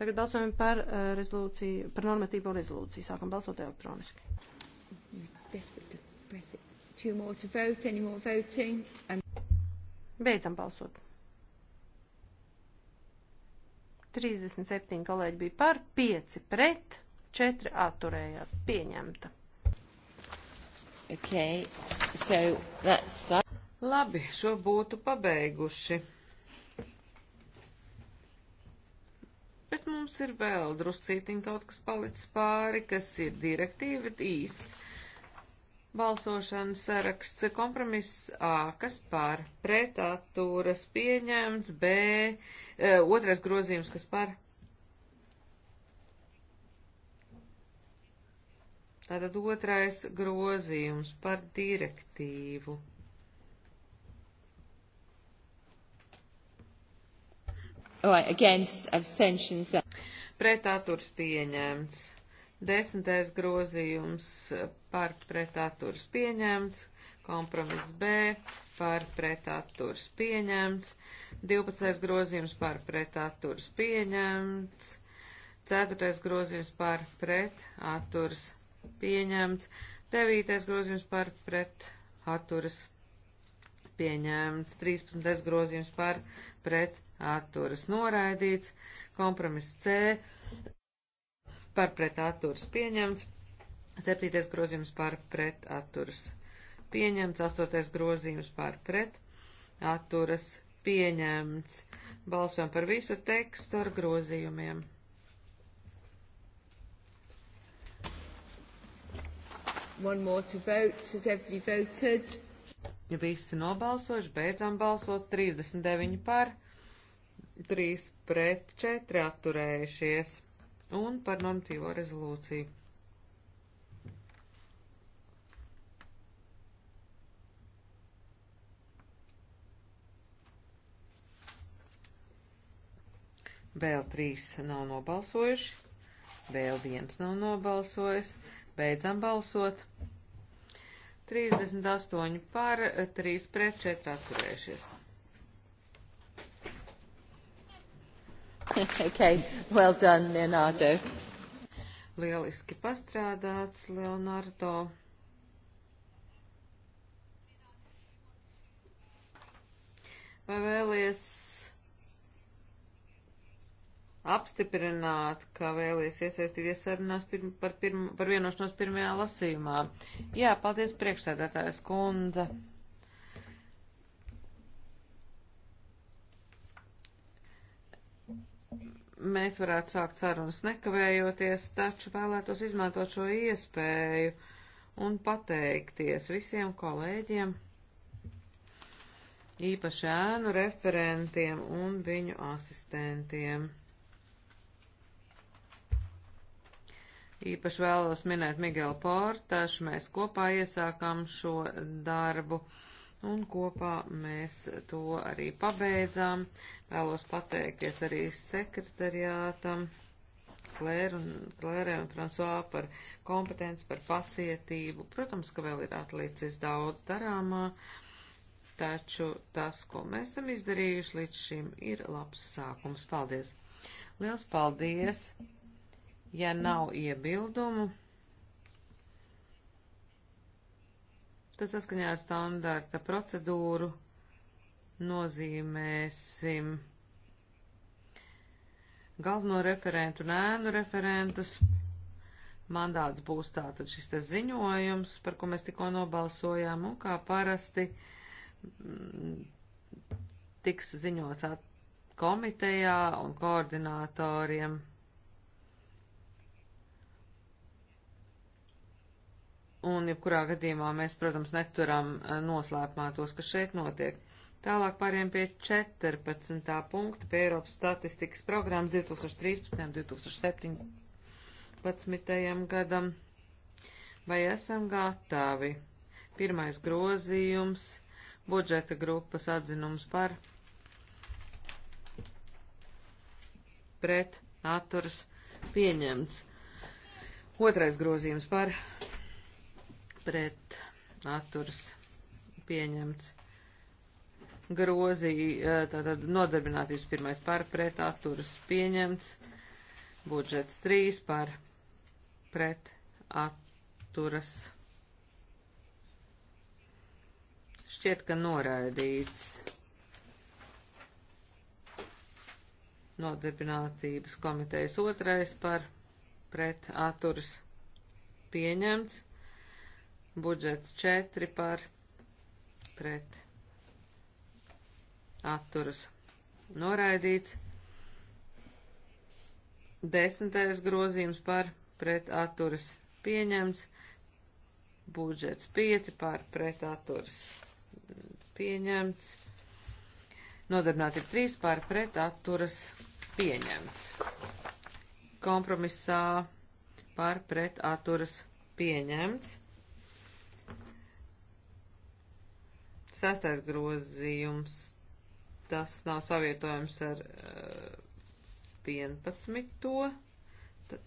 Tagad balsojam par uh, rezolūciju, par normatīvo rezolūciju. Sākam balsot elektroniski. Beidzam balsot. 37 kolēģi bija par, 5 pret, 4 atturējās. Pieņemta. Okay. So that's that. Labi, šo būtu pabeiguši. Bet mums ir vēl druscītiņ kaut kas palicis pāri, kas ir direktīva īs. Balsošanas saraksts kompromiss A, kas pār pretatūras pieņemts, B, e, otrais grozījums, kas pār Tātad otrais grozījums par direktīvu. Right, oh, against abstentions. Pretaturs pieņemts. Desmitais grozījums par pretaturs pieņemts. Kompromiss B par pretaturs pieņemts. Divpadsmitais grozījums par pretaturs pieņemts. Ceturtais grozījums par pretaturs pieņemts pieņemts. Devītais grozījums par pret atturas pieņemts. Trīspadsmitais grozījums par pret atturas noraidīts. Kompromiss C par pret atturas pieņemts. Septītais grozījums par pret atturas pieņemts. Astotais grozījums par pret atturas pieņemts. Balsojam par visu tekstu ar grozījumiem. One more to vote. Has everybody voted? Ja visi nobalsojuši, beidzam balsot 39 par, 3 pret, 4 atturējušies un par normatīvo rezolūciju. Vēl trīs nav nobalsojuši, vēl viens nav nobalsojis. Beidzam balsot. 38 par, 3 pret, 4 atturējušies. okay, well done, Leonardo. Lieliski pastrādāts, Leonardo. Vai vēlies apstiprināt, ka vēlies iesaistīties sarunās pirma, par, pirma, par vienošanos pirmajā lasījumā. Jā, paldies priekšsēdētājas kundze. Mēs varētu sākt sarunas nekavējoties, taču vēlētos izmantot šo iespēju un pateikties visiem kolēģiem, īpaši ēnu referentiem un viņu asistentiem. Īpaši vēlos minēt Miguelu Portašu, mēs kopā iesākām šo darbu un kopā mēs to arī pabeidzām. Vēlos pateikties arī sekretariātam Klēru un, Klērē un Fransuā par kompetenci, par pacietību. Protams, ka vēl ir atlicis daudz darāmā, taču tas, ko mēs esam izdarījuši līdz šim, ir labs sākums. Paldies! Liels paldies! Ja nav iebildumu, tad saskaņā ar standarta procedūru nozīmēsim galveno referentu un ēnu referentus. Mandāts būs tātad šis te ziņojums, par ko mēs tikko nobalsojām, un kā parasti mm, tiks ziņots komitejā un koordinātoriem. un jebkurā gadījumā mēs, protams, neturam eh, noslēpumā tos, kas šeit notiek. Tālāk pāriem pie 14. punkta pie Eiropas statistikas programmas 2013. un 2017. gadam. Vai esam gatavi? Pirmais grozījums - budžeta grupas atzinums par pret atturas pieņemts. Otrais grozījums par pret atturs pieņemts. Grozī, tātad nodarbinātības pirmais par pret atturs pieņemts. Budžets 3 par pret atturas. Šķiet, ka noraidīts. Nodarbinātības komitejas otrais par pret atturas pieņemts budžets 4 par pret atturas noraidīts, 10. grozījums par pret atturas pieņemts, budžets 5 par pret atturas pieņemts, nodarbinātība 3 par pret atturas pieņemts. Kompromisā par pret atturas pieņemts. Sestais grozījums, tas nav savietojams ar uh, eh, 11. Tad,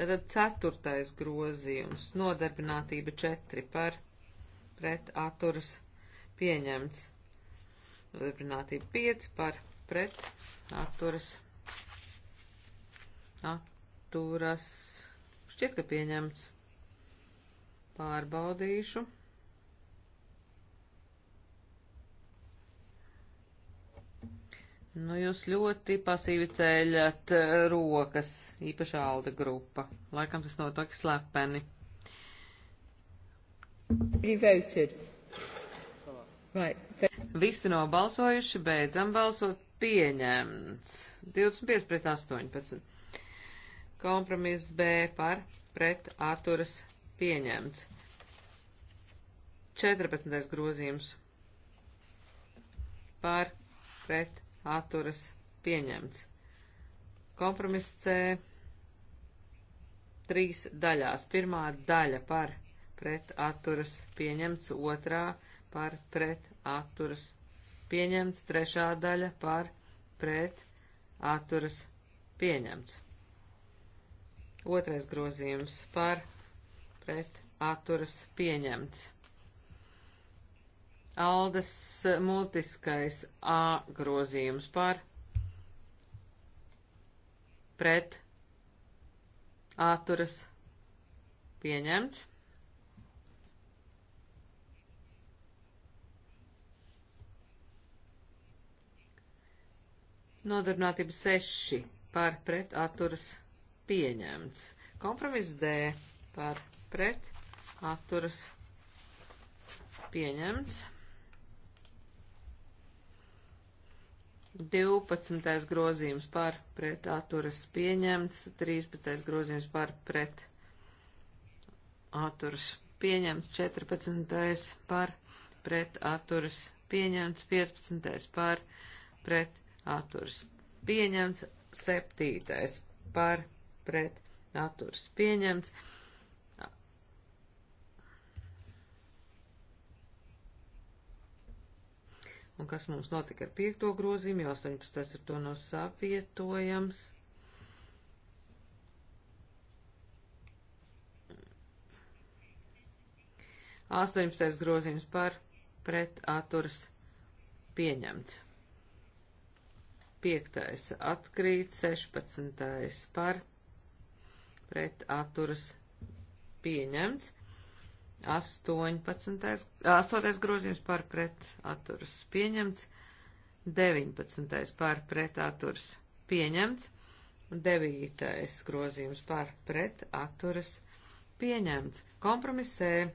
tad ceturtais grozījums, nodarbinātība 4 par pret atturas pieņemts. Nodarbinātība 5 par pret atturas. Atturas. Šķiet, ka pieņemts. Pārbaudīšu. Nu, jūs ļoti pasīvi ceļat eh, rokas, īpaši alda grupa. Laikam tas notiek slepeni. Right. Visi nobalsojuši, beidzam balsot, pieņemts. 25 pret 18. Kompromiss B par pret atturas pieņemts. 14. grozījums par pret atturas pieņemts. Kompromiss C trīs daļās. Pirmā daļa par pret atturas pieņemts, otrā par pret atturas pieņemts, trešā daļa par pret atturas pieņemts. Otrais grozījums par pret atturas pieņemts. Aldas multiskais A grozījums par pret atturas pieņemts. Nodarbinātība 6 par pret atturas pieņemts. Kompromiss D par pret pret atturas pieņemts. 12. grozījums par pret atturas pieņemts, 13. grozījums par pret atturas pieņemts, 14. par pret atturas pieņemts, 15. par pret atturas pieņemts, 7. par pret atturas pieņemts, Un kas mums notika ar piekto grozījumu, jo 18. ar to nav savietojams. Astoņpadsmitais grozījums par pret atturs pieņemts. Piektais atkrīt, sešpadsmitais par pret atturs pieņemts. 18. 8. grozījums par pret atturas pieņemts, 19. par pret atturas pieņemts, 9. grozījums par pret atturas pieņemts, kompromisē e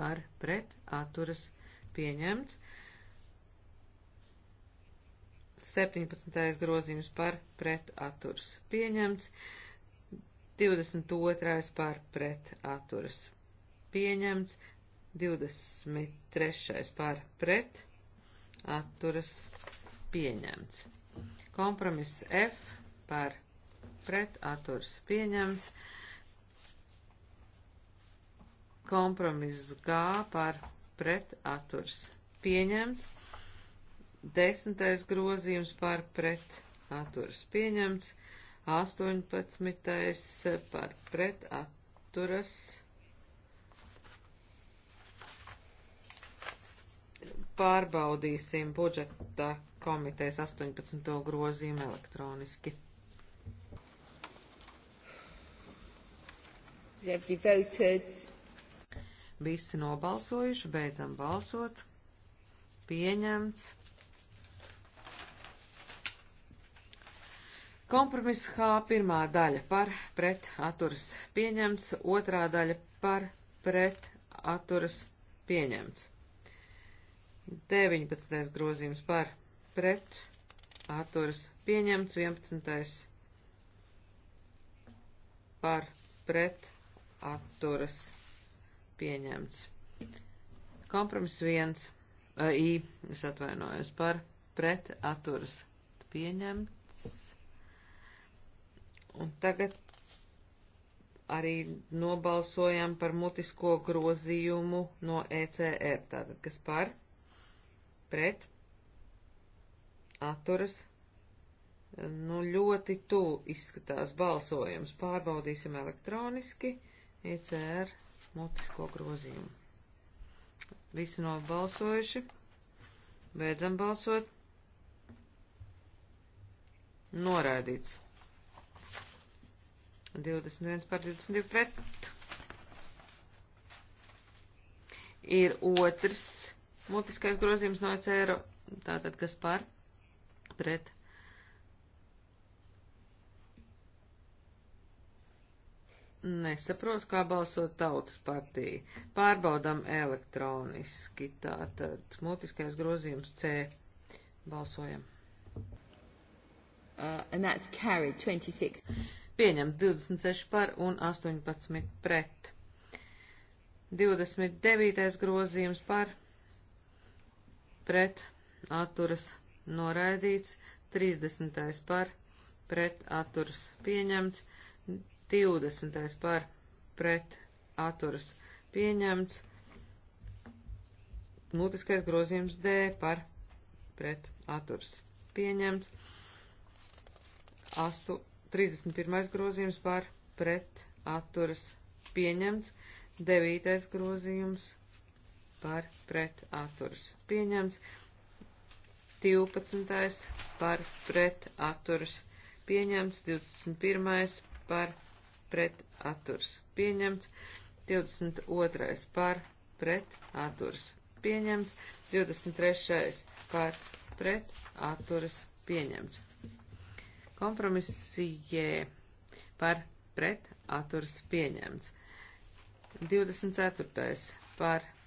par pret atturas pieņemts, 17. grozījums par pret atturas pieņemts, 22. par pret atturas pieņemts pieņemts, 23. par pret, atturas pieņemts. Kompromiss F par pret, atturas pieņemts. Kompromiss G par pret, atturas pieņemts. Desmitais grozījums par pret, atturas pieņemts. 18. par pret, atturas pieņemts. pārbaudīsim budžeta komitejas 18. grozījumu elektroniski. Visi nobalsojuši, beidzam balsot. Pieņemts. Kompromiss H pirmā daļa par pret atturas pieņemts, otrā daļa par pret atturas pieņemts. 19. grozījums par pret atturas pieņemts, 11. par pret atturas pieņemts. Kompromiss 1, uh, I, es atvainojos, par pret atturas pieņemts. Un tagad arī nobalsojam par mutisko grozījumu no ECR, tātad kas par pret pret, atturas, nu ļoti tu izskatās balsojums. Pārbaudīsim elektroniski ECR mutisko grozījumu. Visi nobalsojuši. Beidzam balsot. Noraidīts. 21 par 22 pret. Ir otrs Mutiskais grozījums no ECR, tātad kas par, pret. Nesaprotu, kā balsot tautas partija. Pārbaudam elektroniski, tātad mutiskais grozījums C. Balsojam. Uh, and that's carried 26. Pieņemts 26 par un 18 pret. 29. grozījums par pret atturas noraidīts, 30. par pret atturas pieņemts, 20. par pret atturas pieņemts, mutiskais grozījums D par pret atturas pieņemts, 8, 31. grozījums par pret atturas pieņemts, 9. grozījums par pret atturas pieņemts, 12. par pret atturas pieņemts, 21. par pret atturas pieņemts, 22. par pret atturas pieņemts, 23. par pret atturas pieņemts. Kompromisijē par pret atturas pieņemts. 24. par pret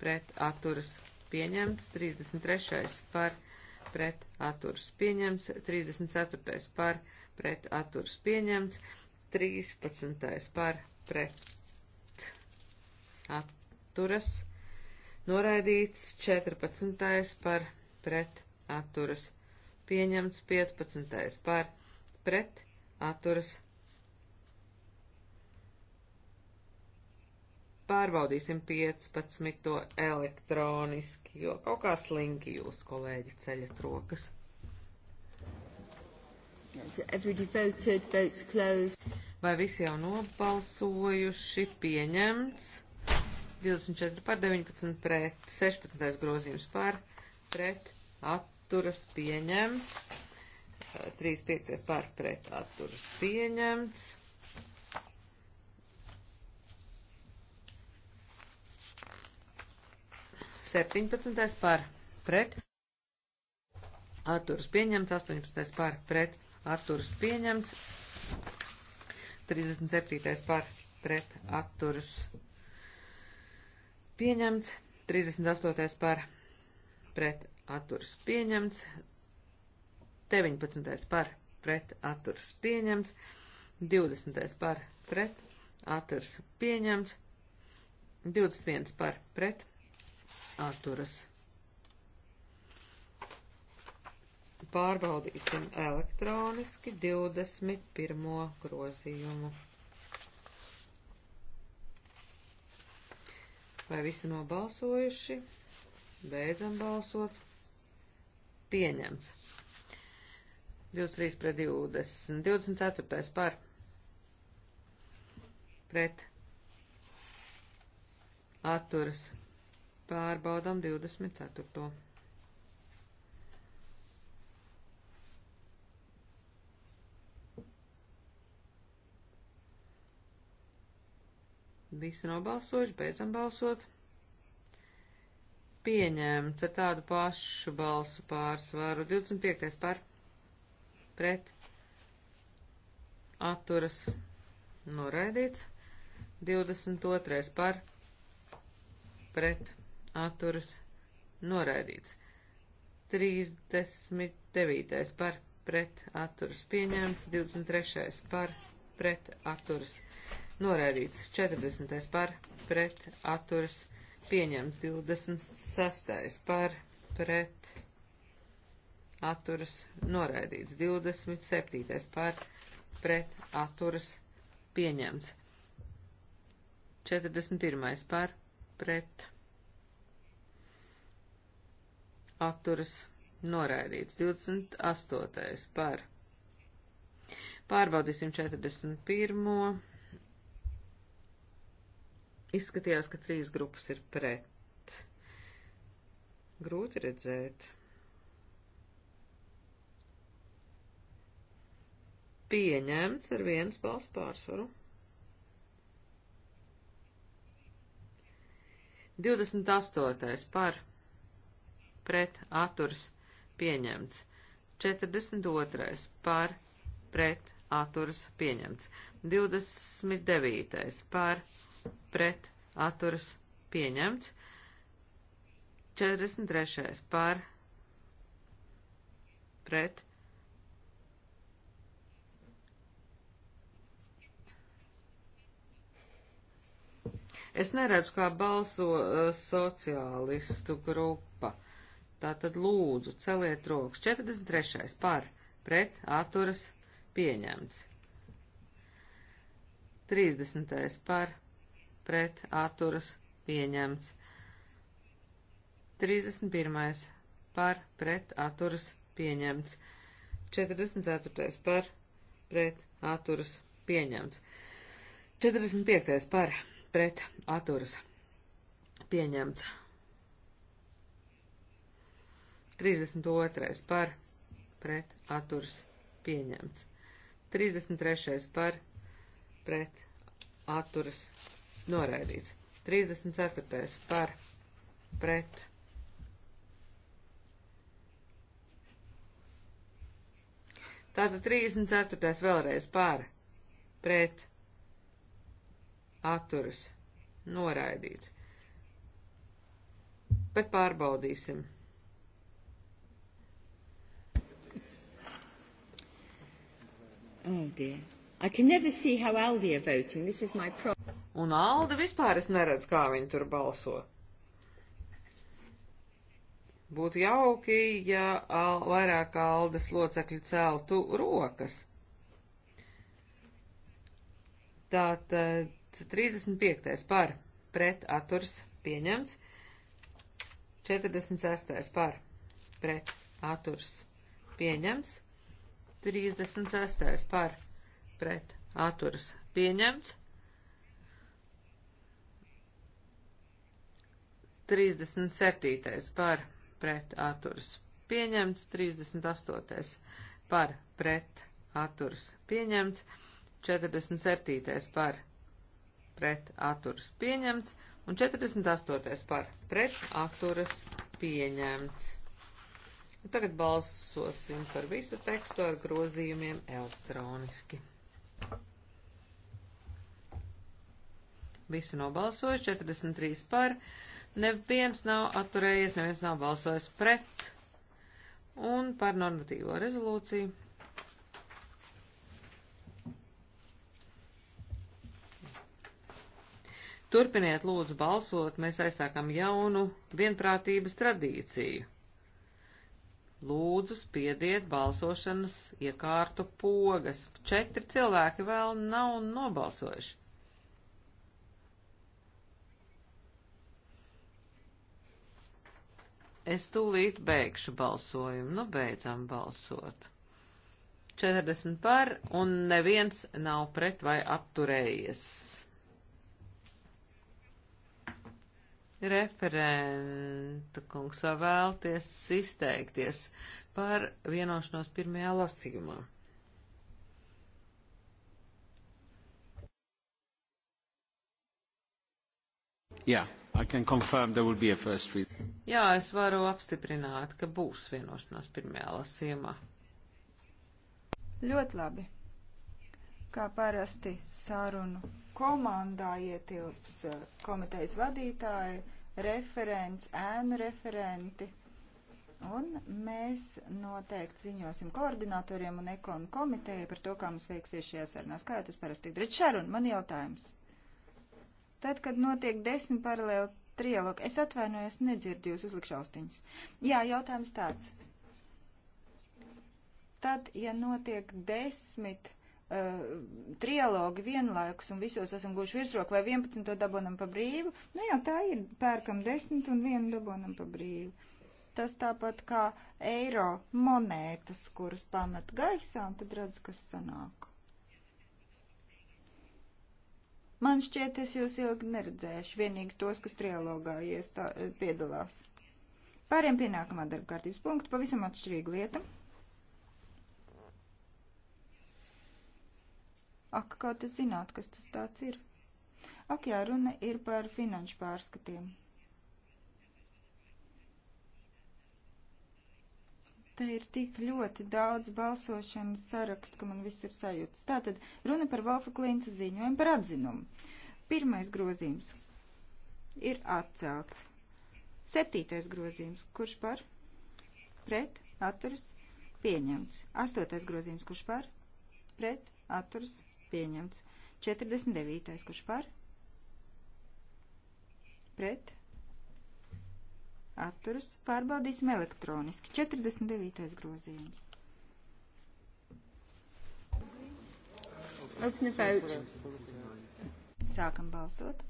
pret atturas pieņemts, 33. par pret atturas pieņemts, 34. par pret atturas pieņemts, 13. par pret atturas noraidīts, 14. par pret atturas pieņemts, 15. par pret atturas pieņemts pārbaudīsim 15. elektroniski, jo kaut kā slinki jūs, kolēģi, ceļat rokas. Vai visi jau nobalsojuši? Pieņemts. 24 par 19 pret, 16 grozījums par, pret, atturas pieņemts, 35 par, pret, atturas pieņemts. 17. par pret atturas pieņemts, 18. par pret atturas pieņemts, 37. par pret atturas pieņemts, 38. par pret atturas pieņemts, 19. par pret atturas pieņemts, 20. par pret atturas pieņemts, 21 par pret, atturas. Pārbaudīsim elektroniski 21. grozījumu. Vai visi nobalsojuši? Beidzam balsot. Pieņemts. 23 pret 20. 24. par. Pret. Atturas. Pārbaudām 24. Visi nobalsojuši, beidzam balsot. Pieņēmts ar tādu pašu balsu pārsvaru. 25. par. Pret. Atturas. Noraidīts. 22. par. Pret atturas noraidīts. 39. par pret atturas pieņemts, 23. par pret atturas noraidīts, 40. par pret atturas pieņemts, 26. par pret atturas noraidīts, 27. par pret atturas pieņemts, 41. par pret atturas atturas noraidīts. 28. par. Pārbaudīsim 41. Izskatījās, ka trīs grupas ir pret. Grūti redzēt. Pieņemts ar vienas balss pārsvaru. 28. par pret atturas pieņemts. 42. par pret atturas pieņemts. 29. par pret atturas pieņemts. 43. par pret Es neredzu, kā balso uh, sociālistu grupa. Uh, Tātad lūdzu, celiet rokas. 43. par, pret, atturas, pieņemts. 30. par, pret, atturas, pieņemts. 31. par, pret, atturas, pieņemts. 44. par, pret, atturas, pieņemts. 45. par, pret, atturas, pieņemts. 32. par pret atturs pieņemts. 33. par pret atturs noraidīts. 34. par pret. Tātad 34. vēlreiz par pret atturs noraidīts. Bet pārbaudīsim. Oh dear. I can never see how Aldi are voting. This is my problem. Un Alda vispār es neredzu, kā viņi tur balso. Būtu jauki, ja al, vairāk Aldas locekļi celtu rokas. Tātad 35. par pret atturs pieņemts, 46. par pret atturs pieņemts. 36. par pret atturas pieņemts. 37. par pret atturas pieņemts. 38. par pret atturas pieņemts. 47. par pret atturas pieņemts. Un 48. par pret atturas pieņemts. Un tagad balsosim par visu tekstu ar grozījumiem elektroniski. Visi nobalsoja, 43 par, neviens nav atturējies, neviens nav balsojis pret un par normatīvo rezolūciju. Turpiniet lūdzu balsot, mēs aizsākam jaunu vienprātības tradīciju. Lūdzu, spiediet balsošanas iekārtu pogas. Četri cilvēki vēl nav nobalsojuši. Es tūlīt beigšu balsojumu. Nu, beidzam balsot. 40 par un neviens nav pret vai atturējies. Referenta kungs, vai vēlties izteikties par vienošanos pirmajā lasījumā? Yeah, Jā, es varu apstiprināt, ka būs vienošanās pirmajā lasījumā. Ļoti labi. Kā parasti sārunu komandā ietilps eh, komitejas vadītāji, referents, ēnu referenti. Un mēs noteikti ziņosim koordinatoriem un ekonu komiteju par to, kā mums veiksies šajā sarunā. Kā jau tas parasti tiek darīts? Šarun, man jautājums. Tad, kad notiek desmit paralēli trialogi, es atvainojos, nedzirdu jūs uzlikšu austiņas. Jā, jautājums tāds. Tad, ja notiek desmit Eh, trialogi vienlaikus un visos esam guvuši virsroku, vai 11 dabonam pa brīvu. Nu jā, tā ir, pērkam 10 un 1 dabonam pa brīvu. Tas tāpat kā eiro monētas, kuras pamet gaisā un tad redz, kas sanāk. Man šķiet, es jūs ilgi neredzēšu, vienīgi tos, kas trialogā iestā, piedalās. Pāriem pienākamā darba kārtības punkta, pavisam atšķirīga lieta. Ak, kā te zināt, kas tas tāds ir? Ak, jā, runa ir par finanšu pārskatiem. Te ir tik ļoti daudz balsošanas sarakstu, ka man viss ir sajūtas. Tātad runa par Valfa Klīnca ziņojumu par atzinumu. Pirmais grozījums ir atcelts. Septītais grozījums, kurš par? Pret, atturas, pieņemts. Astotais grozījums, kurš par? Pret, atturas, pieņemts pieņemts. 49. kurš par? Pret. Atturas. Pārbaudīsim elektroniski. 49. grozījums. Sākam balsot.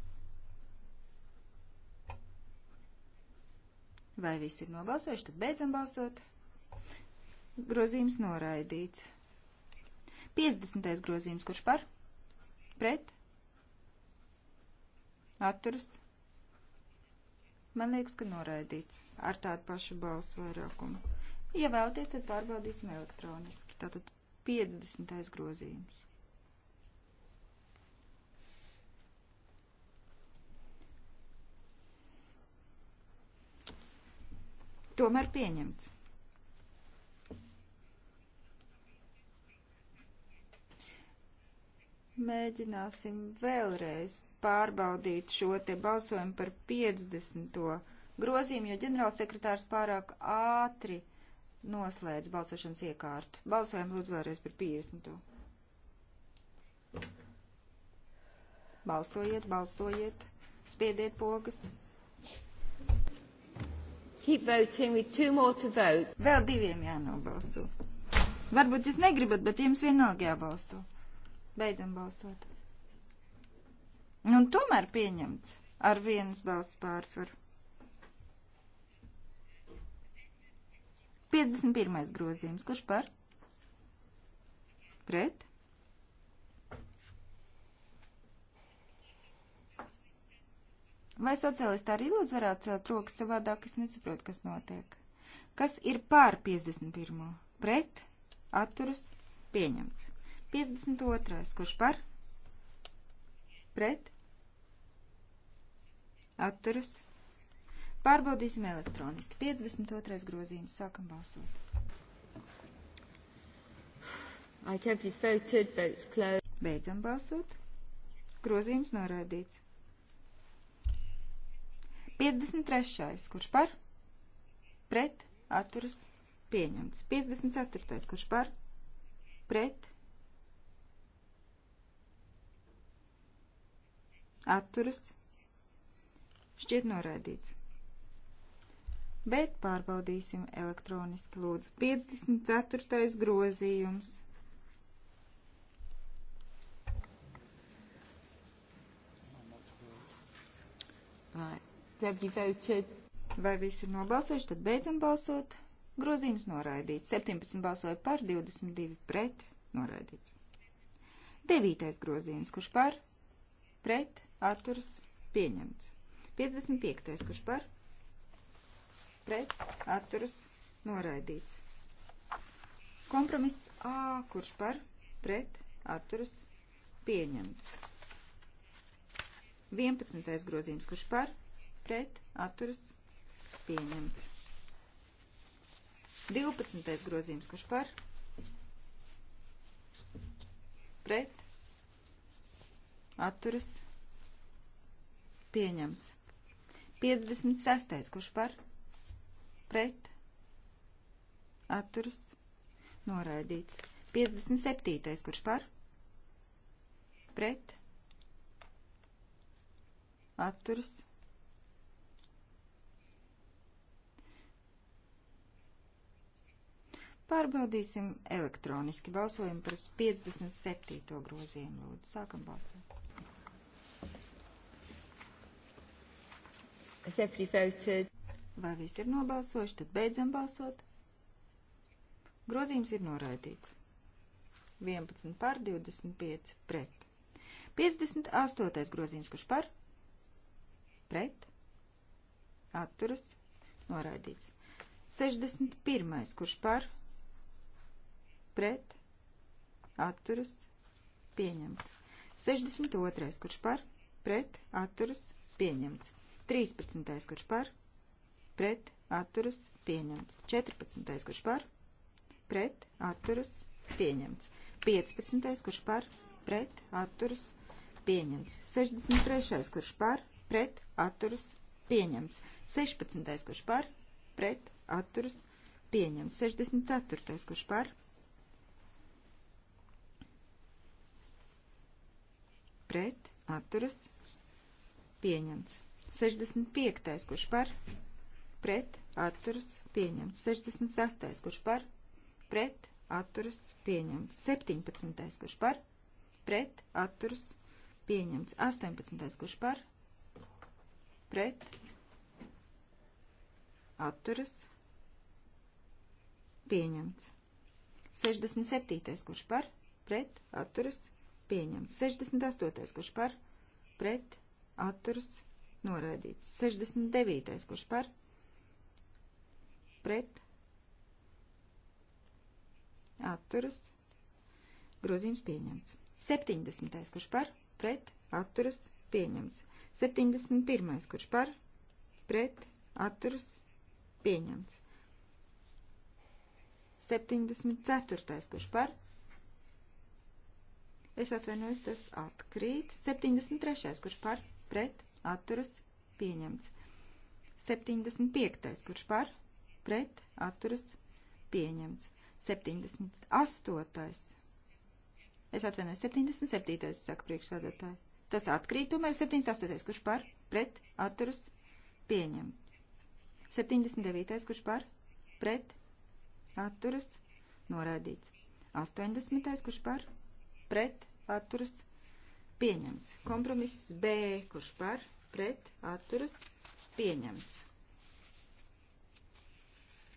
Vai visi ir nobalsojuši, tad beidzam balsot. Grozījums noraidīts. 50. grozījums, kurš par? Pret? Atturas? Man liekas, ka noraidīts ar tādu pašu balstu vairākumu. Ja vēlaties, tad pārbaudīsim elektroniski. Tātad 50. grozījums. Tomēr pieņemts. Mēģināsim vēlreiz pārbaudīt šo te balsojumu par 50. grozījumu, jo ģenerālsekretārs pārāk ātri noslēdz balsošanas iekārtu. Balsojam lūdzu vēlreiz par 50. Balsojiet, balsojiet, spiediet pogas. Keep voting with two more to vote. Vēl diviem jānobalso. Varbūt jūs negribat, bet jums vienalga jābalso. Beidzam balsot. Un tomēr pieņemts ar vienas balsts pārsvaru. 51. grozījums. Kurš par? Pret? Vai sociālisti arī lūdzu varētu celt rokas savādāk, es nesaprotu, kas notiek. Kas ir pār 51. pret, atturas, pieņemts. 52. Kurš par? Pret? Atturas? Pārbaudīsim elektroniski. 52. grozījums. Sākam balsot. Beidzam balsot. Grozījums noraidīts. 53. Kurš par? Pret? Atturas? Pieņemts. 54. Kurš par? Pret? atturas, šķiet noraidīts. Bet pārbaudīsim elektroniski lūdzu. 54. grozījums. Vai visi ir nobalsojuši, tad beidzam balsot. Grozījums noraidīts. 17 balsoja par, 22 pret. Noraidīts. Devītais grozījums, kurš par, pret, Atturs pieņemts. 55. Kurš par? Pret. Atturs noraidīts. Kompromiss A. Kurš par? Pret. Atturs pieņemts. 11. grozījums. Kurš par? Pret. Atturs pieņemts. 12. grozījums, kurš par? Pret. Atturas. Pieņemts. 56. Kurš par? Pret. Atturs. Noraidīts. 57. Kurš par? Pret. Atturs. Pārbaudīsim elektroniski. Balsojam par 57. grozījumu. Lūdzu, sākam balsot. Has every voted? Vai visi ir nobalsojuši, tad beidzam balsot. Grozījums ir noraidīts. 11 par 25 pret. 58. grozījums, kurš par? Pret. Atturas. Noraidīts. 61. kurš par? Pret. Atturas. Pieņemts. 62. kurš par? Pret. Atturas. Pieņemts. 13. kurš par, pret, atturas, pieņemts. 14. kurš par, pret, atturas, pieņemts. 15. kurš par, pret, atturas, pieņemts. 63. kurš par, pret, atturas, pieņemts. 16. kurš par, pret, atturas, pieņemts. 64. kurš par, pret, atturas, pieņemts. 65. kurš par pret atturas pieņemts. 66. kurš par pret atturas pieņemts. 17. kurš par pret atturas pieņemts. 18. kurš par pret atturas pieņemts. 67. kurš par pret atturas pieņemts. 68. kurš par pret atturas pieņemts noraidīts. 69. kurš par pret atturas grozījums pieņemts. 70. kurš par pret atturas pieņemts. 71. kurš par pret atturas pieņemts. 74. kurš par Es atvainojos, tas atkrīt. 73. kurš par pret atturas pieņemts. 75. kurš par pret atturas pieņemts. 78. Es atvainoju, 77. saka priekšsādātāji. Tas atkrīt, tomēr 78. kurš par pret atturas pieņemts. 79. kurš par pret atturas noraidīts. 80. kurš par pret atturas pieņemts pieņemts. Kompromiss B, kurš par, pret, atturas, pieņemts.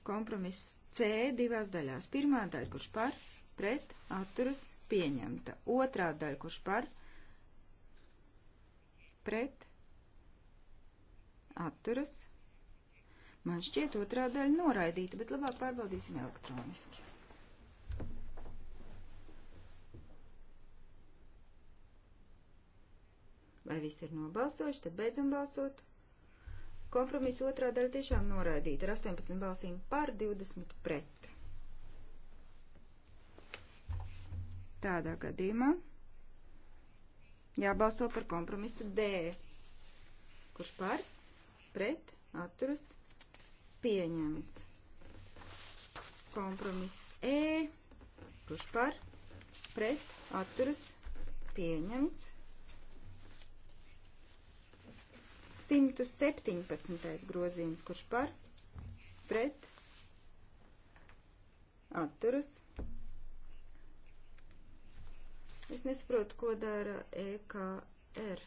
Kompromiss C divās daļās. Pirmā daļa, kurš par, pret, atturas, pieņemta. Otrā daļa, kurš par, pret, atturas. Man šķiet otrā daļa noraidīta, bet labāk pārbaudīsim elektroniski. Vai viss ir nobalsojuši, tad beidzam balsot. Kompromisa otrā daļa tiešām noraidīta ar 18 balsīm par 20 pret. Tādā gadījumā jābalso par kompromisu D. Kurš par, pret, atturas, pieņemts. Kompromiss E. Kurš par, pret, atturas, pieņemts. 117. grozījums, kurš par pret atturas. Es nesaprotu, ko dara EKR.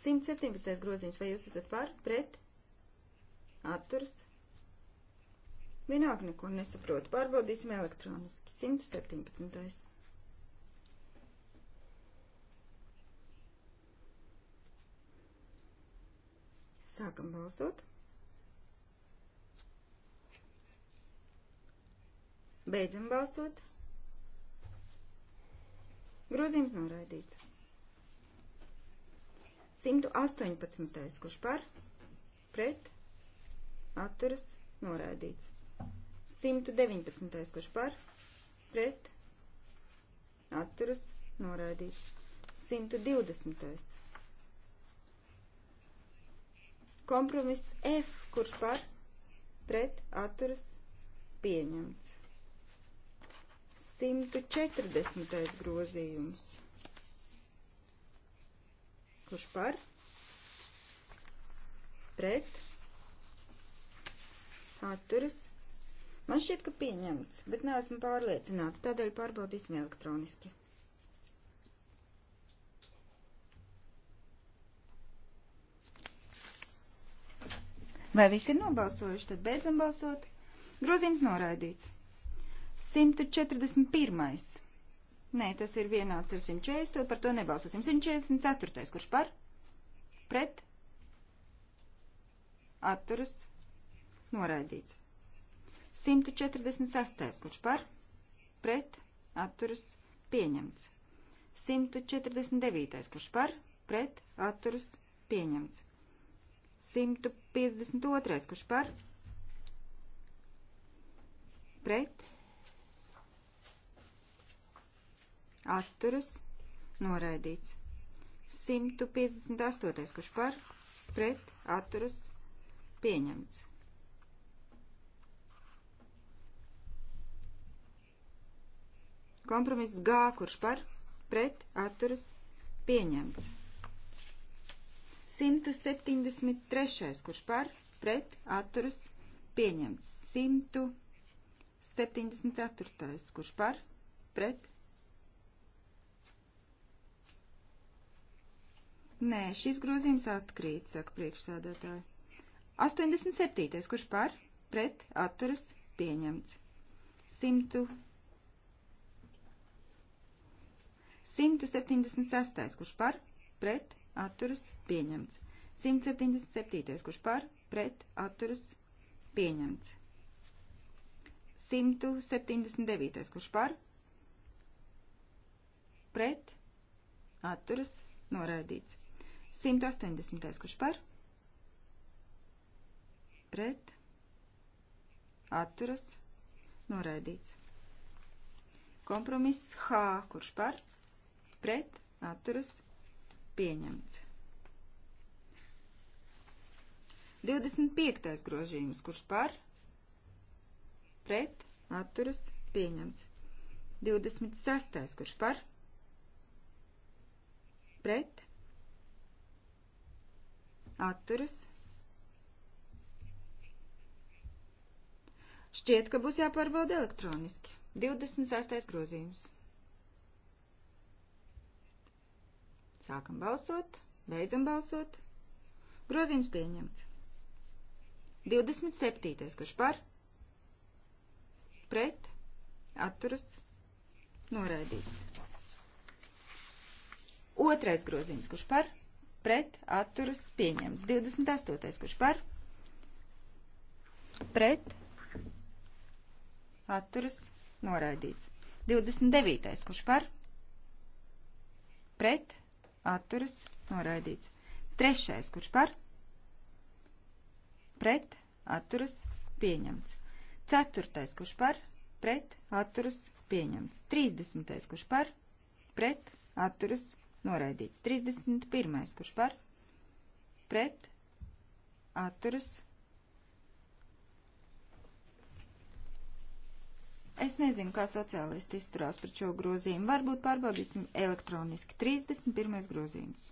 117. grozījums, vai jūs esat par pret atturas? Vienāk neko nesaprotu. Pārbaudīsim elektroniski. 117. Sākam balsot. Beidzam balsot. Grozījums noraidīts. 118. Kurš par? Pret? Atturas? Noraidīts. 119. Kurš par? Pret? Atturas? Noraidīts. 120. Kompromiss F, kurš par pret atturas pieņemts. 140. grozījums. Kurš par pret atturas. Man šķiet, ka pieņemts, bet neesmu pārliecināta, tādēļ pārbaudīsim elektroniski. Vai visi ir nobalsojuši? Tad beidzam balsot. Grozījums noraidīts. 141. Nē, tas ir vienāds ar 140, par to nebalsosim. 144. Kurš par? Pret? Atturas? Noraidīts. 146. Kurš par? Pret? Atturas? Pieņemts. 149. Kurš par? Pret? Atturas? Pieņemts. 152. Kurš par? Pret. Atturas. Noraidīts. 158. Kurš par? Pret. Atturas. Pieņemts. Kompromiss G, kurš par? Pret. Atturas. Pieņemts. 173. kurš par pret atturas pieņemts. 174. kurš par pret. Nē, šis grozījums atkrīt, saka priekšsādātāji. 87. kurš par pret atturas pieņemts. 100. 176. kurš par pret atturas pieņemts. 177. kurš par pret atturas pieņemts. 179. kurš par pret atturas noraidīts. 180. kurš par pret atturas noraidīts. Kompromiss H, kurš par pret atturas noraidīts pieņemts. 25. grozījums, kurš par, pret, atturas, pieņemts. 26. kurš par, pret, atturas. Šķiet, ka būs jāpārbauda elektroniski. 26. grozījums. Sākam balsot, beidzam balsot. Grozījums pieņemts. 27. kurš par, pret, atturas, noraidīts. Otrais grozījums, kurš par, pret, atturas, pieņemts. 28. kurš par, pret, atturas, noraidīts. 29. kurš par, pret, atturas noraidīts. Trešais, kurš par pret atturas pieņemts. Ceturtais, kurš par pret atturas pieņemts. Trīsdesmitais, kurš par pret atturas noraidīts. Trīsdesmit pirmais, kurš par pret atturas pieņemts Es nezinu, kā sociālisti izturās pret šo grozījumu. Varbūt pārbaudīsim elektroniski. 31. grozījums.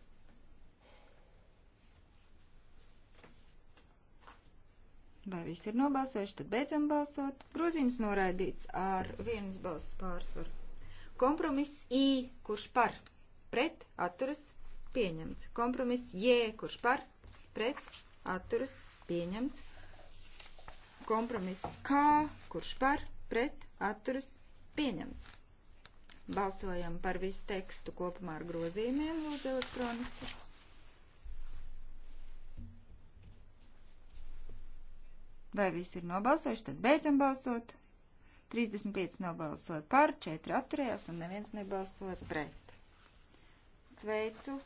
Vai visi ir nobalsojuši, tad beidzam balsot. Grozījums noraidīts ar vienas balss pārsvaru. Kompromiss I, kurš par, pret, atturas, pieņemts. Kompromiss J, kurš par, pret, atturas, pieņemts. Kompromiss K, kurš par, pret, atturas pieņemts. Balsojam par visu tekstu kopumā ar grozījumiem, lūdzu elektroniski. Vai visi ir nobalsojuši, tad beidzam balsot. 35 nobalsoja par, 4 atturējās un neviens nebalsoja pret. Sveicu!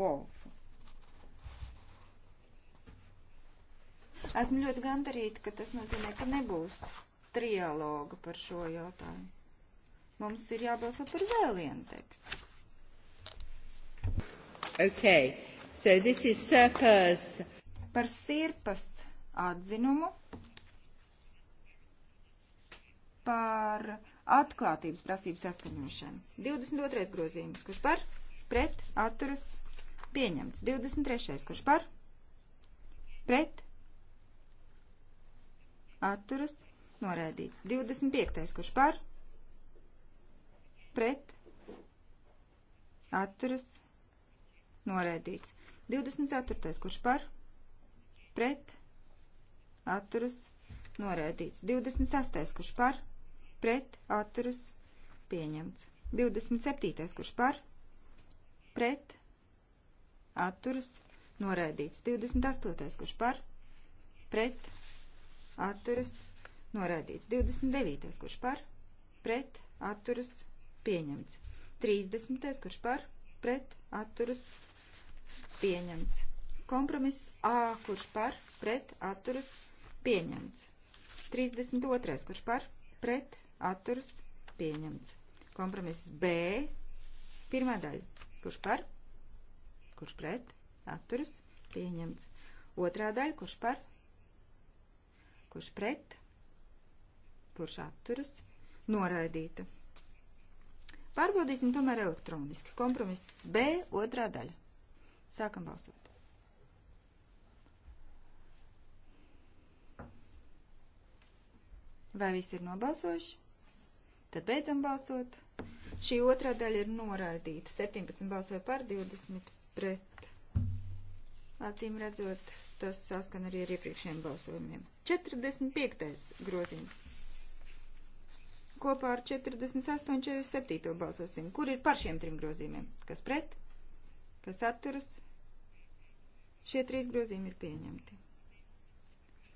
Wolf. Esmu ļoti gandarīta, ka tas nozīmē, ka nebūs trialoga par šo jautājumu. Mums ir jābalso par vēl vienu tekstu. Okay. So this is Sirpas. Par Sirpas atzinumu par atklātības prasību saskaņošanu. 22. grozījums, kurš par, pret, atturas, pieņemts. 23. kurš par, pret, atturas noraidīts. 25. kurš par pret atturas noraidīts. 24. kurš par pret atturas noraidīts. 26. kurš par pret atturas pieņemts. 27. kurš par pret atturas noraidīts. 28. kurš par pret atturas atturas noraidīts. 29. kurš par pret atturas pieņemts. 30. kurš par pret atturas pieņemts. Kompromiss A, kurš par pret atturas pieņemts. 32. kurš par pret atturas pieņemts. Kompromiss B, pirmā daļa, kurš par, kurš pret atturas pieņemts. Otrā daļa, kurš par kurš pret, kurš atturas, noraidīta. Pārbaudīsim tomēr elektroniski. Kompromiss B, otrā daļa. Sākam balsot. Vai visi ir nobalsojuši? Tad beidzam balsot. Šī otrā daļa ir noraidīta. 17 balsoja par, 20 pret. Acīm redzot, tas saskan arī ar iepriekšējiem balsojumiem. 45. grozījums. Kopā ar 48 un 47 balsosim. Kur ir par šiem trim grozījumiem? Kas pret? Kas atturas? Šie trīs grozījumi ir pieņemti.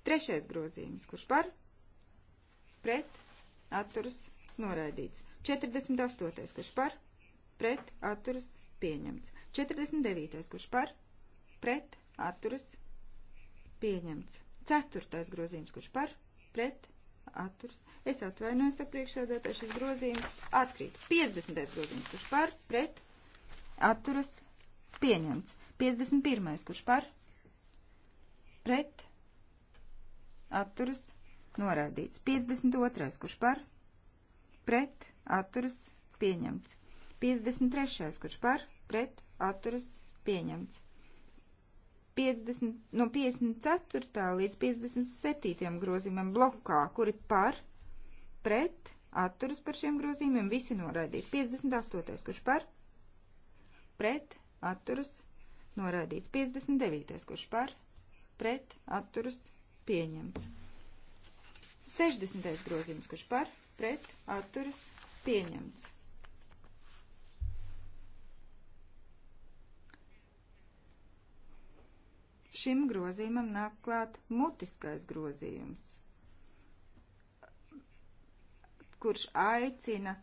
Trešais grozījums. Kurš par? Pret? Atturas? Noraidīts. 48. Kurš par? Pret? Atturas? Pieņemts. 49. Kurš par? Pret? Atturas? Pieņemts. Ceturtais grozījums, kurš par, pret, atturs. Es atvainojos, ka priekšsēdētājs šis grozījums atkrīt. 50. grozījums, kurš par, pret, atturas, pieņemts. 51. kurš par, pret, atturas, noraidīts. 52. kurš par, pret, atturas, pieņemts. 53. kurš par, pret, atturas, pieņemts. 50, no 54. līdz 57. grozījumam blokā, kuri par, pret, atturas par šiem grozījumiem, visi noraidīti. 58. kurš par, pret, atturas, noraidīts. 59. kurš par, pret, atturas, pieņemts. 60. grozījums, kurš par, pret, atturas, pieņemts. Šim grozījumam nāk klāt mutiskais grozījums, kurš aicina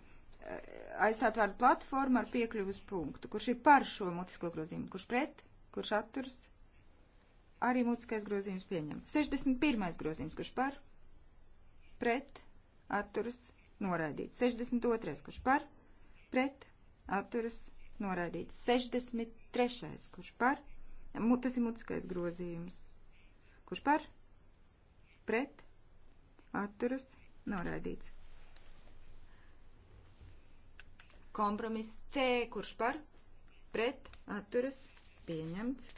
eh, aizstāt vārdu platformu ar piekļuvas punktu, kurš ir par šo mutisko grozījumu, kurš pret, kurš atturs, arī mutiskais grozījums pieņemts. 61. grozījums, kurš par, pret, atturas, noraidīts. 62. kurš par, pret, atturas, noraidīts. 63. kurš par, Tas ir mutiskais grozījums. Kurš par? Pret? Atturas? Noraidīts. Kompromiss C. Kurš par? Pret? Atturas? Pieņemts.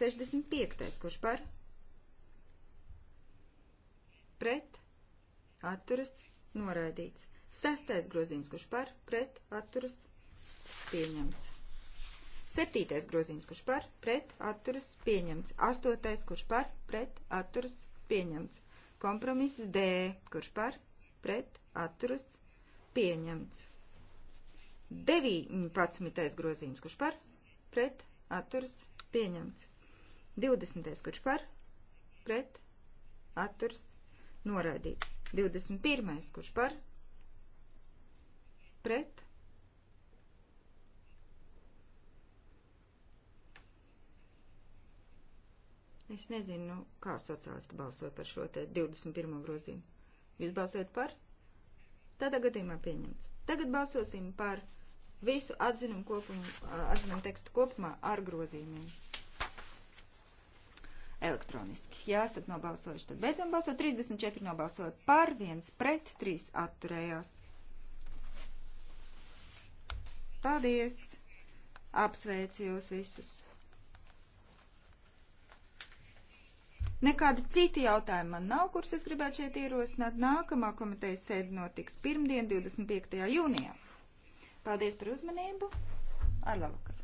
65. Kurš par? Pret? Atturas? Noraidīts. Sestais grozījums. Kurš par? Pret? Atturas? Pieņemts. Septītais grozījums, kurš par pret atturas pieņemts. Astotais, kurš par pret atturas pieņemts. Kompromiss D, kurš par pret atturas pieņemts. Devīpadsmitais grozījums, kurš par pret atturas pieņemts. Divdesmitais, kurš par pret atturas noraidīts. 21. kurš par pret Es nezinu, kā sociālisti balsoja par šo te 21. grozīmu. Jūs balsojat par? Tādā gadījumā pieņemts. Tagad balsosim par visu atzinumu, kopumu, atzinumu tekstu kopumā ar grozījumiem. Elektroniski. Jā, esat nobalsojuši. Tad beidzam balsot. 34 nobalsoja par, 1 pret, 3 atturējās. Paldies! Apsveicu jūs visus! Nekāda cita jautājuma man nav, kurus es gribētu šeit ierosināt. Nākamā komitejas sēde notiks pirmdien, 25. jūnijā. Paldies par uzmanību. Ar labvakar.